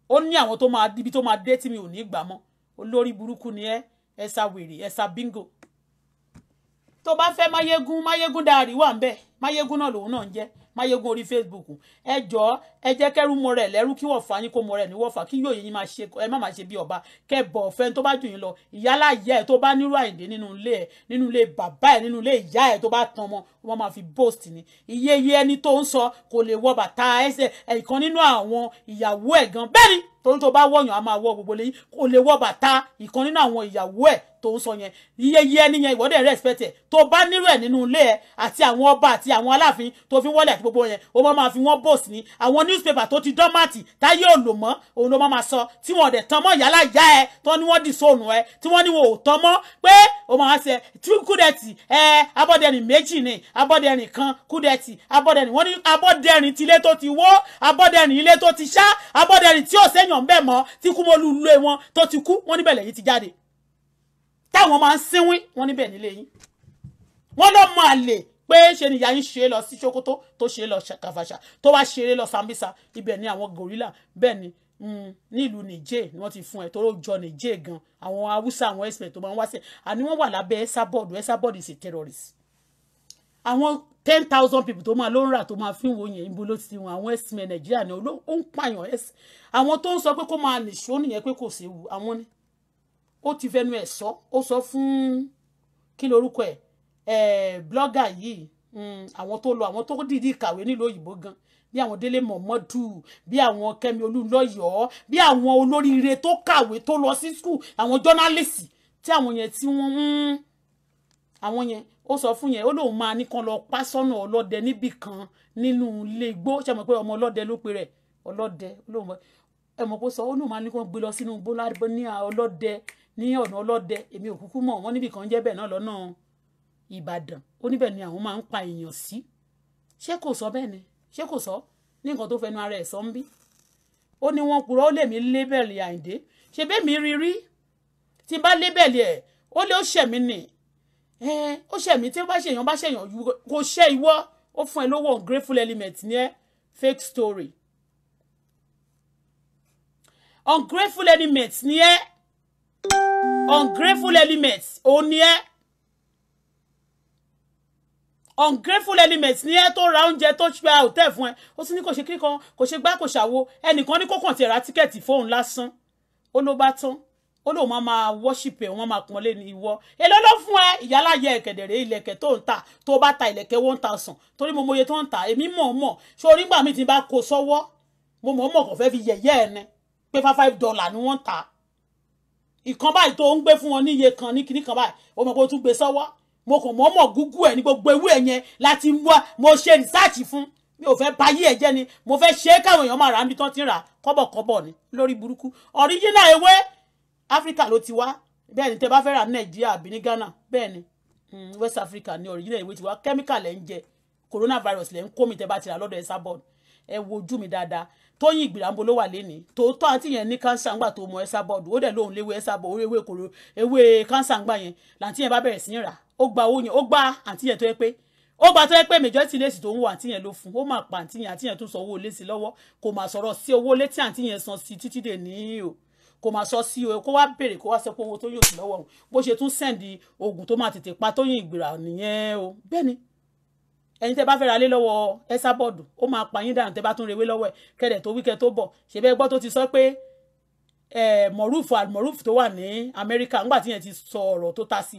ó ní àwọn tó máa ibi tó máa dé tí mi ò ní gbà mọ́ olórí burúkú ni ẹ ẹsà wèrè ẹsà bíngò tó bá fẹ́ máyégún máyégún dáàrí wà ń bẹ̀ máyégún náà lòun náà ń jẹ́ máyégún orí facebook ẹ jọ ẹ jẹ́ kẹ́rù mọ rẹ̀ lẹ́rú kí wọ́n fà yín kó mọ rẹ̀ ní wọ́n fà kí yóò yín máa ṣe ẹ má máa ṣe bí ọba kẹ́ bọ̀ fẹ́ tó bá jù yín lọ ìyálà ìyá ẹ tó bá nírú àìdè nínú ilé ẹ nínú ilé bàbá ẹ nínú ilé ìyá ẹ tó bá tan mọ wọ́n máa fi post ni iye iye ẹni tó ń sọ kò lè wọ bàtà ẹsẹ̀ ẹ̀kan nínú àwọn ìyàwó ẹ̀ gan bẹ́ẹ̀ ni torí tó bá wọ̀yàn á máa wọ gbogbo lẹ́yìn kò lè wọ bàtà ìkan nínú àwọn ìyàwó ẹ̀ tó ń sọ yẹn iye iye ẹni yẹn ìwọ́dẹ̀ respect ẹ̀ tó bá nírú ẹ̀ nínú ilé ẹ̀ àti àwọn ọba àti àwọn aláàfin tó fi wọlé àti gbogbo yẹn ó máa máa fi wọ́n bòsì ní àwọn newspaper tó ti dọ́màtì táyé ò lò mọ́ òun ló máa máa sọ tí wọ́n dẹ̀ tán mọ́ ìyálà ìyá ẹ tán ni wọ́n dì sóònù ẹ tí wọ́n ní wọn ò tán mọ́ pé ó máa ṣe kúdẹ̀tì ẹ abọ́dẹ̀rìn méjì ni abọ́dẹ̀rìn kan kúdẹ̀tì abọ́dẹ̀rìn wọ́n ní abọ́dẹ̀rìn tilé tó ti wó abọ́dẹ̀rìn ilé tó ti ṣá abọ́dẹ̀rìn tí ò séèyàn ń bẹ̀ mọ́ tí kú mọ́lú lé wọn tó ti kú wọ́n níbẹ̀ lẹ́yìn ti jáde táwọn máa ń sínwín wọn níbẹ̀ nílé yín wọn lọ mọ àlè pé ṣe ni ìyá yín ṣe é lọ sí Sokoto tó ṣe é lọ Kàfàṣà tó wá ṣe é lọ Sambisa ibẹ̀ ni àwọn gorilla bẹ́ẹ̀ ni mm, nílùú nìjẹ́ ni wọ́n ti fún ẹ̀ tó jọ nìjẹ́ gan àwọn haúsá àwọn expert tó máa ń wá sí ẹ̀ àní wọ́n wà lábẹ́ ẹ́sà bọ́ọ̀dù ẹ́sà bọ́ọ̀dù is a terrorist àwọn ten thousand people tó máa ló ń rà tó máa fi ń wo yẹn ibo ló ti wọn àwọn ẹ̀sìn ẹ̀ nàìjíríà ni ó ń pààyàn ẹ̀sìn àwọn tó ń sọ pé kó máa nìṣó nìyẹn pé kò séwu àwọn ni ó ti fẹnu ẹ̀ sọ ó sọ fún kí lorúkọ ẹ̀ blọ́gà yìí mm, àwọn tó lọ àwọn tó dìídì kàwé nílùú òyìnbó gan bí àwọn délé mọ̀mọ́dù bí àwọn kẹ́mi olúńlọ́yọ̀ọ́ bí àwọn olóríire tó kàwé tó lọ sí skul àwọn jọ́nálìsì tí àwọn yẹn tí wọ́n ń mm, àwọn yẹn ó sọ fún yẹn ó lóun máa nìkan lọ pa sọ́nà ọlọ́dẹ níbì kan nínú ilé igbó ṣe mọ̀ pé ọmọ ọlọ́dẹ ló pe rẹ̀ ọlọ́dẹ ó lóun ẹ mọ̀ pé sọ ó lóun máa nìkan gbé lọ sínú igbó lábẹ́ ní ọlọ́dẹ ní ọ̀nà ọlọ́dẹ èmi ò kúkú mọ̀ wọ́n níbì kan jẹ́ bẹ́ẹ̀ náà lọ́nà ìbàdàn ó níbẹ̀ ni àwọn máa ń pa èèyàn sí ṣé kò sọ bẹ́ẹ̀ ni ṣé kò sọ ní nǹkan tó fẹnu ara ẹ̀ sọ ń bí ó ní wọ́n purọ́ ó lè mí lébẹ̀lì àyíǹde ṣe bẹ́ẹ̀ mi rí rí tí n bá lébẹ̀lì ẹ̀ ó lé ó ṣẹ̀mí nì ó ṣẹ̀mí tí ó bá ṣèyàn bá ṣèyàn kò ṣẹ́ ìwọ ó fún ẹ lówó ungrateful element ní ẹ fake story ungrateful element ní ẹ ungrateful element òun ni ẹ́ ungrateful element ní ẹ tó ra oúnjẹ tó ṣe àwòtẹ́ fún ẹ ó sì ní kò ṣe kí kan kò ṣe gbá kò ṣàwo ẹnìkan ní kó kàn ti ra tíkẹ́ẹ̀tì fóun lásán ó ló bá tán ó lóun máa máa worship ẹ wọn máa pọ́n lé ní ìwọ èló ló fún ẹ ìyálàyẹ ẹ̀kẹ̀dẹ̀rẹ̀ ìlẹ̀kẹ̀ tó ń tà tó bá ta ìlẹ̀kẹ̀ one thousand torí mo mọye tó ń tà èmi mọ̀ mọ̀ ṣé orí gbà mí ti bá kó sọ́wọ́ mo mọ̀ mọ̀ kò fẹ́ fi yẹ̀yẹ́ ẹ̀ ni pé five five dollar ni wọ́n ta ìkan báyìí tó ń gbé fún wọn níye kan ní kinní kan báyìí ó mọ̀ pé ó tún gbé sọ́wọ́ mo kàn mọ́mọ́ gúgú ẹ̀ ní gbogbo ewé ẹ̀ yẹn láti wá mo ṣe rìsáàcì fún mi ò fẹ́ bayé ẹ̀ jẹ́ ni mo fẹ́ ṣe é káwọn èèyàn máa rà á níbi tán ti rà kọ́bọ̀kọ́bọ̀ ni lórí burúkú ọ̀ríjínà ewé áfíríkà ló ti wá bẹ́ẹ̀ ni tẹ́ bá fẹ́ rà ní nàìjíríà àbí ní ghana bẹ́ẹ̀ ni hmm, west africa ni ọ̀ríjínà ewé ti wá kẹ́míkà lẹ́ ń jẹ coronavirus lẹ́ ń kó mi tẹ́ bá ti rà lọ́dọ̀ ẹ̀ sábọ̀d ẹ wojú mi dáadáa tóyìn ìgbìrànbó ló wà lẹ́ni tòótọ́ àǹtí yẹn ní kánsà ńgbà tó mọ ẹ̀sà bọ́ọ̀dù ó dẹ̀ lóun léwé ẹ̀sà bọ́ọ̀ ewé kòrò ewé kánsà ńgbà yẹn làǹtí yẹn bá bẹ̀rẹ̀ sí í rà ó gba owó yẹn ó gba àǹtí yẹn tó yẹ pé ó gba tó yẹ pé majority lèsì tó ń wo àǹtí yẹn ló fún ó máa pa àǹtí yẹn àǹtí yẹn tún sọ owó lèsì lọ́wọ́ kò máa sọ̀rọ̀ sí owó létí àǹtí yẹn san sí títí dè ní o kò máa sọ sí o kó wá béèrè kó wá sọ pé owó tó yóò sí lọ́wọ́ bó ṣe tún sẹ́ndì oògùn tó máa tètè pa Tóyìn Ìgbìrà nìyẹn o bẹ́ẹ̀ ni ẹ̀yin tẹ́ bá fẹ́ ra lé lọ́wọ́ ẹ̀sàbọ̀dù ó máa pa yín dànù tẹ́ bá tún rewé lọ́wọ́ ẹ̀ kẹ́dẹ̀ tó wíkẹ́ tó bọ̀ ṣe bẹ́ẹ̀ gbọ́ tó ti sọ pé mọ̀rúf mọ̀rúf tó wà ní amẹ́ríkà ńgbà tí yẹn ti sọ ọ̀rọ̀ tó ta sí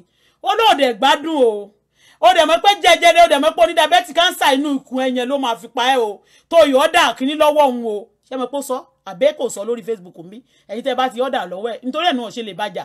ó náà dẹ̀ gbádùn o ó dẹ̀ mọ̀ pé jẹjẹrẹ ó dẹ̀ mọ̀ pé onídàbẹ́tì káńsà inú ikùn ẹ̀yẹn ló máa fi pa ẹ́ o tó yọ ọ́ dà kíní lọ́wọ́ òun o ṣé mo pé sọ àbẹ́ sọ lórí Facebook mi ẹ̀yin tẹ́ bá ti ọ́dà lọ́wọ́ ẹ̀ nítorí ẹ̀ náà ṣe lè bàjá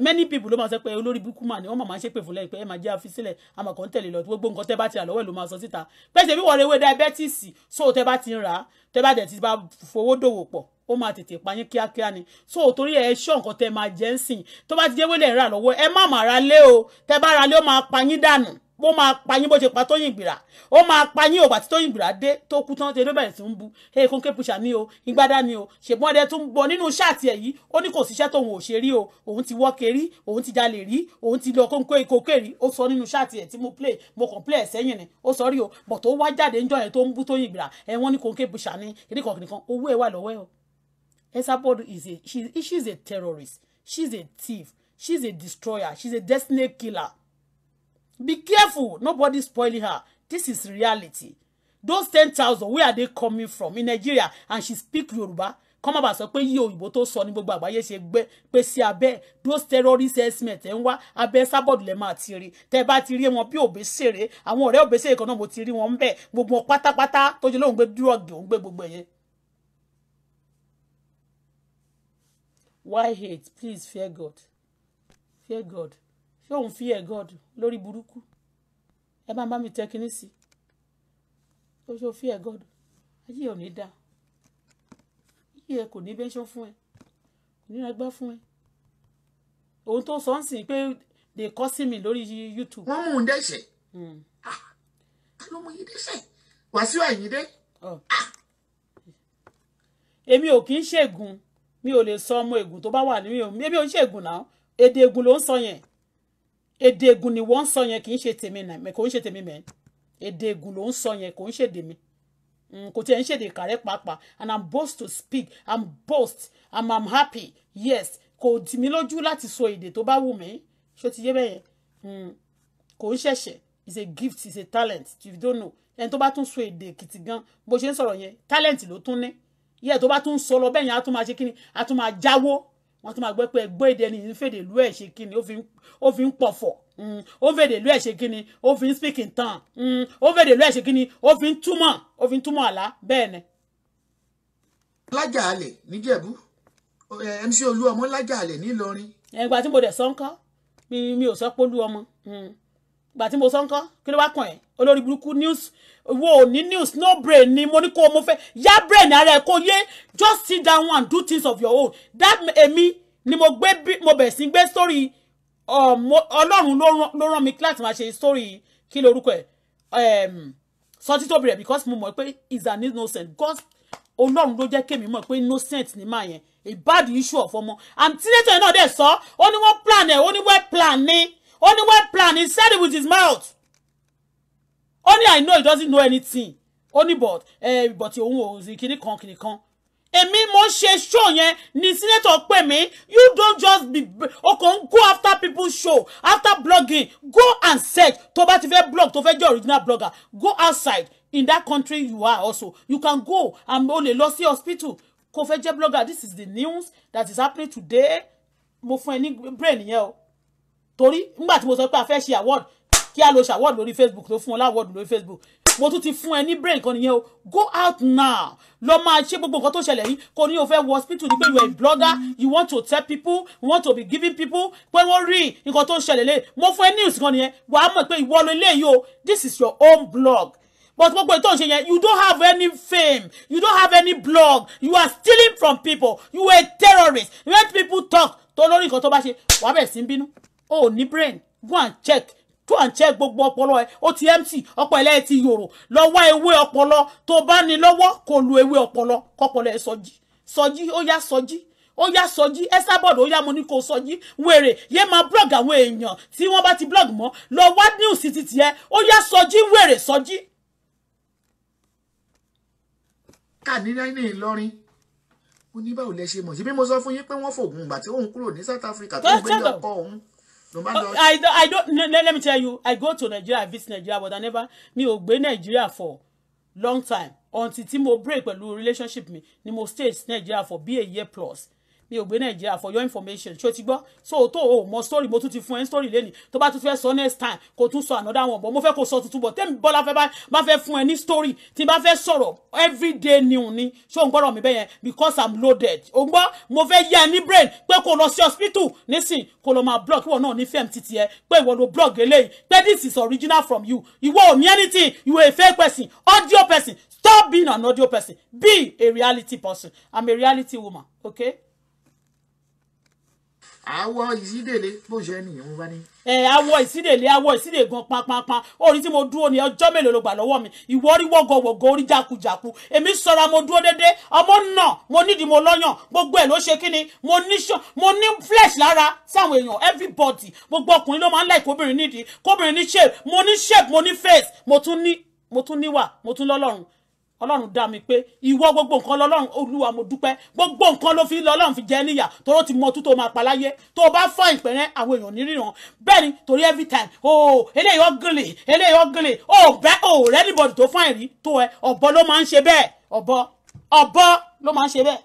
many people ló máa sọ pé olórí burúkú mà ni wọ́n máa ṣe pè fún lẹ́yìn pé ẹ máa jẹ́ àfi sílẹ̀ a máa kàn tẹ̀lé lọ gbogbo nǹkan tẹ́ bá ti rà lọ́wọ́ ẹ̀ ló máa sọ síta pé ṣèbí wọ́n rewé diabetes so tẹ́ bá ti rà á bá dẹ̀ ti bá fowó dòwò pọ̀ ó máa tètè pa yín kíákíá ni so torí ẹ ṣọ́ nǹkan tẹ́ máa jẹ́ ń sìn tó bá ti jẹ́ wẹ́lẹ̀ rà lọ́wọ́ ẹ má máa ra lé o tẹ́ bá ra lé ó máa pa yín dànù ó máa pa yín bó ṣe pa Tóyìn Ìgbìrà ó máa pa yín ògbà tí Tóyìn Ìgbìrà dé tó kú tán tẹ́lẹ̀ bẹ̀rẹ̀ sí ń bu eékún képùṣà ní o ìgbádá ni o ṣègbọ́n ẹ̀dẹ̀ tún bọ̀ nínú ṣáàtì ẹ̀ yìí ó ní kò síṣẹ́ tóun ò ṣe rí o òun ti wọ́kẹ́ rí òun ti jalè rí òun ti lọ kóńkó ìkókè rí ó sọ nínú ṣáàtì ẹ̀ tí mo play mo kàn play ẹ̀ sẹ́yìn ni ó sọ rí o bọ̀ tó wá jáde ńjọ́ yẹn tó ń bú Tóyìn Ìgbìrà ẹ̀ wọ́n ní kò ń képùṣà ní kìnnìkan kìnnìkan owó ẹ̀ wà lọ́wọ́ ẹ̀ o Esabod is a she, she is a terrorist she is a thief she is a destroyer she is a destiny killer Be careful. Nobody spoiling her. This is reality. Those ten thousand, where are they coming from? In Nigeria, and she speak Yoruba. kọ́mọ̀ bá sọ pé yí òyìnbó tó sọ ní gbogbo àgbáyé ṣe gbé pé sí abẹ́ those terrorist herdsmen tẹ̀ ń wá abẹ́ sábọ̀dù lẹ̀ máa ti rí tẹ́ bá ti rí wọn bí òbí ṣèrè àwọn ọ̀rẹ́ òbí ṣèrè kan náà mo ti rí wọn bẹ́ẹ̀ gbogbo pátápátá tó jẹ́ lóun gbé dúrọ́ọ̀gì òun gbé gbogbo ẹ̀yẹ. why hate please fear God fear God ṣé òun fi ẹ̀ god lórí burúkú ẹ máa bá mi tẹ kinní sí ó òun fi ẹ̀ god ayé ò ní dáa ayé ẹ kò ní bẹ́ńṣán fún ẹ kò ní ragbá fún ẹ òun tó sọ ń sìn pé they kọ́ sí mi lórí youtube. wọ́n mú un dẹ́sẹ̀ hmm. ah, ló mú yín dẹ́sẹ̀ wàásù àyíndé. Oh. Ah. èmi ò kì í ṣègùn mi ò lè sọ ọmọ ègùn tó bá wà nínú èmi ò ń ṣègùn náà èdè ègùn ló ń sọ yẹn èdè ègùn ni wọ́n ń sọ yẹn kì í ṣe tèmi náà kò ń ṣe tèmi mẹ́ẹ̀ èdè ègùn ló ń sọ yẹn kò ń ṣèdè mi mm, kò tiẹ̀ ń ṣèdè ìkàrẹ́ pàápàá and i'm boast to speak i'm boast and i'm happy yes kò tì mí lójú láti sọ èdè tó bá wù mí ṣó ti yé bẹ́ẹ̀ yẹn mm, kò ń ṣẹ̀ṣẹ̀ it's a gift Is a talent if you don't know ẹni tó bá tún sọ èdè èkìtì gan bó ṣe ń sọ̀rọ̀ yẹn talent ló tún ní yẹ tó bá tún sọ lọ bẹ́ẹ̀ yẹn á tún máa ṣe kíni á tún máa jáwó wọ́n tún máa gbọ́ pé ẹgbẹ́ èdè ni ìfèdè lú ẹ̀ ṣe kíni ó fi ń pọ̀fọ̀ mm, ó fèdè lú ẹ̀ ṣe kíni ó fi ń speak in tongue mm, ó fèdè lú ẹ̀ ṣe kíni ó fi ń túmọ̀ ó fi ń túmọ̀ àlá bẹ́ẹ̀ ni. lájàálẹ̀ níjẹ̀bú MC Olúọmọ lájàálẹ̀ nílọrin. ẹgbàá tí mo dẹ̀ sọ́ńkọ́ mi ò sọ pé Olúọmọ. Mm gbà tí mo sọ ń kọ́ kí ló wá kàn ẹ́ olórí burúkú news wo ní news no brain ni mo ní kó o mo fẹ́ yá brain ara ẹ̀ kó yé just sit down and do things of your own that èmi ni mo gbé mo bẹ̀ sí gbé story um, ọlọ́run ló rán mi láti máa ṣe story kí lorúkọ ẹ̀ um, sọtí tóbi rẹ̀ because mo mọ̀ pé is an innocent God ọlọ́run ló jẹ́ kémi mọ̀ pé innocent ni máa yẹn a bad issue of ọmọ and teenager náà dẹ̀ sọ ó ní wọ́n plan ẹ̀ ó ní wọ́n plan ni. Only ní plan he said it with his mouth Only i know he doesn't know anything Only but eh, but òun ò sí kinní kan kinní kan èmi mo ṣe show yẹn ni senator pè me? you don't just be okàn go after people show after blogging go and search tó bá ti fẹ́ blog to fẹ́ jẹ́ original blogger go outside in that country you are also you can go and only lè lọ hospital kó fẹ́ jẹ́ blogger this is the news that is happening today mo fún ẹ brain yẹn o torí nígbà tí mo sọ pé a fẹ́ ṣe award kí a lọ ṣe award lórí facebook tó fún ọ láwọ̀dù lórí facebook mo tún ti fún ẹ ní brain kan nìyẹn o go out now lọ máa ṣe gbogbo nǹkan tó ṣẹlẹ̀ yìí kò ní o fẹ́ wọ hospital ní pé you are a blogger you want to tell people you want to be giving people pé wọ́n rí nǹkan tó ń ṣẹlẹ̀ lé mo fún ẹ news kan nìyẹn wàá mọ̀ pé ìwọ ló eléyìí o this is your own blog but gbogbo ètò ìṣe yẹn you don't have any fame you don't have any blog you are stealing from people you are a terrorist Let people talk tó lórí nǹkan tó bá ṣe wàá bẹ̀ sí bínú o ní brain go and check go and check gbogbo ọpọlọ ẹ o ti empty ọpọ ẹlẹ́yẹ ti yòrò lọ wá ewé ọpọlọ tó bá ní lọ́wọ́ kò lu ewé ọpọlọ kọpọlọ ẹ sọjí sọjí ó yá sọjí ó yá sọjí ẹsábọọdù ó yá mo ní kó sọjí wèrè yé máa blog àwọn èèyàn tí wọ́n bá ti blog mọ́ lọ wá news ti tiẹ̀ ó yá sọjí wèrè sọjí. ká ní ní Ìlọrin mo ní báwo lẹ ṣe mọ̀ sí bí mo sọ fún yín pé wọ́n fògùn ìgbà tí òun kúrò ní South Africa tó ń gbé No matter. I, I don't. Let, me tell you. I go to Nigeria. I visit Nigeria, but I never. Mi ò gbé Nigeria for long time until tí mo break pẹ̀lú relationship mi ni mo stay Nigeria for be a year plus mi ò gbé nàìjíríà for your information ṣé o ti gbọ́ so tó o mọ story mo tún ti fún ẹ story lẹ́nu tó bá tún fẹ́ sọ next time kó tún sọ another one bọ̀ mo fẹ́ kó sọ tuntun bọ̀ tẹ́mi bọ́lá fẹ́ bá fẹ́ fún ẹ ní story tí bá fẹ́ sọ̀rọ̀ everyday new ni ṣé o ń gbọ́dọ̀ mi bẹ́yẹn because i'm loaded o ń gbọ́ mo fẹ́ yẹ ẹ ní brain pé kó lọ sí hospital nísìn kó lọ máa block ìwọ náà ní fẹ́m títí ẹ pé ìwọ ló block eléyìí pé this is original from you ìwọ ò ní anything you a fake person audio person stop being an audio person be a reality person i'm a reality woman okay àwọ ìsídèlé bó ṣe nìyẹn mo bá ní. ẹ àwọ ìsídèlé àwọ ìsídè gan pápápá orí tí mo dúró ní ọjọ́ mélòó ló gbà lọ́wọ́ mi ìwọ rí wọ́gọ̀wọ̀gọ̀ orí jákujàku èmi sọra mo dúró déédéé ọmọ náà mo nídìí mo lọ́yàn gbogbo ẹ̀ ló ṣe kí ni mo ní mo ní flesh lára sáwọn èèyàn everybody gbogbo ọkùnrin ló máa ń láì kóbìnrin nídìí kóbìnrin ní shape mo ní shape mo ní face mo tún ní mo tún níwà mo tún lọ́lọ́run ọlọ́run dá mi pé ìwọ gbogbo nǹkan lọ́lọ́run olúwa mo dúpẹ́ gbogbo nǹkan ló fi lọ́lọ́run fi jẹ́ níyà tóró ti mọ tútó máa paláyé tó o bá fọ́ ìpẹ̀rẹ́ àwọn èèyàn níríran bẹ́ẹ̀ ni torí every time oh, o eléyìí ọ́gìlì eléyìí ọ́gìlì o bẹ́ o rẹ́ níbọ̀dì tó fún àìrí tó ẹ ọ̀bọ ló máa ń ṣe bẹ́ẹ̀ ọ̀bọ ọ̀bọ ló máa ń ṣe bẹ́ẹ̀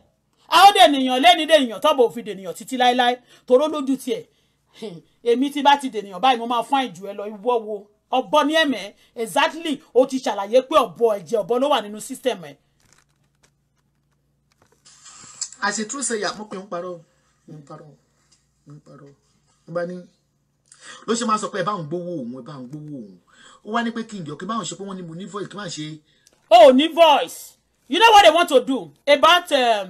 àwọn dènìyàn lẹ́ni dènìyàn tọ́bọ̀ òfin dènìyàn títí láéláé toró lójú tiẹ̀ èmi ti bá ti dènìyàn báyìí mo máa fún àìjù ẹ lọ ìwọ́wo ọ̀bọ ní ẹ̀mẹ́ exactly o ti ṣàlàyé pé ọ̀bọ ẹ̀jẹ̀ ọ̀bọ ló wà nínú system ẹ̀. àṣetrúṣe yà mọ́ pé ń parọ́ ń parọ́ ń parọ́ ń bá ní ló ṣe máa sọ pé ẹ bá ń gbowó òun ẹ bá ń gbowó òun ó wá ní pé kí n jọ kí báwọn ṣe pé wọ́n ní mo ní voice kí n má ṣe. o ò ní voice you know what they want to do about um,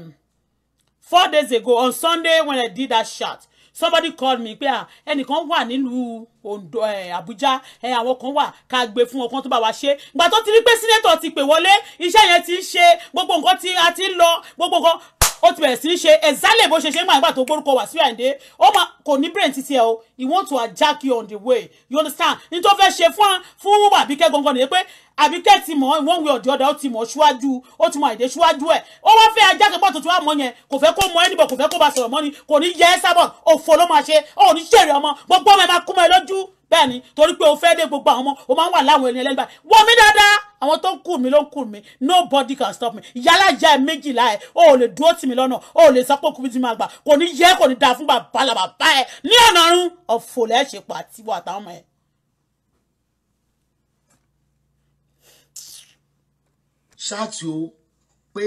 four days ago on Sunday when I did that shot somebody called me pé ẹnìkan wà nílùú Ondo Àbújá àwọn kan wà ká gbé fún ọkàn tó bá wa ṣe gbà tó ti rí pé sínétọ̀ ti pè wọlé iṣẹ́ yẹn ti ń ṣe gbogbo nǹkan tí a ti ń lọ gbogbo nǹkan ó ti bẹ̀rẹ̀ sí í ṣe exactly bó ṣe ṣe ń gbà nígbà tó gbórúkọ Wàsíù Àyìndé ó máa kò ní brain títí ẹ o he want to hijack you on the way you understand ní tó fẹ́ ṣe fún fún Àbíkẹ́ gangan nìyẹn pé Àbíkẹ́ ti mọ̀ in one way or the other ó ti mọ̀ ṣíwájú ó ti mọ̀ Àyìndé ṣíwájú ẹ̀ ó wá fẹ́ hijack pọ̀ tuntun àmọ́ yẹn kò fẹ́ kó mọ ẹnìbọ̀ kò fẹ́ kó ba sọ̀rọ̀ mọ́ni kò ní yẹ ẹ́ sábọ̀ òfò ló máa ṣe ó ní ṣèrè ọmọ gbogbo ọmọ ẹ máa kú mọ́ ẹ lójú bẹ́ẹ̀ ni torí pé o fẹ́ dé gbogbo àwọn ọmọ o máa ń wà láwọn ènìyàn lẹ́gbàá wọ́n mi dáadáa àwọn tó ń kù mí ló ń kù mí nobody can stop me yálà ìyá ẹ méjìlá ẹ o ò lè dúró tì mí lọ́nà o ò lè sọ pé òkú mi ti máa gbà kò ní yẹ kò ní dáa fún bàbá làbàbá ẹ ní ọ̀nà ọ̀run ọ̀fọ̀ lẹ́ ṣe pa àtiwọ́ àtàwọn ọmọ ẹ. ṣáàtì o pé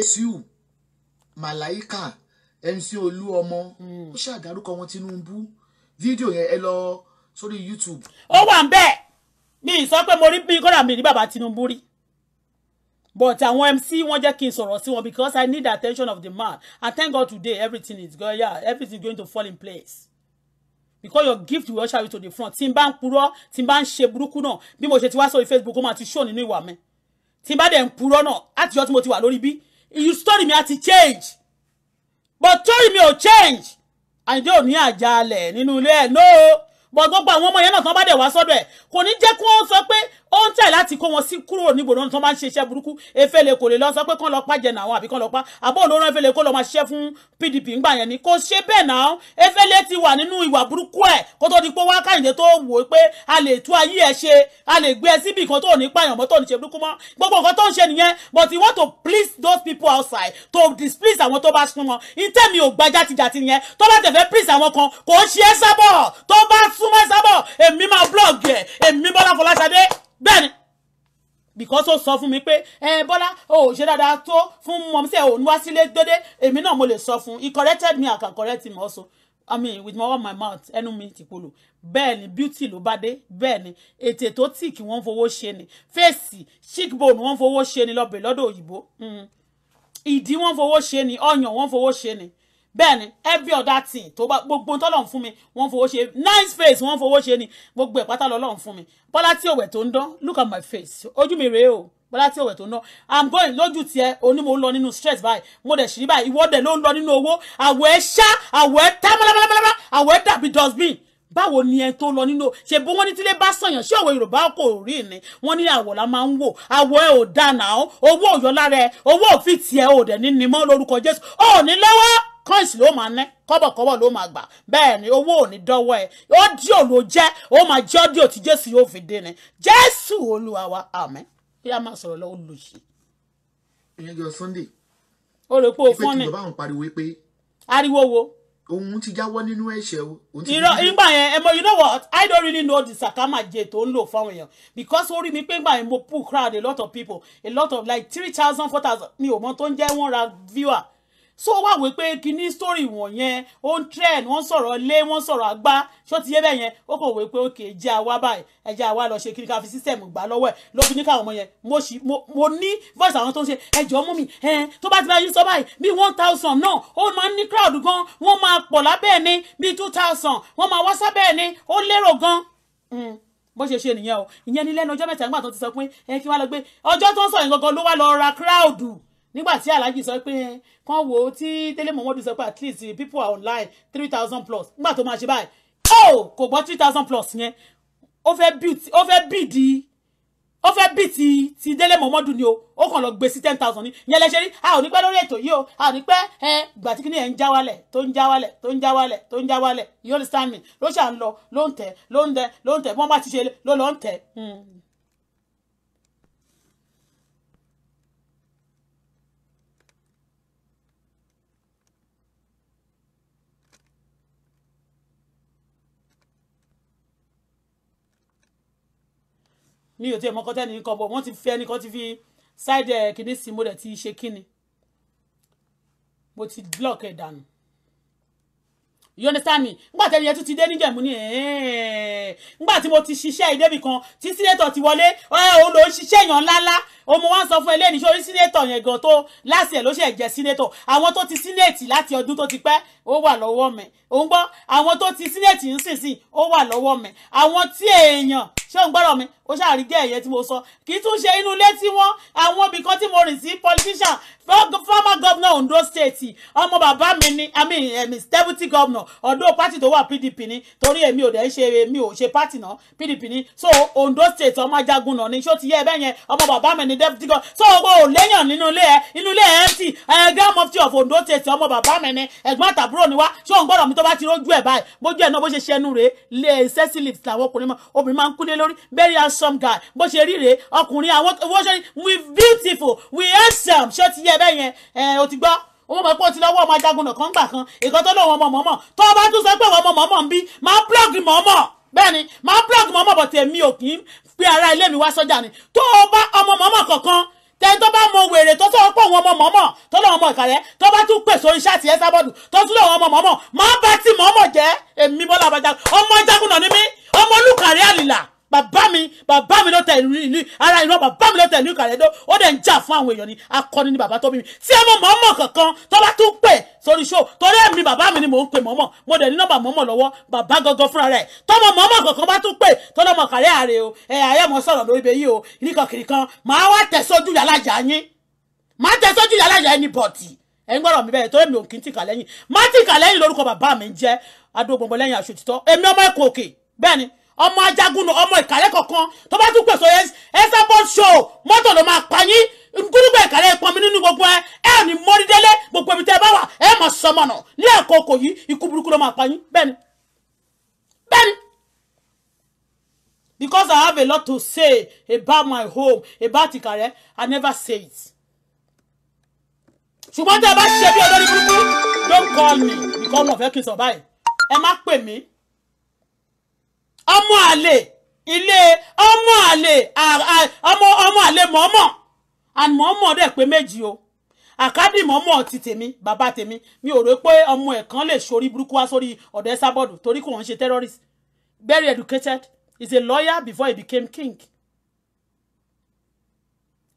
màláìkà MC olú ọmọ hmm. ó ṣàdárúkọ wọn Tinubu fídíò yẹn ẹ lọ sórí YouTube. ó wà ń bẹ́ẹ̀ mi ì sọ pé mo rí bí kọ́dà mi rí bàbá Tinubu rí but àwọn mc wọn jẹ́ kí n sọ̀rọ̀ sí wọn because i need the attention of the man and thank god today everything is going yeah everything is going to fall in place because your gift will usher you to the front tí n bá ń purọ́ tí n bá ń ṣe burúkú náà bí mo ṣe ti wá sórí facebook ó máa ti show nínú ìwà mi tí n bá dẹ̀ ń purọ́ náà àtijọ́ tí mo ti wà lórí bí you story mi á ti change but story mi ò change àyíndé ò ní àjálẹ̀ nínú ilé ẹ̀ no but gbogbo àwọn ọmọ yẹn náà tán bá dẹ̀ wá sọ́dọ̀ ẹ̀ kò ní jẹ́ kó sọ pé ó ń tẹ̀ láti kó wọn sí kúrò nígboro tó máa ń ṣe burúkú efele kò lè lọ sọ pé kán lọ pàjẹ́ náà àbí kán lọ pa àbọ̀ olóró efele kó lọ máa ṣiṣẹ́ fún PDP ńgbà yẹn ni kò ṣe bẹ́ẹ̀ náà efele ti wà nínú ìwà burúkú ẹ̀ kó tó di pé wá káyìndé tó wò pé a lè tú ayé ẹ ṣe a lè gbé ẹ síbi kan tó ní pààyàn mọ́ tó ní ṣe burúkú mọ́ gbogbo nǹkan tó ń ṣe nìyẹn but he want to please those people outside to displease àwọn tó bá sún wọn ìtẹ́mi ò gba játijàti yẹn tó bá tẹ̀fẹ́ please àwọn kan kò ń ṣe é sábọ̀ tó bá súnmọ́ sábọ̀ èmi máa blog ẹ̀ èmi Bọ́lá Fọláṣadé bẹ́ẹ̀ because ó sọ fún mi pé ẹ bọ́lá o ò ṣe dáadáa tó fún mọ̀mísẹ́ ò ní wá sílé dédé èmi náà mo lè sọ fún he corrected me I can correct him also i mean with my own my mouth ẹnu mi ti polo bẹ́ẹ̀ beauty ló bá dé bẹ́ẹ̀ ni ètè tó tì kí wọ́n fowó ṣe ni fèsì cheekbone wọ́n fowó ṣe ni lọ́bẹ̀ lọ́dọ̀ òyìnbó mm-hmm. ìdí wọ́n fowó ṣe ni ọyàn wọ́n fowó ṣe ni bẹ́ẹ̀ every other thing tó bá gbogbo tọ́lọ́run fún mi wọ́n fowó ṣe nice face wọ́n fowó ṣe ni gbogbo ẹ̀ pátá lọ́lọ́run fún mi bọ́lá tí òwẹ̀ tó ń dán look at my face ojú mi rèé o bọ́lá tí òwẹ̀ tó ń dán i'm going lójú tiẹ̀ òní mo ń lọ nínú stress báyìí mo dẹ̀ ṣì rí báyìí ìwọ́dẹ̀ ló ń lọ nínú owó àwọ̀ ẹ̀ ṣá àwọ̀ ẹ̀ tá mọ́lámọ́lámọ́lá àwọ̀ ẹ̀ dàbí dustbin báwo ni ẹ tó lọ nínú ṣe bó wọn ní tílé bá sọyàn ṣé òwe yorùbá kò rí ni wọn ní àwọ̀ la máa ń wò àwọ̀ ẹ ò dáná owó òyọ lára ẹ owó òfin tiẹ̀ ò dẹ̀ ní ni mọ́ lórúkọ jésù ò ní lọ́wọ́ coins ló máa ná kọ́bọ̀kọ́bọ̀ ló máa gbà bẹ́ẹ̀ ni owó ò ní dọ́wọ́ ẹ̀ ọ́díò ló jẹ́ ó máa jẹ́ ọ́díò tí jésù yóò fi dé ni jésù olúwa wa àmín bí a máa sọ̀rọ̀ lọ́wọ́ lòṣì. ìyẹn jọ sunday. o lè po fún mi. ìpè tí bàbá òun pariwo pé. ariwo wo. òun ti jáwọ́ nínú ẹ̀ṣẹ̀ o. irọ́ ìgbà yẹn ẹ mọ you know what i don't really know the sakamaje tó ń lò fáwọn èèyàn because ó rí mi pé ìgbà yẹn mo pull crowd a lot of people a lot of like three thousand four thousand mi ò mọ tó ń jẹ́ wọ́n ra viewer so wà wí pé kíní story wọ̀nyẹn ó ń trend wọ́n sọ̀rọ̀ lé wọ́n sọ̀rọ̀ àgbá ṣọ́ọ̀tì yé bẹ́ẹ̀ yẹn ó kò wí pé ok jẹ́ àwa báyìí ẹ jẹ́ àwa lọ ṣe kí ni ká fi system gbà lọ́wọ́ ẹ̀ ló ní káwọn ọmọ yẹn mo ṣì mo ní voice àwọn tó ń ṣe ẹjọ́ mú mi tó bá ti bá yín sọ báyìí bí one thousand náà ó máa ń ní crowd gan wọ́n máa pọ̀ lábẹ́ ni bí two thousand wọ́n máa wá sábẹ́ ni ó lérò gan hmm, bó ṣe ṣe nìyẹn o ìyẹn ni lẹ́nu ọjọ́ mẹ́ta nígbà tó ti sọ pé ẹ kí wá lọ gbé ọjọ́ tó ń sọ yẹn gangan ló wá lọ ra crowd nígbà tí alhaji sọ pé kán wo tí délé momodu sọ pé at least people are online three thousand plus nígbà tó máa ṣe báyìí ó oh, kò gbọ́ three thousand plus yẹn ó fẹ́ bì ó fẹ́ bì di ó fẹ́ bì ti ti délé ni o ó kàn lọ gbé sí ten thousand ni yẹn lẹ ṣe rí a ò ní pẹ́ lórí ètò yìí o a ò ní pẹ́ ẹ gbà tí kìnìyẹn ń já wálẹ̀ tó ń já wálẹ̀ tó ń já wálẹ̀ tó ń já wálẹ̀ you understand me ló ṣà ń lọ ló ń tẹ̀ ló ń tẹ̀ bí wọ́n bá ti ṣe ló mi ò tiẹ̀ mọ́kọ́ tẹ́ni kan bọ̀ ti fi ẹnìkan ti fi ṣáìdì ẹ̀ eh, kìíní sí mo dẹ̀ ti ṣe kíni mo ti block ẹ̀ dànù you understand me ngbà tẹ́lẹ̀ yẹn tún ti dé níjẹ̀mú ni ngbà tí mo ti ṣiṣẹ́ ìdébì kan tí sínétọ̀ ti wọlé ó lọ ṣiṣẹ́ èèyàn ńláńlá ọmọ wa ń sọ fún eléyìí sórí sínétọ̀ yẹn gan tó láti ẹ̀ ló ṣe jẹ́ sínétọ̀ àwọn tó ti sínétì láti ọdún to ti pẹ́ ó wà lọ́wọ́ me. ò ń gbọ́ to tó ti sínétì ń sìn sìn ó wà lọ́wọ́ mi àwọn tí èèyàn ṣé ò ń gbọ́dọ̀ mi ó ṣàrídẹ́ ẹ̀yẹ tí mo sọ kì í tún ṣe inú ilé tí wọ́n àwọn ibìkan tí mo rìn sí politician former governor Ondo state ọmọ bàbá mi ni i mean um, deputy governor Ondo party tó wà PDP ni torí èmi ò dẹ̀ ń ṣe èmi ò ṣe party náà PDP ni so Ondo state ọmọ ajagun náà ni ṣó ti yẹ ẹ yẹn ọmọ bàbá mi ni deputy governor so owó ò léyàn nínú ilé ẹ inú ilé ẹ ti grand mufti of Ondo state ọmọ bàbá mi ni ẹ̀gbọ́n tàbúrò ni wá ṣó ń gbọ́dọ̀ mi tó bá ti rójú ẹ̀ báyìí bójú ẹ̀ náà bó ṣe ṣẹnu rèé lé sẹ́sì eh, lips làwọn ọkùnrin mọ́ obìnrin máa ń kúlé lórí very handsome guy bó ṣe rí rèé ọkùnrin àwọn owó ṣe we beautiful we handsome ṣó ẹ bẹ́ẹ̀ yẹn ẹ o ti gbọ́ owó mọ̀ pé o ti lọ́wọ́ ọmọ ajagun náà kan gbà kan èkó tó lóun ọmọ mọ̀mọ́ tó o bá tún sọ pé ọmọ mọ̀mọ́ ń bí máa blọ́ọ̀gì mọ̀mọ́ bẹ́ẹ̀ ni máa blọ́ọ̀gì mọ̀mọ́ bọ̀ tèmi ò kì í pe ara ilé mi wá sọ́jà ni tó o bá ọmọ mọ̀mọ́ kankan tẹ́ni tó bá mọ wèrè tó sọ̀rọ̀ pé òun ọmọ mọ̀mọ́ tó lọ́wọ́ ọmọ ìkàlẹ́ tó bá tún pèsè orin ṣáàtì ẹ̀ sábọ́ọ̀dù tó tún lọ́wọ́ ọmọ mọ̀mọ́ máa bá ti mọ̀mọ́ jẹ́ èmi bọ́lá ọmọ jagun ọmọ jagun náà ni mí ọmọ olùkàrẹ́ àlìlà bàbá mi bàbá mi ló tẹ ìlú ìlú ara ìran bàbá mi ló tẹ ìlú ìkàrẹ́dọ́ ó dẹ̀ ń jà fún àwọn èèyàn ni akọni ni bàbá tó bí mi tí ẹ mọ mọ́mọ́ kankan tó bá tún pè sórí ṣó torí ẹ̀mí bàbá mi ni mò ń pè mọ́mọ́ mo dẹ̀ ní nọ́mbà mọ́mọ́ lọ́wọ́ bàbá gangan fúnra rẹ̀ tọ́mọ mọ́mọ́ kankan bá tún pè tọ́lọ́mọ kàrẹ́ àrè o ẹ̀ ayẹ́mọ sọ̀rọ̀ lórí ibẹ̀ yìí o nìkankiri kan màá wá tẹ̀ sójú yàlájà yín màá tẹ̀ sójú yàlájà yín ní bọ̀tì ẹ̀ ń gbọ́dọ̀ mi bẹ́ẹ̀ torí mi ò kì í tìkà lẹ́yìn má tìkà lẹ́yìn lórúkọ bàbá mi ń jẹ́ adó gbogbo lẹ́yìn àṣòtítọ́ èmi ọmọ ẹ̀kọ́ òkè bẹ́ẹ̀ ni ọmọ ajagun ọmọ ìkàlẹ̀ kọ̀ọ̀kan tó bá tún pèsè Esabod show mọ́tò ló máa pa yín gúdúgbò ìkàlẹ̀ ìpọnmi nínú gbogbo ẹ ẹ ní mọ́rídélé gbogbo ibi tẹ́ bá wà ẹ mọ̀ sọmọnà ní àkókò yìí ikú burúkú ló máa pa yín bẹ́ẹ̀ ni because I have a lot to say about my home about Ìkàrẹ́ I never say it ṣùgbọ́n tí a bá ṣe bí ọdọ́ burúkú don't call me because wọn fẹ́ kí n sọ báyìí ẹ má pè mí ọmọ àlè ilé ọmọ àlè ọmọ ọmọ àlè mọ́mọ́ and mọ́mọ́ dẹ̀ pé méjì o àkádì mọ́mọ́ ti tèmi bàbá tèmi mi ò rò pé ọmọ ẹ̀ kan lè ṣorí burúkú wá sórí ọ̀dọ̀ ẹ̀ sábọ̀dù torí kò ń ṣe terrorist very educated is a lawyer before he became king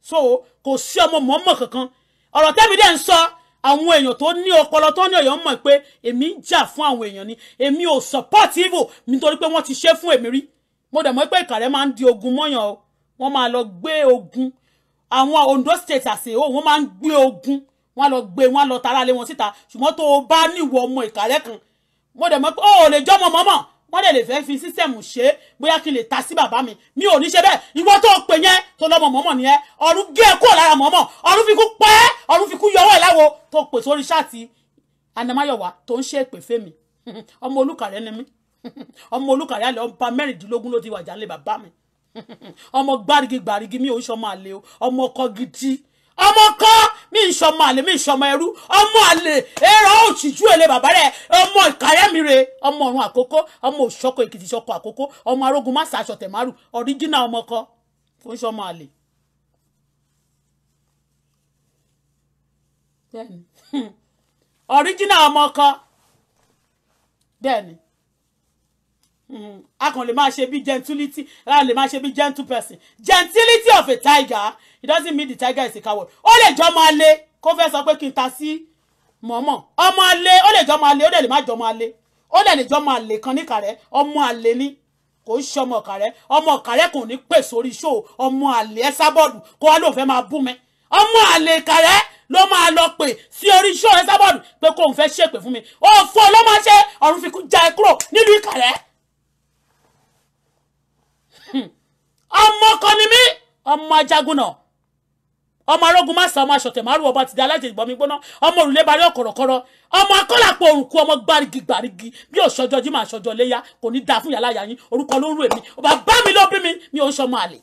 so kò sí ọmọ mọ́mọ́ kankan ọ̀rọ̀ tẹ́mi dẹ̀ ń sọ àwọn èèyàn tó ní ọpọlọ tó ní ọyàn mọ̀ pé èmi ń jà fún àwọn èèyàn ni èmi ò support evil nítorí pé wọ́n ti ṣe fún èmi rí mo dẹ̀ mọ̀ pé ìkàrẹ́ máa ń di ogun mọ́yàn o wọ́n máa lọ gbé ogun àwọn Ondo state àṣeyọ wọ́n máa ń gbé ogun wọ́n lọ gbé wọ́n lọ tara lé wọn síta ṣùgbọ́n tó o bá níwọ̀ ọmọ ìkàrẹ́ kan mo dẹ̀ mọ̀ pé ó lè jọ́ mọ́mọ́ wọ́n dẹ̀ lè fẹ́ fi sísẹ̀mù ṣe é bóyá kí n lè ta sí bàbá mi mi ò ní ṣe bẹ́ẹ̀ ìwọ tó pè yẹn tó lọ́mọ mọ́mọ́ nìyẹn ọ̀run gé e kúrò lára mọ́mọ́ ọ̀run fi kú pẹ́ ọ̀run fi kú yọwọ́ ẹ̀ láwo tó pè sórí ṣáàtì anamáyọ̀wá tó ń ṣe èpè fẹ́mi ọmọ olùkàrẹ́ ni mí ọmọ olùkàrẹ́ àlẹ́ ọba mẹ́rìndínlógún ló ti wàjà lé bàbá mi ọmọ gbárígi gbárígi mi ò ń ṣọmọ àlè o ọmọ ọkọ gidi ọmọ kọ́ mi ń sọmọ àlè mi ń sọmọ ẹrú ọmọ àlè èrò òtìjú èlé bàbá rẹ ọmọ ìkàrẹ́mi rẹ ọmọ ọ̀run àkókò ọmọ òṣọ́kọ èkìtì ṣọkọ àkókò ọmọ arógun má sàṣọ tẹ̀márù ọ̀ríjínà ọmọ kọ́ kò sọmọ àlè. ọ̀ríjínà ọmọ kọ́ bẹ́ẹ̀ni hmm, a kàn lè máa ṣe bí gentility a lè máa ṣe bí gentle person gentility of a tiger it doesn't mean the tiger is a coward ó lè jọ ọmọ alẹ́ kó fẹ́ sọ pé kí n ta sí mọ̀ọ́mọ̀ ọmọ alẹ́ ó lè jọ ọmọ alẹ́ ó lè lè má jọ ọmọ alẹ́ ó lè lè jọ ọmọ alẹ́ kan níkà rẹ ọmọ alẹ́ ní kò ń ṣe ọmọ ọ̀kà rẹ ọmọ ọ̀kà rẹ kò ní pè sórí ṣó ọmọ alẹ́ ẹ sábọ́ọ̀dù kó wá lóun fẹ́ máa bú mi ọmọ alẹ́ ìkà rẹ ló máa lọ pè sí orí ṣó ẹ sábọ́ọ̀dù pé kóun fẹ́ ṣèpè fún mi òfò ló máa ṣe ọ̀run fi já ẹ kúrò nílùú ìkà hmm. ọmọ kan ni mí ọmọ ajagun náà ọmọ arógun má ọmọ asọ̀tẹ̀ má rú ọba ti di alájẹ ìbọn mi gbóná ọmọ òrùlé barí ọ̀kọ̀rọ̀kọ̀rọ̀ ọmọ akọ́làpọ̀ òrùkú ọmọ gbárígi gbárígi bí òṣọjọ́ jí máa ṣọjọ́ kò ní dáa fún yàrá yàyín orúkọ ló rú èmi bàbá mi ló bí mi mi ò ń ṣọmọ àlè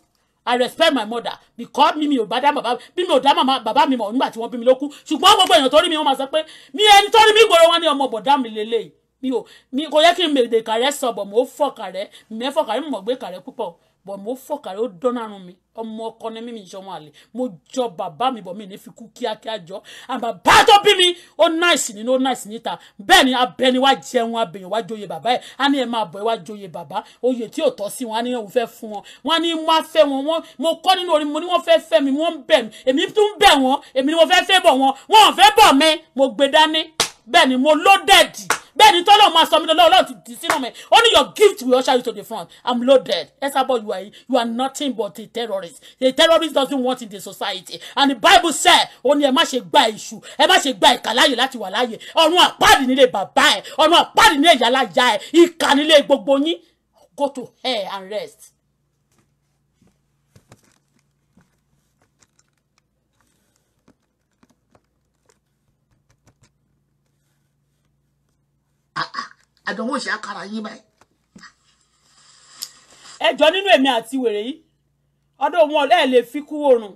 I respect my mother because mi mi ò bá dá bàbá mi mi ò dá màmá bàbá mi mọ̀ nígbà tí wọ́n bí mi ló kú ṣùgbọ́n gbogbo èèyàn tó rí mi wọ́n máa sọ pé mi ẹni tó rí mi gbòòrò wọn ní ọmọ bọ̀dá mi lélẹ́yìí mi ò mi kò yẹ kí n mèdè kàrẹ́ sọ̀bọ̀ mò ń fọ̀ kàrẹ́ mẹ́fọ̀ kàrẹ́ mọ̀ gbé kàrẹ́ púpọ̀ bọ̀ mo fọ̀kàrẹ́ ó dán àrùn mi ọmọ ọkọ ni mímí ìṣọmọ àlè mo jọ bàbá mi bọ̀ mí ní fi kú kíákíá jọ àmọ́ bá tó bí mi ó náìsì nínú ó náìsì níta bẹ́ẹ̀ ni abẹni wá jẹun abèyàn wá joyè bàbá ẹ̀ á ní ẹ máa bọ̀ ẹ wá joyè bàbá oyè tí ò tọ́ sí wọn á ní òun fẹ́ fún wọn wọn á ní wọn á fẹ́ wọn wọn mo kọ́ nínú orin mo ní wọ́n fẹ́ fẹ́ mi wọ́n ń bẹ̀ mi èmi tún bẹ̀ wọ́n èmi ni mo fẹ́ fẹ́ bọ̀ wọn wọn ò fẹ́ bọ̀ mi mo gbé dání bẹ́ẹ̀ ni mo lódẹ̀dì bẹ́ẹ̀ ni tọ́lọ́ máa sọ mi lọ́wọ́ ọlọ́run ti dì sínú mi only your gift will usher you to the front i'm loaded esabod you are you are nothing but a terrorist a terrorist doesn't want in the society and the bible say ó ní ẹ má ṣe gba èṣù ẹ má ṣe gba ìkà láàyè láti wà láàyè ọ̀run àpáàdì nílé bàbá ẹ ọ̀run àpáàdì nílé ìyálàyà ẹ ìkà nílé gbogbo yín go to hell and rest àdánwò ìṣe àkàrà yín báyìí. ẹ jọ nínú èmi àti wèrè yìí ọdọ wọn ẹ lè fi kú oorun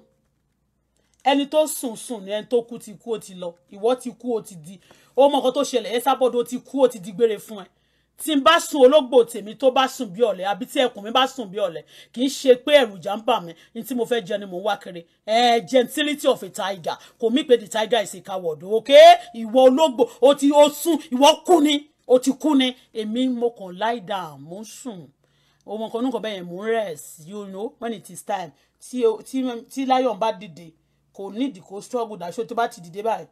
ẹni tó sùn sùn ni ẹni tó kú ti kú ó ti lọ ìwọ ti kú ó ti di ó mọ nǹkan tó ṣẹlẹ̀ ẹ sábọdọ ó ti kú ó ti di gbére fún ẹ tí n bá sùn ológbò tèmi tó bá sùn bí ọ̀lẹ àbí tí ẹkùn mi bá sùn bí ọ̀lẹ kì í ṣe pé ẹ̀rù ìjà ń bà mí ní tí mo fẹ́ jẹ ni mò ń wá kiri ẹ gentility of a tiger kò mí pé the tiger is a coward ok ìwọ ológbò o ti o sùn ìwọ kú ni o ti kú ni èmi mo kàn lie down mo ń sùn ọmọ kan nǹkan bẹ́ẹ̀ yẹn mo ń rest you know when it is time tí tí tí lion bá dìde kò nídìí kó struggle dà ṣó tó bá ti dìde báyìí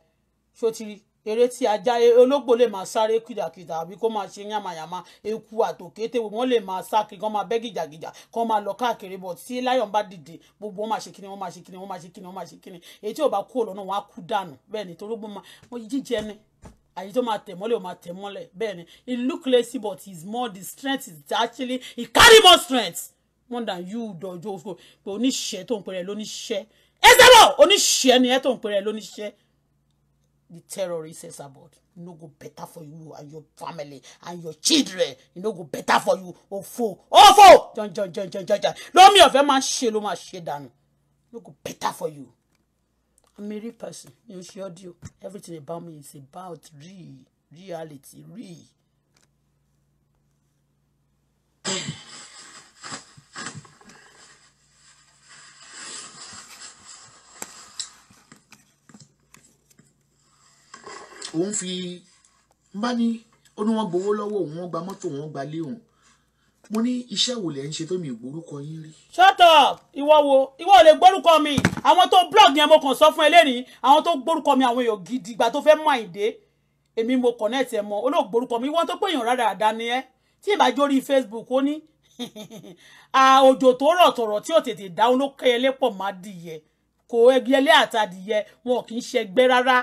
ṣó ti rí eré tí ajá ológbò lè máa sáré kìdàkìdà àbí kó máa ṣe yàmàyàmà eku àtòkété wọ́n lè máa sá kiri kán máa bẹ́ gìjàgìjà kán máa lọ káàkiri bọ̀ tí lion bá dìde gbogbo wọn máa ṣe kíni wọn máa ṣe kíni wọn máa ṣe kíni wọn máa ṣe kíni èyí tí ò bá kú lọ́nà wọn á kú dànù bẹ́ẹ̀ ni torí gbọ́n máa jíjẹ ni àyè tó máa tẹ̀ mọ́lẹ̀ ò máa tẹ̀ mọ́lẹ̀ bẹ́ẹ̀ ni it look lazy but it's more the strength is actually he carry more strength more than you dọjọ́ pé oníṣẹ́ tó ń pẹ̀rẹ̀ lóníṣẹ́ ẹ sẹ́wọ̀ oníṣẹ́ ni ẹ tó ń pẹ̀rẹ̀ lóníṣẹ́ the terrorists is about e no go better for you and your family and your children e no go better for you òfò òfò jọjọjọjọjọ lómi ọ̀fẹ́ máa ń ṣe ló máa ṣe dànù no go better for you i'm a real person you ṣe audio everything about me is about real reality real. òun fi bá ní ó gbowó lọ́wọ́ òun wọ́n gba mọ́tò wọ́n gba lé òun mo ní iṣẹ́ wo lẹ̀ ṣe tó mi ìgbórúkọ yín rí. shut up ìwọ wo ìwọ ò lè gbórúkọ mi àwọn tó blog yẹn mo kàn sọ fún ẹ lẹ́rìí àwọn tó gbórúkọ mi àwọn èèyàn gidi ìgbà tó fẹ́ mọ àìdé èmi mo connect ẹ mọ olóògbórúkọ mi wọ́n tó pé èèyàn rárá àdá ni ẹ tí ìbá jórí facebook ó ní òjò tó rọ̀ tọ̀rọ̀ tí ò tètè dáhùn ló kẹ́ ẹ lépọ̀ má dìyẹ kò ẹgbẹ́ ẹlẹ́ àtàdìyẹ wọn kì í ṣẹgbẹ́ rárá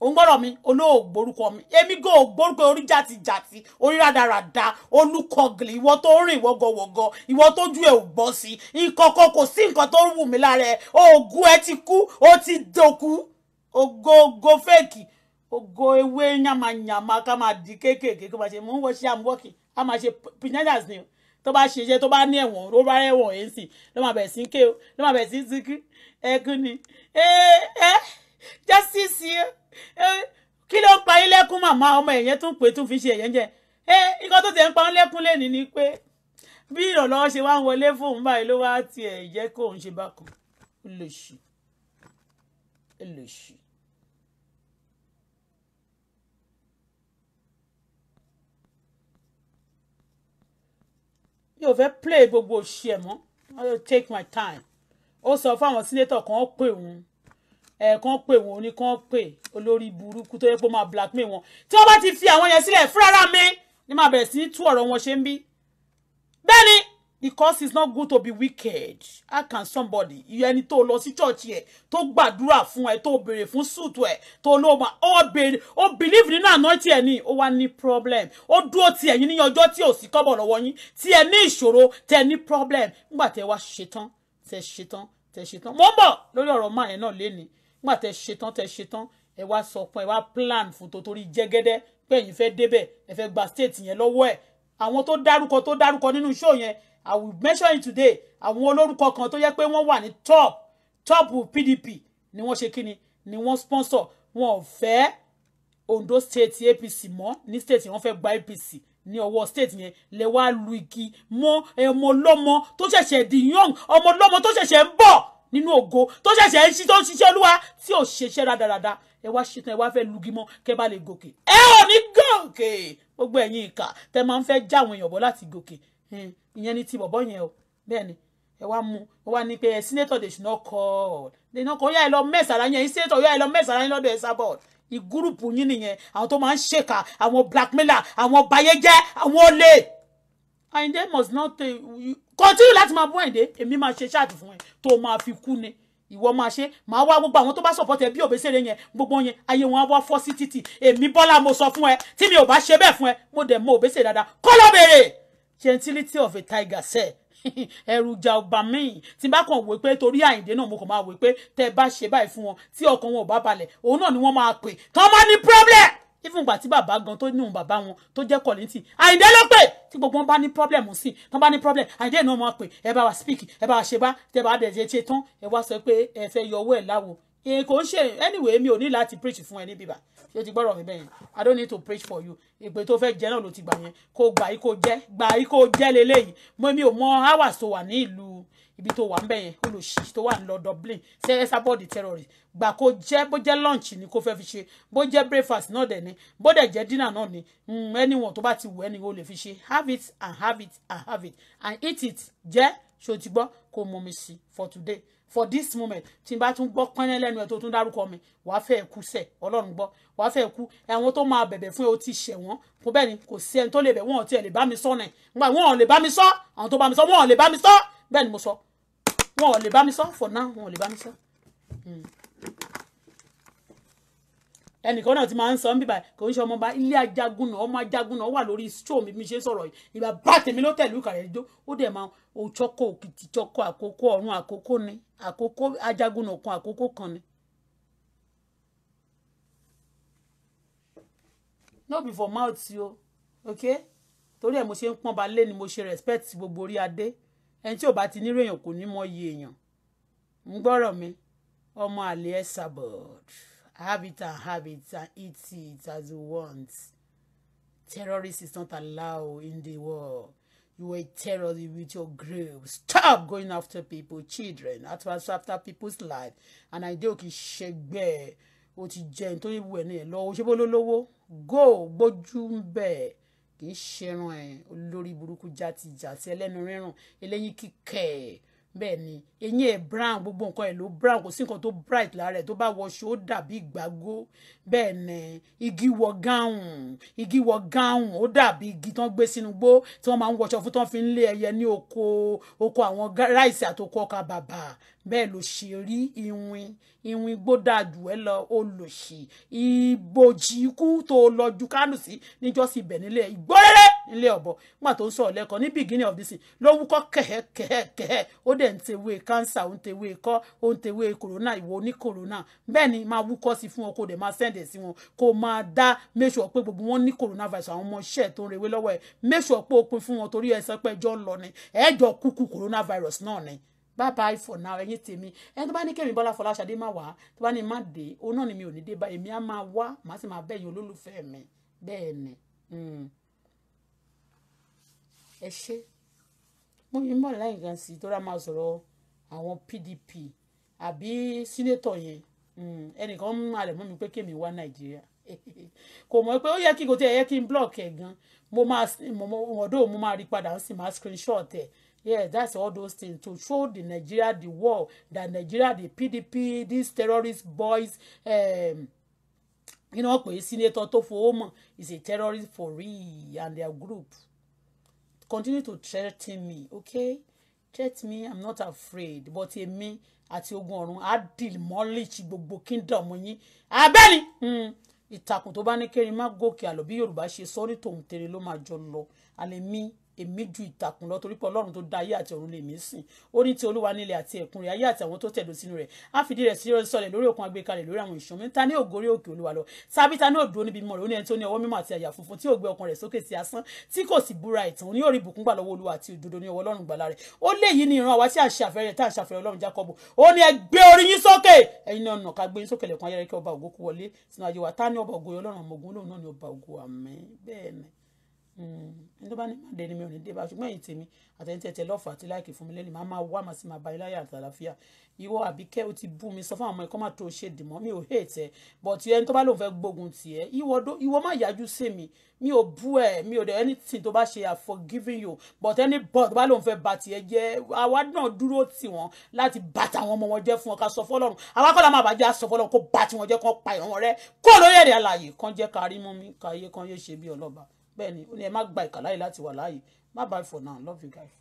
òun gbọ́dọ̀ mi olóògbé orúkọ mi èmi gò gbórúkọ orí jàtijàti orí rádaràda olùkọ́gìlì ìwọ tó rìn wọ́gọ́wọ́gọ́ ìwọ tó ju ẹ̀ ò gbọ́ sí ìkọ̀kọ̀ kò sí nǹkan tó wù mí lára ẹ̀ oògùn ẹ ti kú ó ti dòkú ogogo fèkì ogo ewé yamayama ká máa di kéékèèké kó máa ṣe mò ń wọṣẹ i'm working ká máa ṣe pinnadas ni o tó bá ṣe iṣẹ́ tó bá ní ẹ̀wọ̀n ló bá ẹ̀wọ̀n ẹ̀ ń sìn ló máa bẹ̀rẹ̀ sí ké o ló máa bẹ̀rẹ̀ sí síkí ẹ̀kún ni ẹ̀ ẹ̀ justice yẹn. Eh, kí ló ń pa yín lẹ́kún màmá ọmọ ẹ̀yẹ́ tún pé tún fi ṣe ẹ̀yẹ́ jẹ ẹ eh, nǹkan tó ti ń pa ń lẹ́kún lẹ́ni ni pé bí ìrànlọ́wọ́ ṣe wá ń wọlé fóun báyìí ló wá tiẹ̀ jẹ́ kóun ṣe bákan ó lè ṣì ó lè ṣì. yóò fẹ́ play gbogbo òṣìṣẹ́ mọ́ I will take my time ó sọ fún àwọn sínétọ̀ kan ó pè òun ẹ eh, kàn pè wọn ní kàn pè olórí burúkú tó yẹ kó máa blackmail wọn tí wọn bá ti fi àwọn yẹn sílẹ̀ fúnra mi ni màá bẹ̀rẹ̀ sí tú ọ̀rọ̀ wọn ṣe ń bí bẹ́ẹ̀ ni because it's not good to be wicked how can somebody ẹni tó lọ sí chọ́ọ̀chì ẹ̀ tó gbàdúrà fún ẹ tó béèrè fún suit. ẹ̀ tó ló ma ó béèrè ó believe nínú àná tí ẹ ní ó wá ní problem ó dúró ti ẹ̀yìn ní ọjọ́ tí ò sí kọ́bọ̀ lọ́wọ́ yín tí ẹ ní ìṣòro tẹ ní problem nígbà tẹ wá ṣetán tẹ ṣetán tẹ ṣetán mo ń bọ̀ lórí ọ̀rọ̀ máa yẹn náà lénìí nígbà tẹ ṣetán tẹ ṣetán ẹ wá sọpọn ẹ wá plan fún tó torí jẹ́gẹ́dẹ́ pé ẹ̀yin fẹ́ débẹ̀ ẹ fẹ́ gba state yẹn lọ́wọ́ ẹ̀ àwọn tó dárúkọ tó dárúkọ nínú show yẹn i will mention it today àwọn olórúkọ kan tó yẹ pé wọ́n wà ní top top pdp ni wọ́n ṣe kíni ni wọ́n sponsor wọn ò fẹ́ ondo state apc mọ́ ní state yẹn wọ́n fẹ́ gba apc ní ọwọ́ state yẹn lè wá lu igi mọ́ ọmọ ọlọ́mọ tó ṣẹ̀ṣẹ̀ di young ọmọ ọlọ́mọ tó ṣẹ̀ṣẹ̀ ń bọ̀ nínú ògo tó ṣẹ̀ṣẹ̀ ń ṣí tó ń ṣiṣẹ́ olúwa tí ò ṣeṣẹ́ rádaràda ẹ wá ṣetán ẹ wá fẹ́ lugi mọ́ kẹ bá lè gòkè ẹ ò ní gòkè gbogbo ẹ̀yin ìkà tẹ máa ń fẹ́ já àwọn èèyàn bọ́ láti gòkè ìyẹn ni ti bọ̀bọ́ yẹn o bẹ́ẹ̀ ni ẹ wá mú ẹ wá ní pé ẹ eh, senator dey ṣùnà call dey náà kọ́ yá ẹ lọ mẹ́sàrá yẹn ẹ senator yá ẹ lọ mẹ́sàrá yẹn lọ́dọ̀ ẹ sábọ̀d ìgúrùpù yín nìyẹn àwọn tó máa ń ṣèkà àwọn blackmailer àwọn bayéjẹ́ àwọn olè Àyìndé must not eh, continue láti máa bú Àyìndé èmi máa ṣe ṣáàtì fún ẹ tó máa fi kú ni ìwọ máa ṣe máa wá gbogbo àwọn tó bá support ẹ bí òbésèrè yẹn gbogbo yẹn ayé wọn á wá fọ́ sí títì èmi Bọ́lá mo sọ fún ẹ tí mi ò bá ṣe bẹ́ẹ̀ fún ẹ mo dẹ̀ mọ òbésè dáadáa kọ́ lọ bèrè gentility of a tiger sẹ́ẹ̀ ẹrù ọba míì tí bá kàn wò pé torí àyìndé náà mo kàn máa wò pé tẹ bá ṣe báyìí fún wọn tí ọkàn wọn ò bá balẹ̀ òun náà ni wọ́n máa pè tán máa ní problem. ìfúngbà tí bàbá gan tó níhùn bàbá wọn tó jẹ́ kọ̀lẹ́ntì àyìndé ló pè tí gbogbo wọn bá problem sí wọn bá ní problem àìdẹ́ náà máa pè ẹ bá wa speak ẹ bá wa ṣe bá tẹ bá dẹ̀ ṣe tán ẹ wá sọ pé ẹ fẹ́ yọ owó ẹ̀ láwo kò ń ṣe anyway mi ò ní láti preach fún ẹ ní bíbá ṣé o ti gbọ́dọ̀ mi bẹ́yẹn i don't need to preach for you ìpè tó fe jẹ náà ló ti gbà yẹn kó gbà yí kó je gbà yí kó jẹ́ leléyìí mo mi ò mọ hours tó wà ní ìlú ibi tó wà ń bẹ̀ yẹn olùsí tó wà ń lọ Dublin ṣe ẹsàbọ̀dì terrorist gbà kó jẹ́ bó jẹ́ lunch ni kó fẹ́ fi ṣe bó jẹ́ breakfast náà dẹ̀ ni bó dẹ̀ jẹ́ dinner náà ni mm, anyone tó bá ti wù ẹni o lè fi ṣe have it and have it and have it and eat it jẹ́ ṣòtìgbọ́ kó mọ mi sí for today for this moment tí n bá tún gbọ́ pẹ́ẹ́nẹ́ lẹ́nu ẹ̀ tó tún dárúkọ mi wàá fẹ́ kú sẹ̀ ọlọ́run gbọ́ wàá fẹ́ kú ẹ̀wọ̀n tó máa bẹ̀bẹ̀ fún ẹ o ti ṣẹ̀ wọ́n kó bẹ́ẹ̀ ni kò sí ẹni tó lè bẹ̀ wọ́n ò tiẹ̀ lè bá mi sọ náà wọn ò lè bá mi sọ àwọn tó bá mi sọ wọn ò lè bá mi sọ bẹ́ẹ̀ ni mo sọ wọn ò lè bá mi sọ for now wọn ò lè bá mi sọ. Hmm. ẹnìkan náà ti máa ń sọ ń bíbà kò ń ṣe ọmọọba ilé ajagun náà ọmọ ajagun náà wà lórí show mi bí mi ṣe sọ̀rọ̀ yìí ìgbà bá tèmi ló tẹ̀lé ìkàrẹ̀ ìjó ó dẹ̀ máa òjọkọ òkìtì jọkọ àkókò ọ̀run àkókò ni àkókò ajagun náà kan àkókò kan ni. no be for mouth o okay torí ẹ̀ mo ṣe ń pọ́nba lé ni mo ṣe respect gbogbo orí adé ẹni tí ò bá ti nírò èèyàn kò ní mọ iye èèyàn ń gbọ́rọ̀ mi ọmọ àlè ẹ̀ sabord habit and habit and eat it as you want terrorist is not allowed in the world you were terrorist with your grave stop going after people children at once after people's life and i dey òkè ṣẹgbẹ́ ẹ o ti jẹ́ nítorí ìwé ẹ̀ náà lọ́wọ́ ṣé bó ló lówó go gbójú ń bẹ́ẹ̀ kì í ṣẹran ẹ̀ olórí burúkú játi jàti ẹlẹ́nu rírùn eléyìí kíkẹ́ ẹ̀ bẹ́ẹ̀ ni eyín ẹ̀ brown gbogbo nǹkan ẹ̀ ló brown kò sí nǹkan tó bright lára ẹ̀ tó bá wọṣọ ó dàbí ìgbàgbó bẹ́ẹ̀ ni igi wọ gáhùn igi wọ gáhùn ó dàbí igi tán gbé sínú gbó tí wọ́n máa ń wọṣọ fún tán fi ń lé ẹyẹ ní oko oko àwọn ráìsì àtòkọ ọkà bàbà bẹ́ẹ̀ ló ṣe rí ìwìn ìwìn gbódàjù ẹ lọ olùṣì ìbòjì ikú tó lọ ju kánù sí níjọ́sí ibẹ̀ nílẹ̀ ìgbórẹ́rẹ́ nílẹ̀ ọ̀bọ nígbà tó ń sọ̀rọ̀ lẹ́kọ̀ọ́ ní beginning of this ló wúkọ́ kẹ̀hẹ́kẹ̀hẹ́kẹ̀hẹ́ ó dẹ̀ ń tewé kánsà ó ń tewé kọ́ ó ń tewé corona. ìwọ ní kòrónà bẹ́ẹ̀ ni máa wúkọ́ sí fún wọn kó dẹ̀ máa sẹ́ndẹ̀ sí wọn kó máa dá make sure pé gbogbo wọn ní kòrónà virus àwọn ọmọ iṣẹ́ tó ń rewé lọ́wọ́ ẹ̀ make sure pé ó pin fún wọn torí ẹ sọ pé ẹjọ́ ń lọ ni ẹ̀ẹ́jọ́ kúkú kòrónà virus náà ni bye bye for now ẹ̀yin tèmi ẹni tó bá ní kẹ́mi bọ́lá fọláṣadé má wá tó bá ní má dé òun náà ni mi ò ní dé bá èmi á máa wá màá sì máa bẹ̀yìn olólùfẹ́ mi bẹ́ẹ̀ ni hmm. ẹ ṣe mo yín mọ̀ lẹ́yìn kan sí tó rà máa sọ̀rọ̀ àwọn PDP àbí sínétọ̀ yẹn hmm. ẹnìkan ń halẹ̀ mọ́ mi pé kémi wá Nàìjíríà kò mọ̀ pé ó yẹ kí n kò tẹ̀ yẹ kí n block ẹ̀ gan mo máa ọ̀dọ́ mo máa rí padà ó sì máa screenshot ẹ̀ Yeah, that's all those things to show the Nigeria the world that Nigeria the PDP these terrorist boys um, you know pé senator tó fowó is a terrorist for real and their group continue to threaten me okay threaten me i'm not afraid but èmi àti ogun ọ̀run á demolish gbogbo kingdom yín abẹ́ni hmm, ìtàkùn tó bá ní kéré má gòkè àlọ́ bí yorùbá ṣe sọ ní tòun tèrè ló máa jọ lọ àlẹ́ mi èmi ju ìtàkùn lọ torí pé ọlọ́run tó dá ayé àti ọ̀run lèmi sìn ó ní ti olúwa nílẹ̀ àti ẹ̀kún rẹ̀ ayé àti àwọn tó tẹ̀dó sínú rẹ̀ á fìdí rẹ̀ sí sọlẹ̀ lórí òkun agbékalẹ̀ lórí àwọn ìṣàn mi ta ní ògórí òkè olúwa lọ tàbí ta ní òdúró níbi mímọ́ rẹ̀ ó ní ẹni tó ní ọwọ́ mímọ́ àti àyà funfun tí ò ọkàn rẹ̀ sókè sí asán tí kò sì búra ìtàn ní orí a ṣe àfẹ́rẹ́ ní tó bá ní màdé ni mi ò ní dé bá ṣùgbọ́n èyí tèmi àtẹ̀yìntẹ̀tẹ̀ lọ́fọ̀ àti láìkì fún mi lẹ́nu máa máa wá màá sì máa bá ilé ayé àtàlàfíà ìwọ àbíkẹ́ o ti bú mi sọ fún àwọn ẹ̀kọ́ máa tó o ṣe dìmọ́ mi ò hé tẹ̀ but ẹni tó bá lóun fẹ́ gbógun tiẹ̀ ìwọ má yájú sí mi mi ò bú ẹ mi ò dẹ anything tó bá ṣe i forgiving you but any bọ́ọ̀ tó bá lóun fẹ́ bà tiẹ̀ jẹ́ àwa náà dúró tì wọ́n láti bà tàwọn ọmọ wọn jẹ́ fún ọ ká sọ fọlọ́run àwa kọ́ la máa bàjẹ́ àsọ fọlọ́run kó bà tiwọn jẹ́ kó pa ìran wọn rẹ́ kó lóyè rẹ̀ àlàyé kan jẹ́ kárí mú mi káyé kan yé ṣe bí ọlọ́ba bẹ́ẹ̀ ni ó ní ẹ má gba ìkà láti wà láàyè má bye for now love you guys.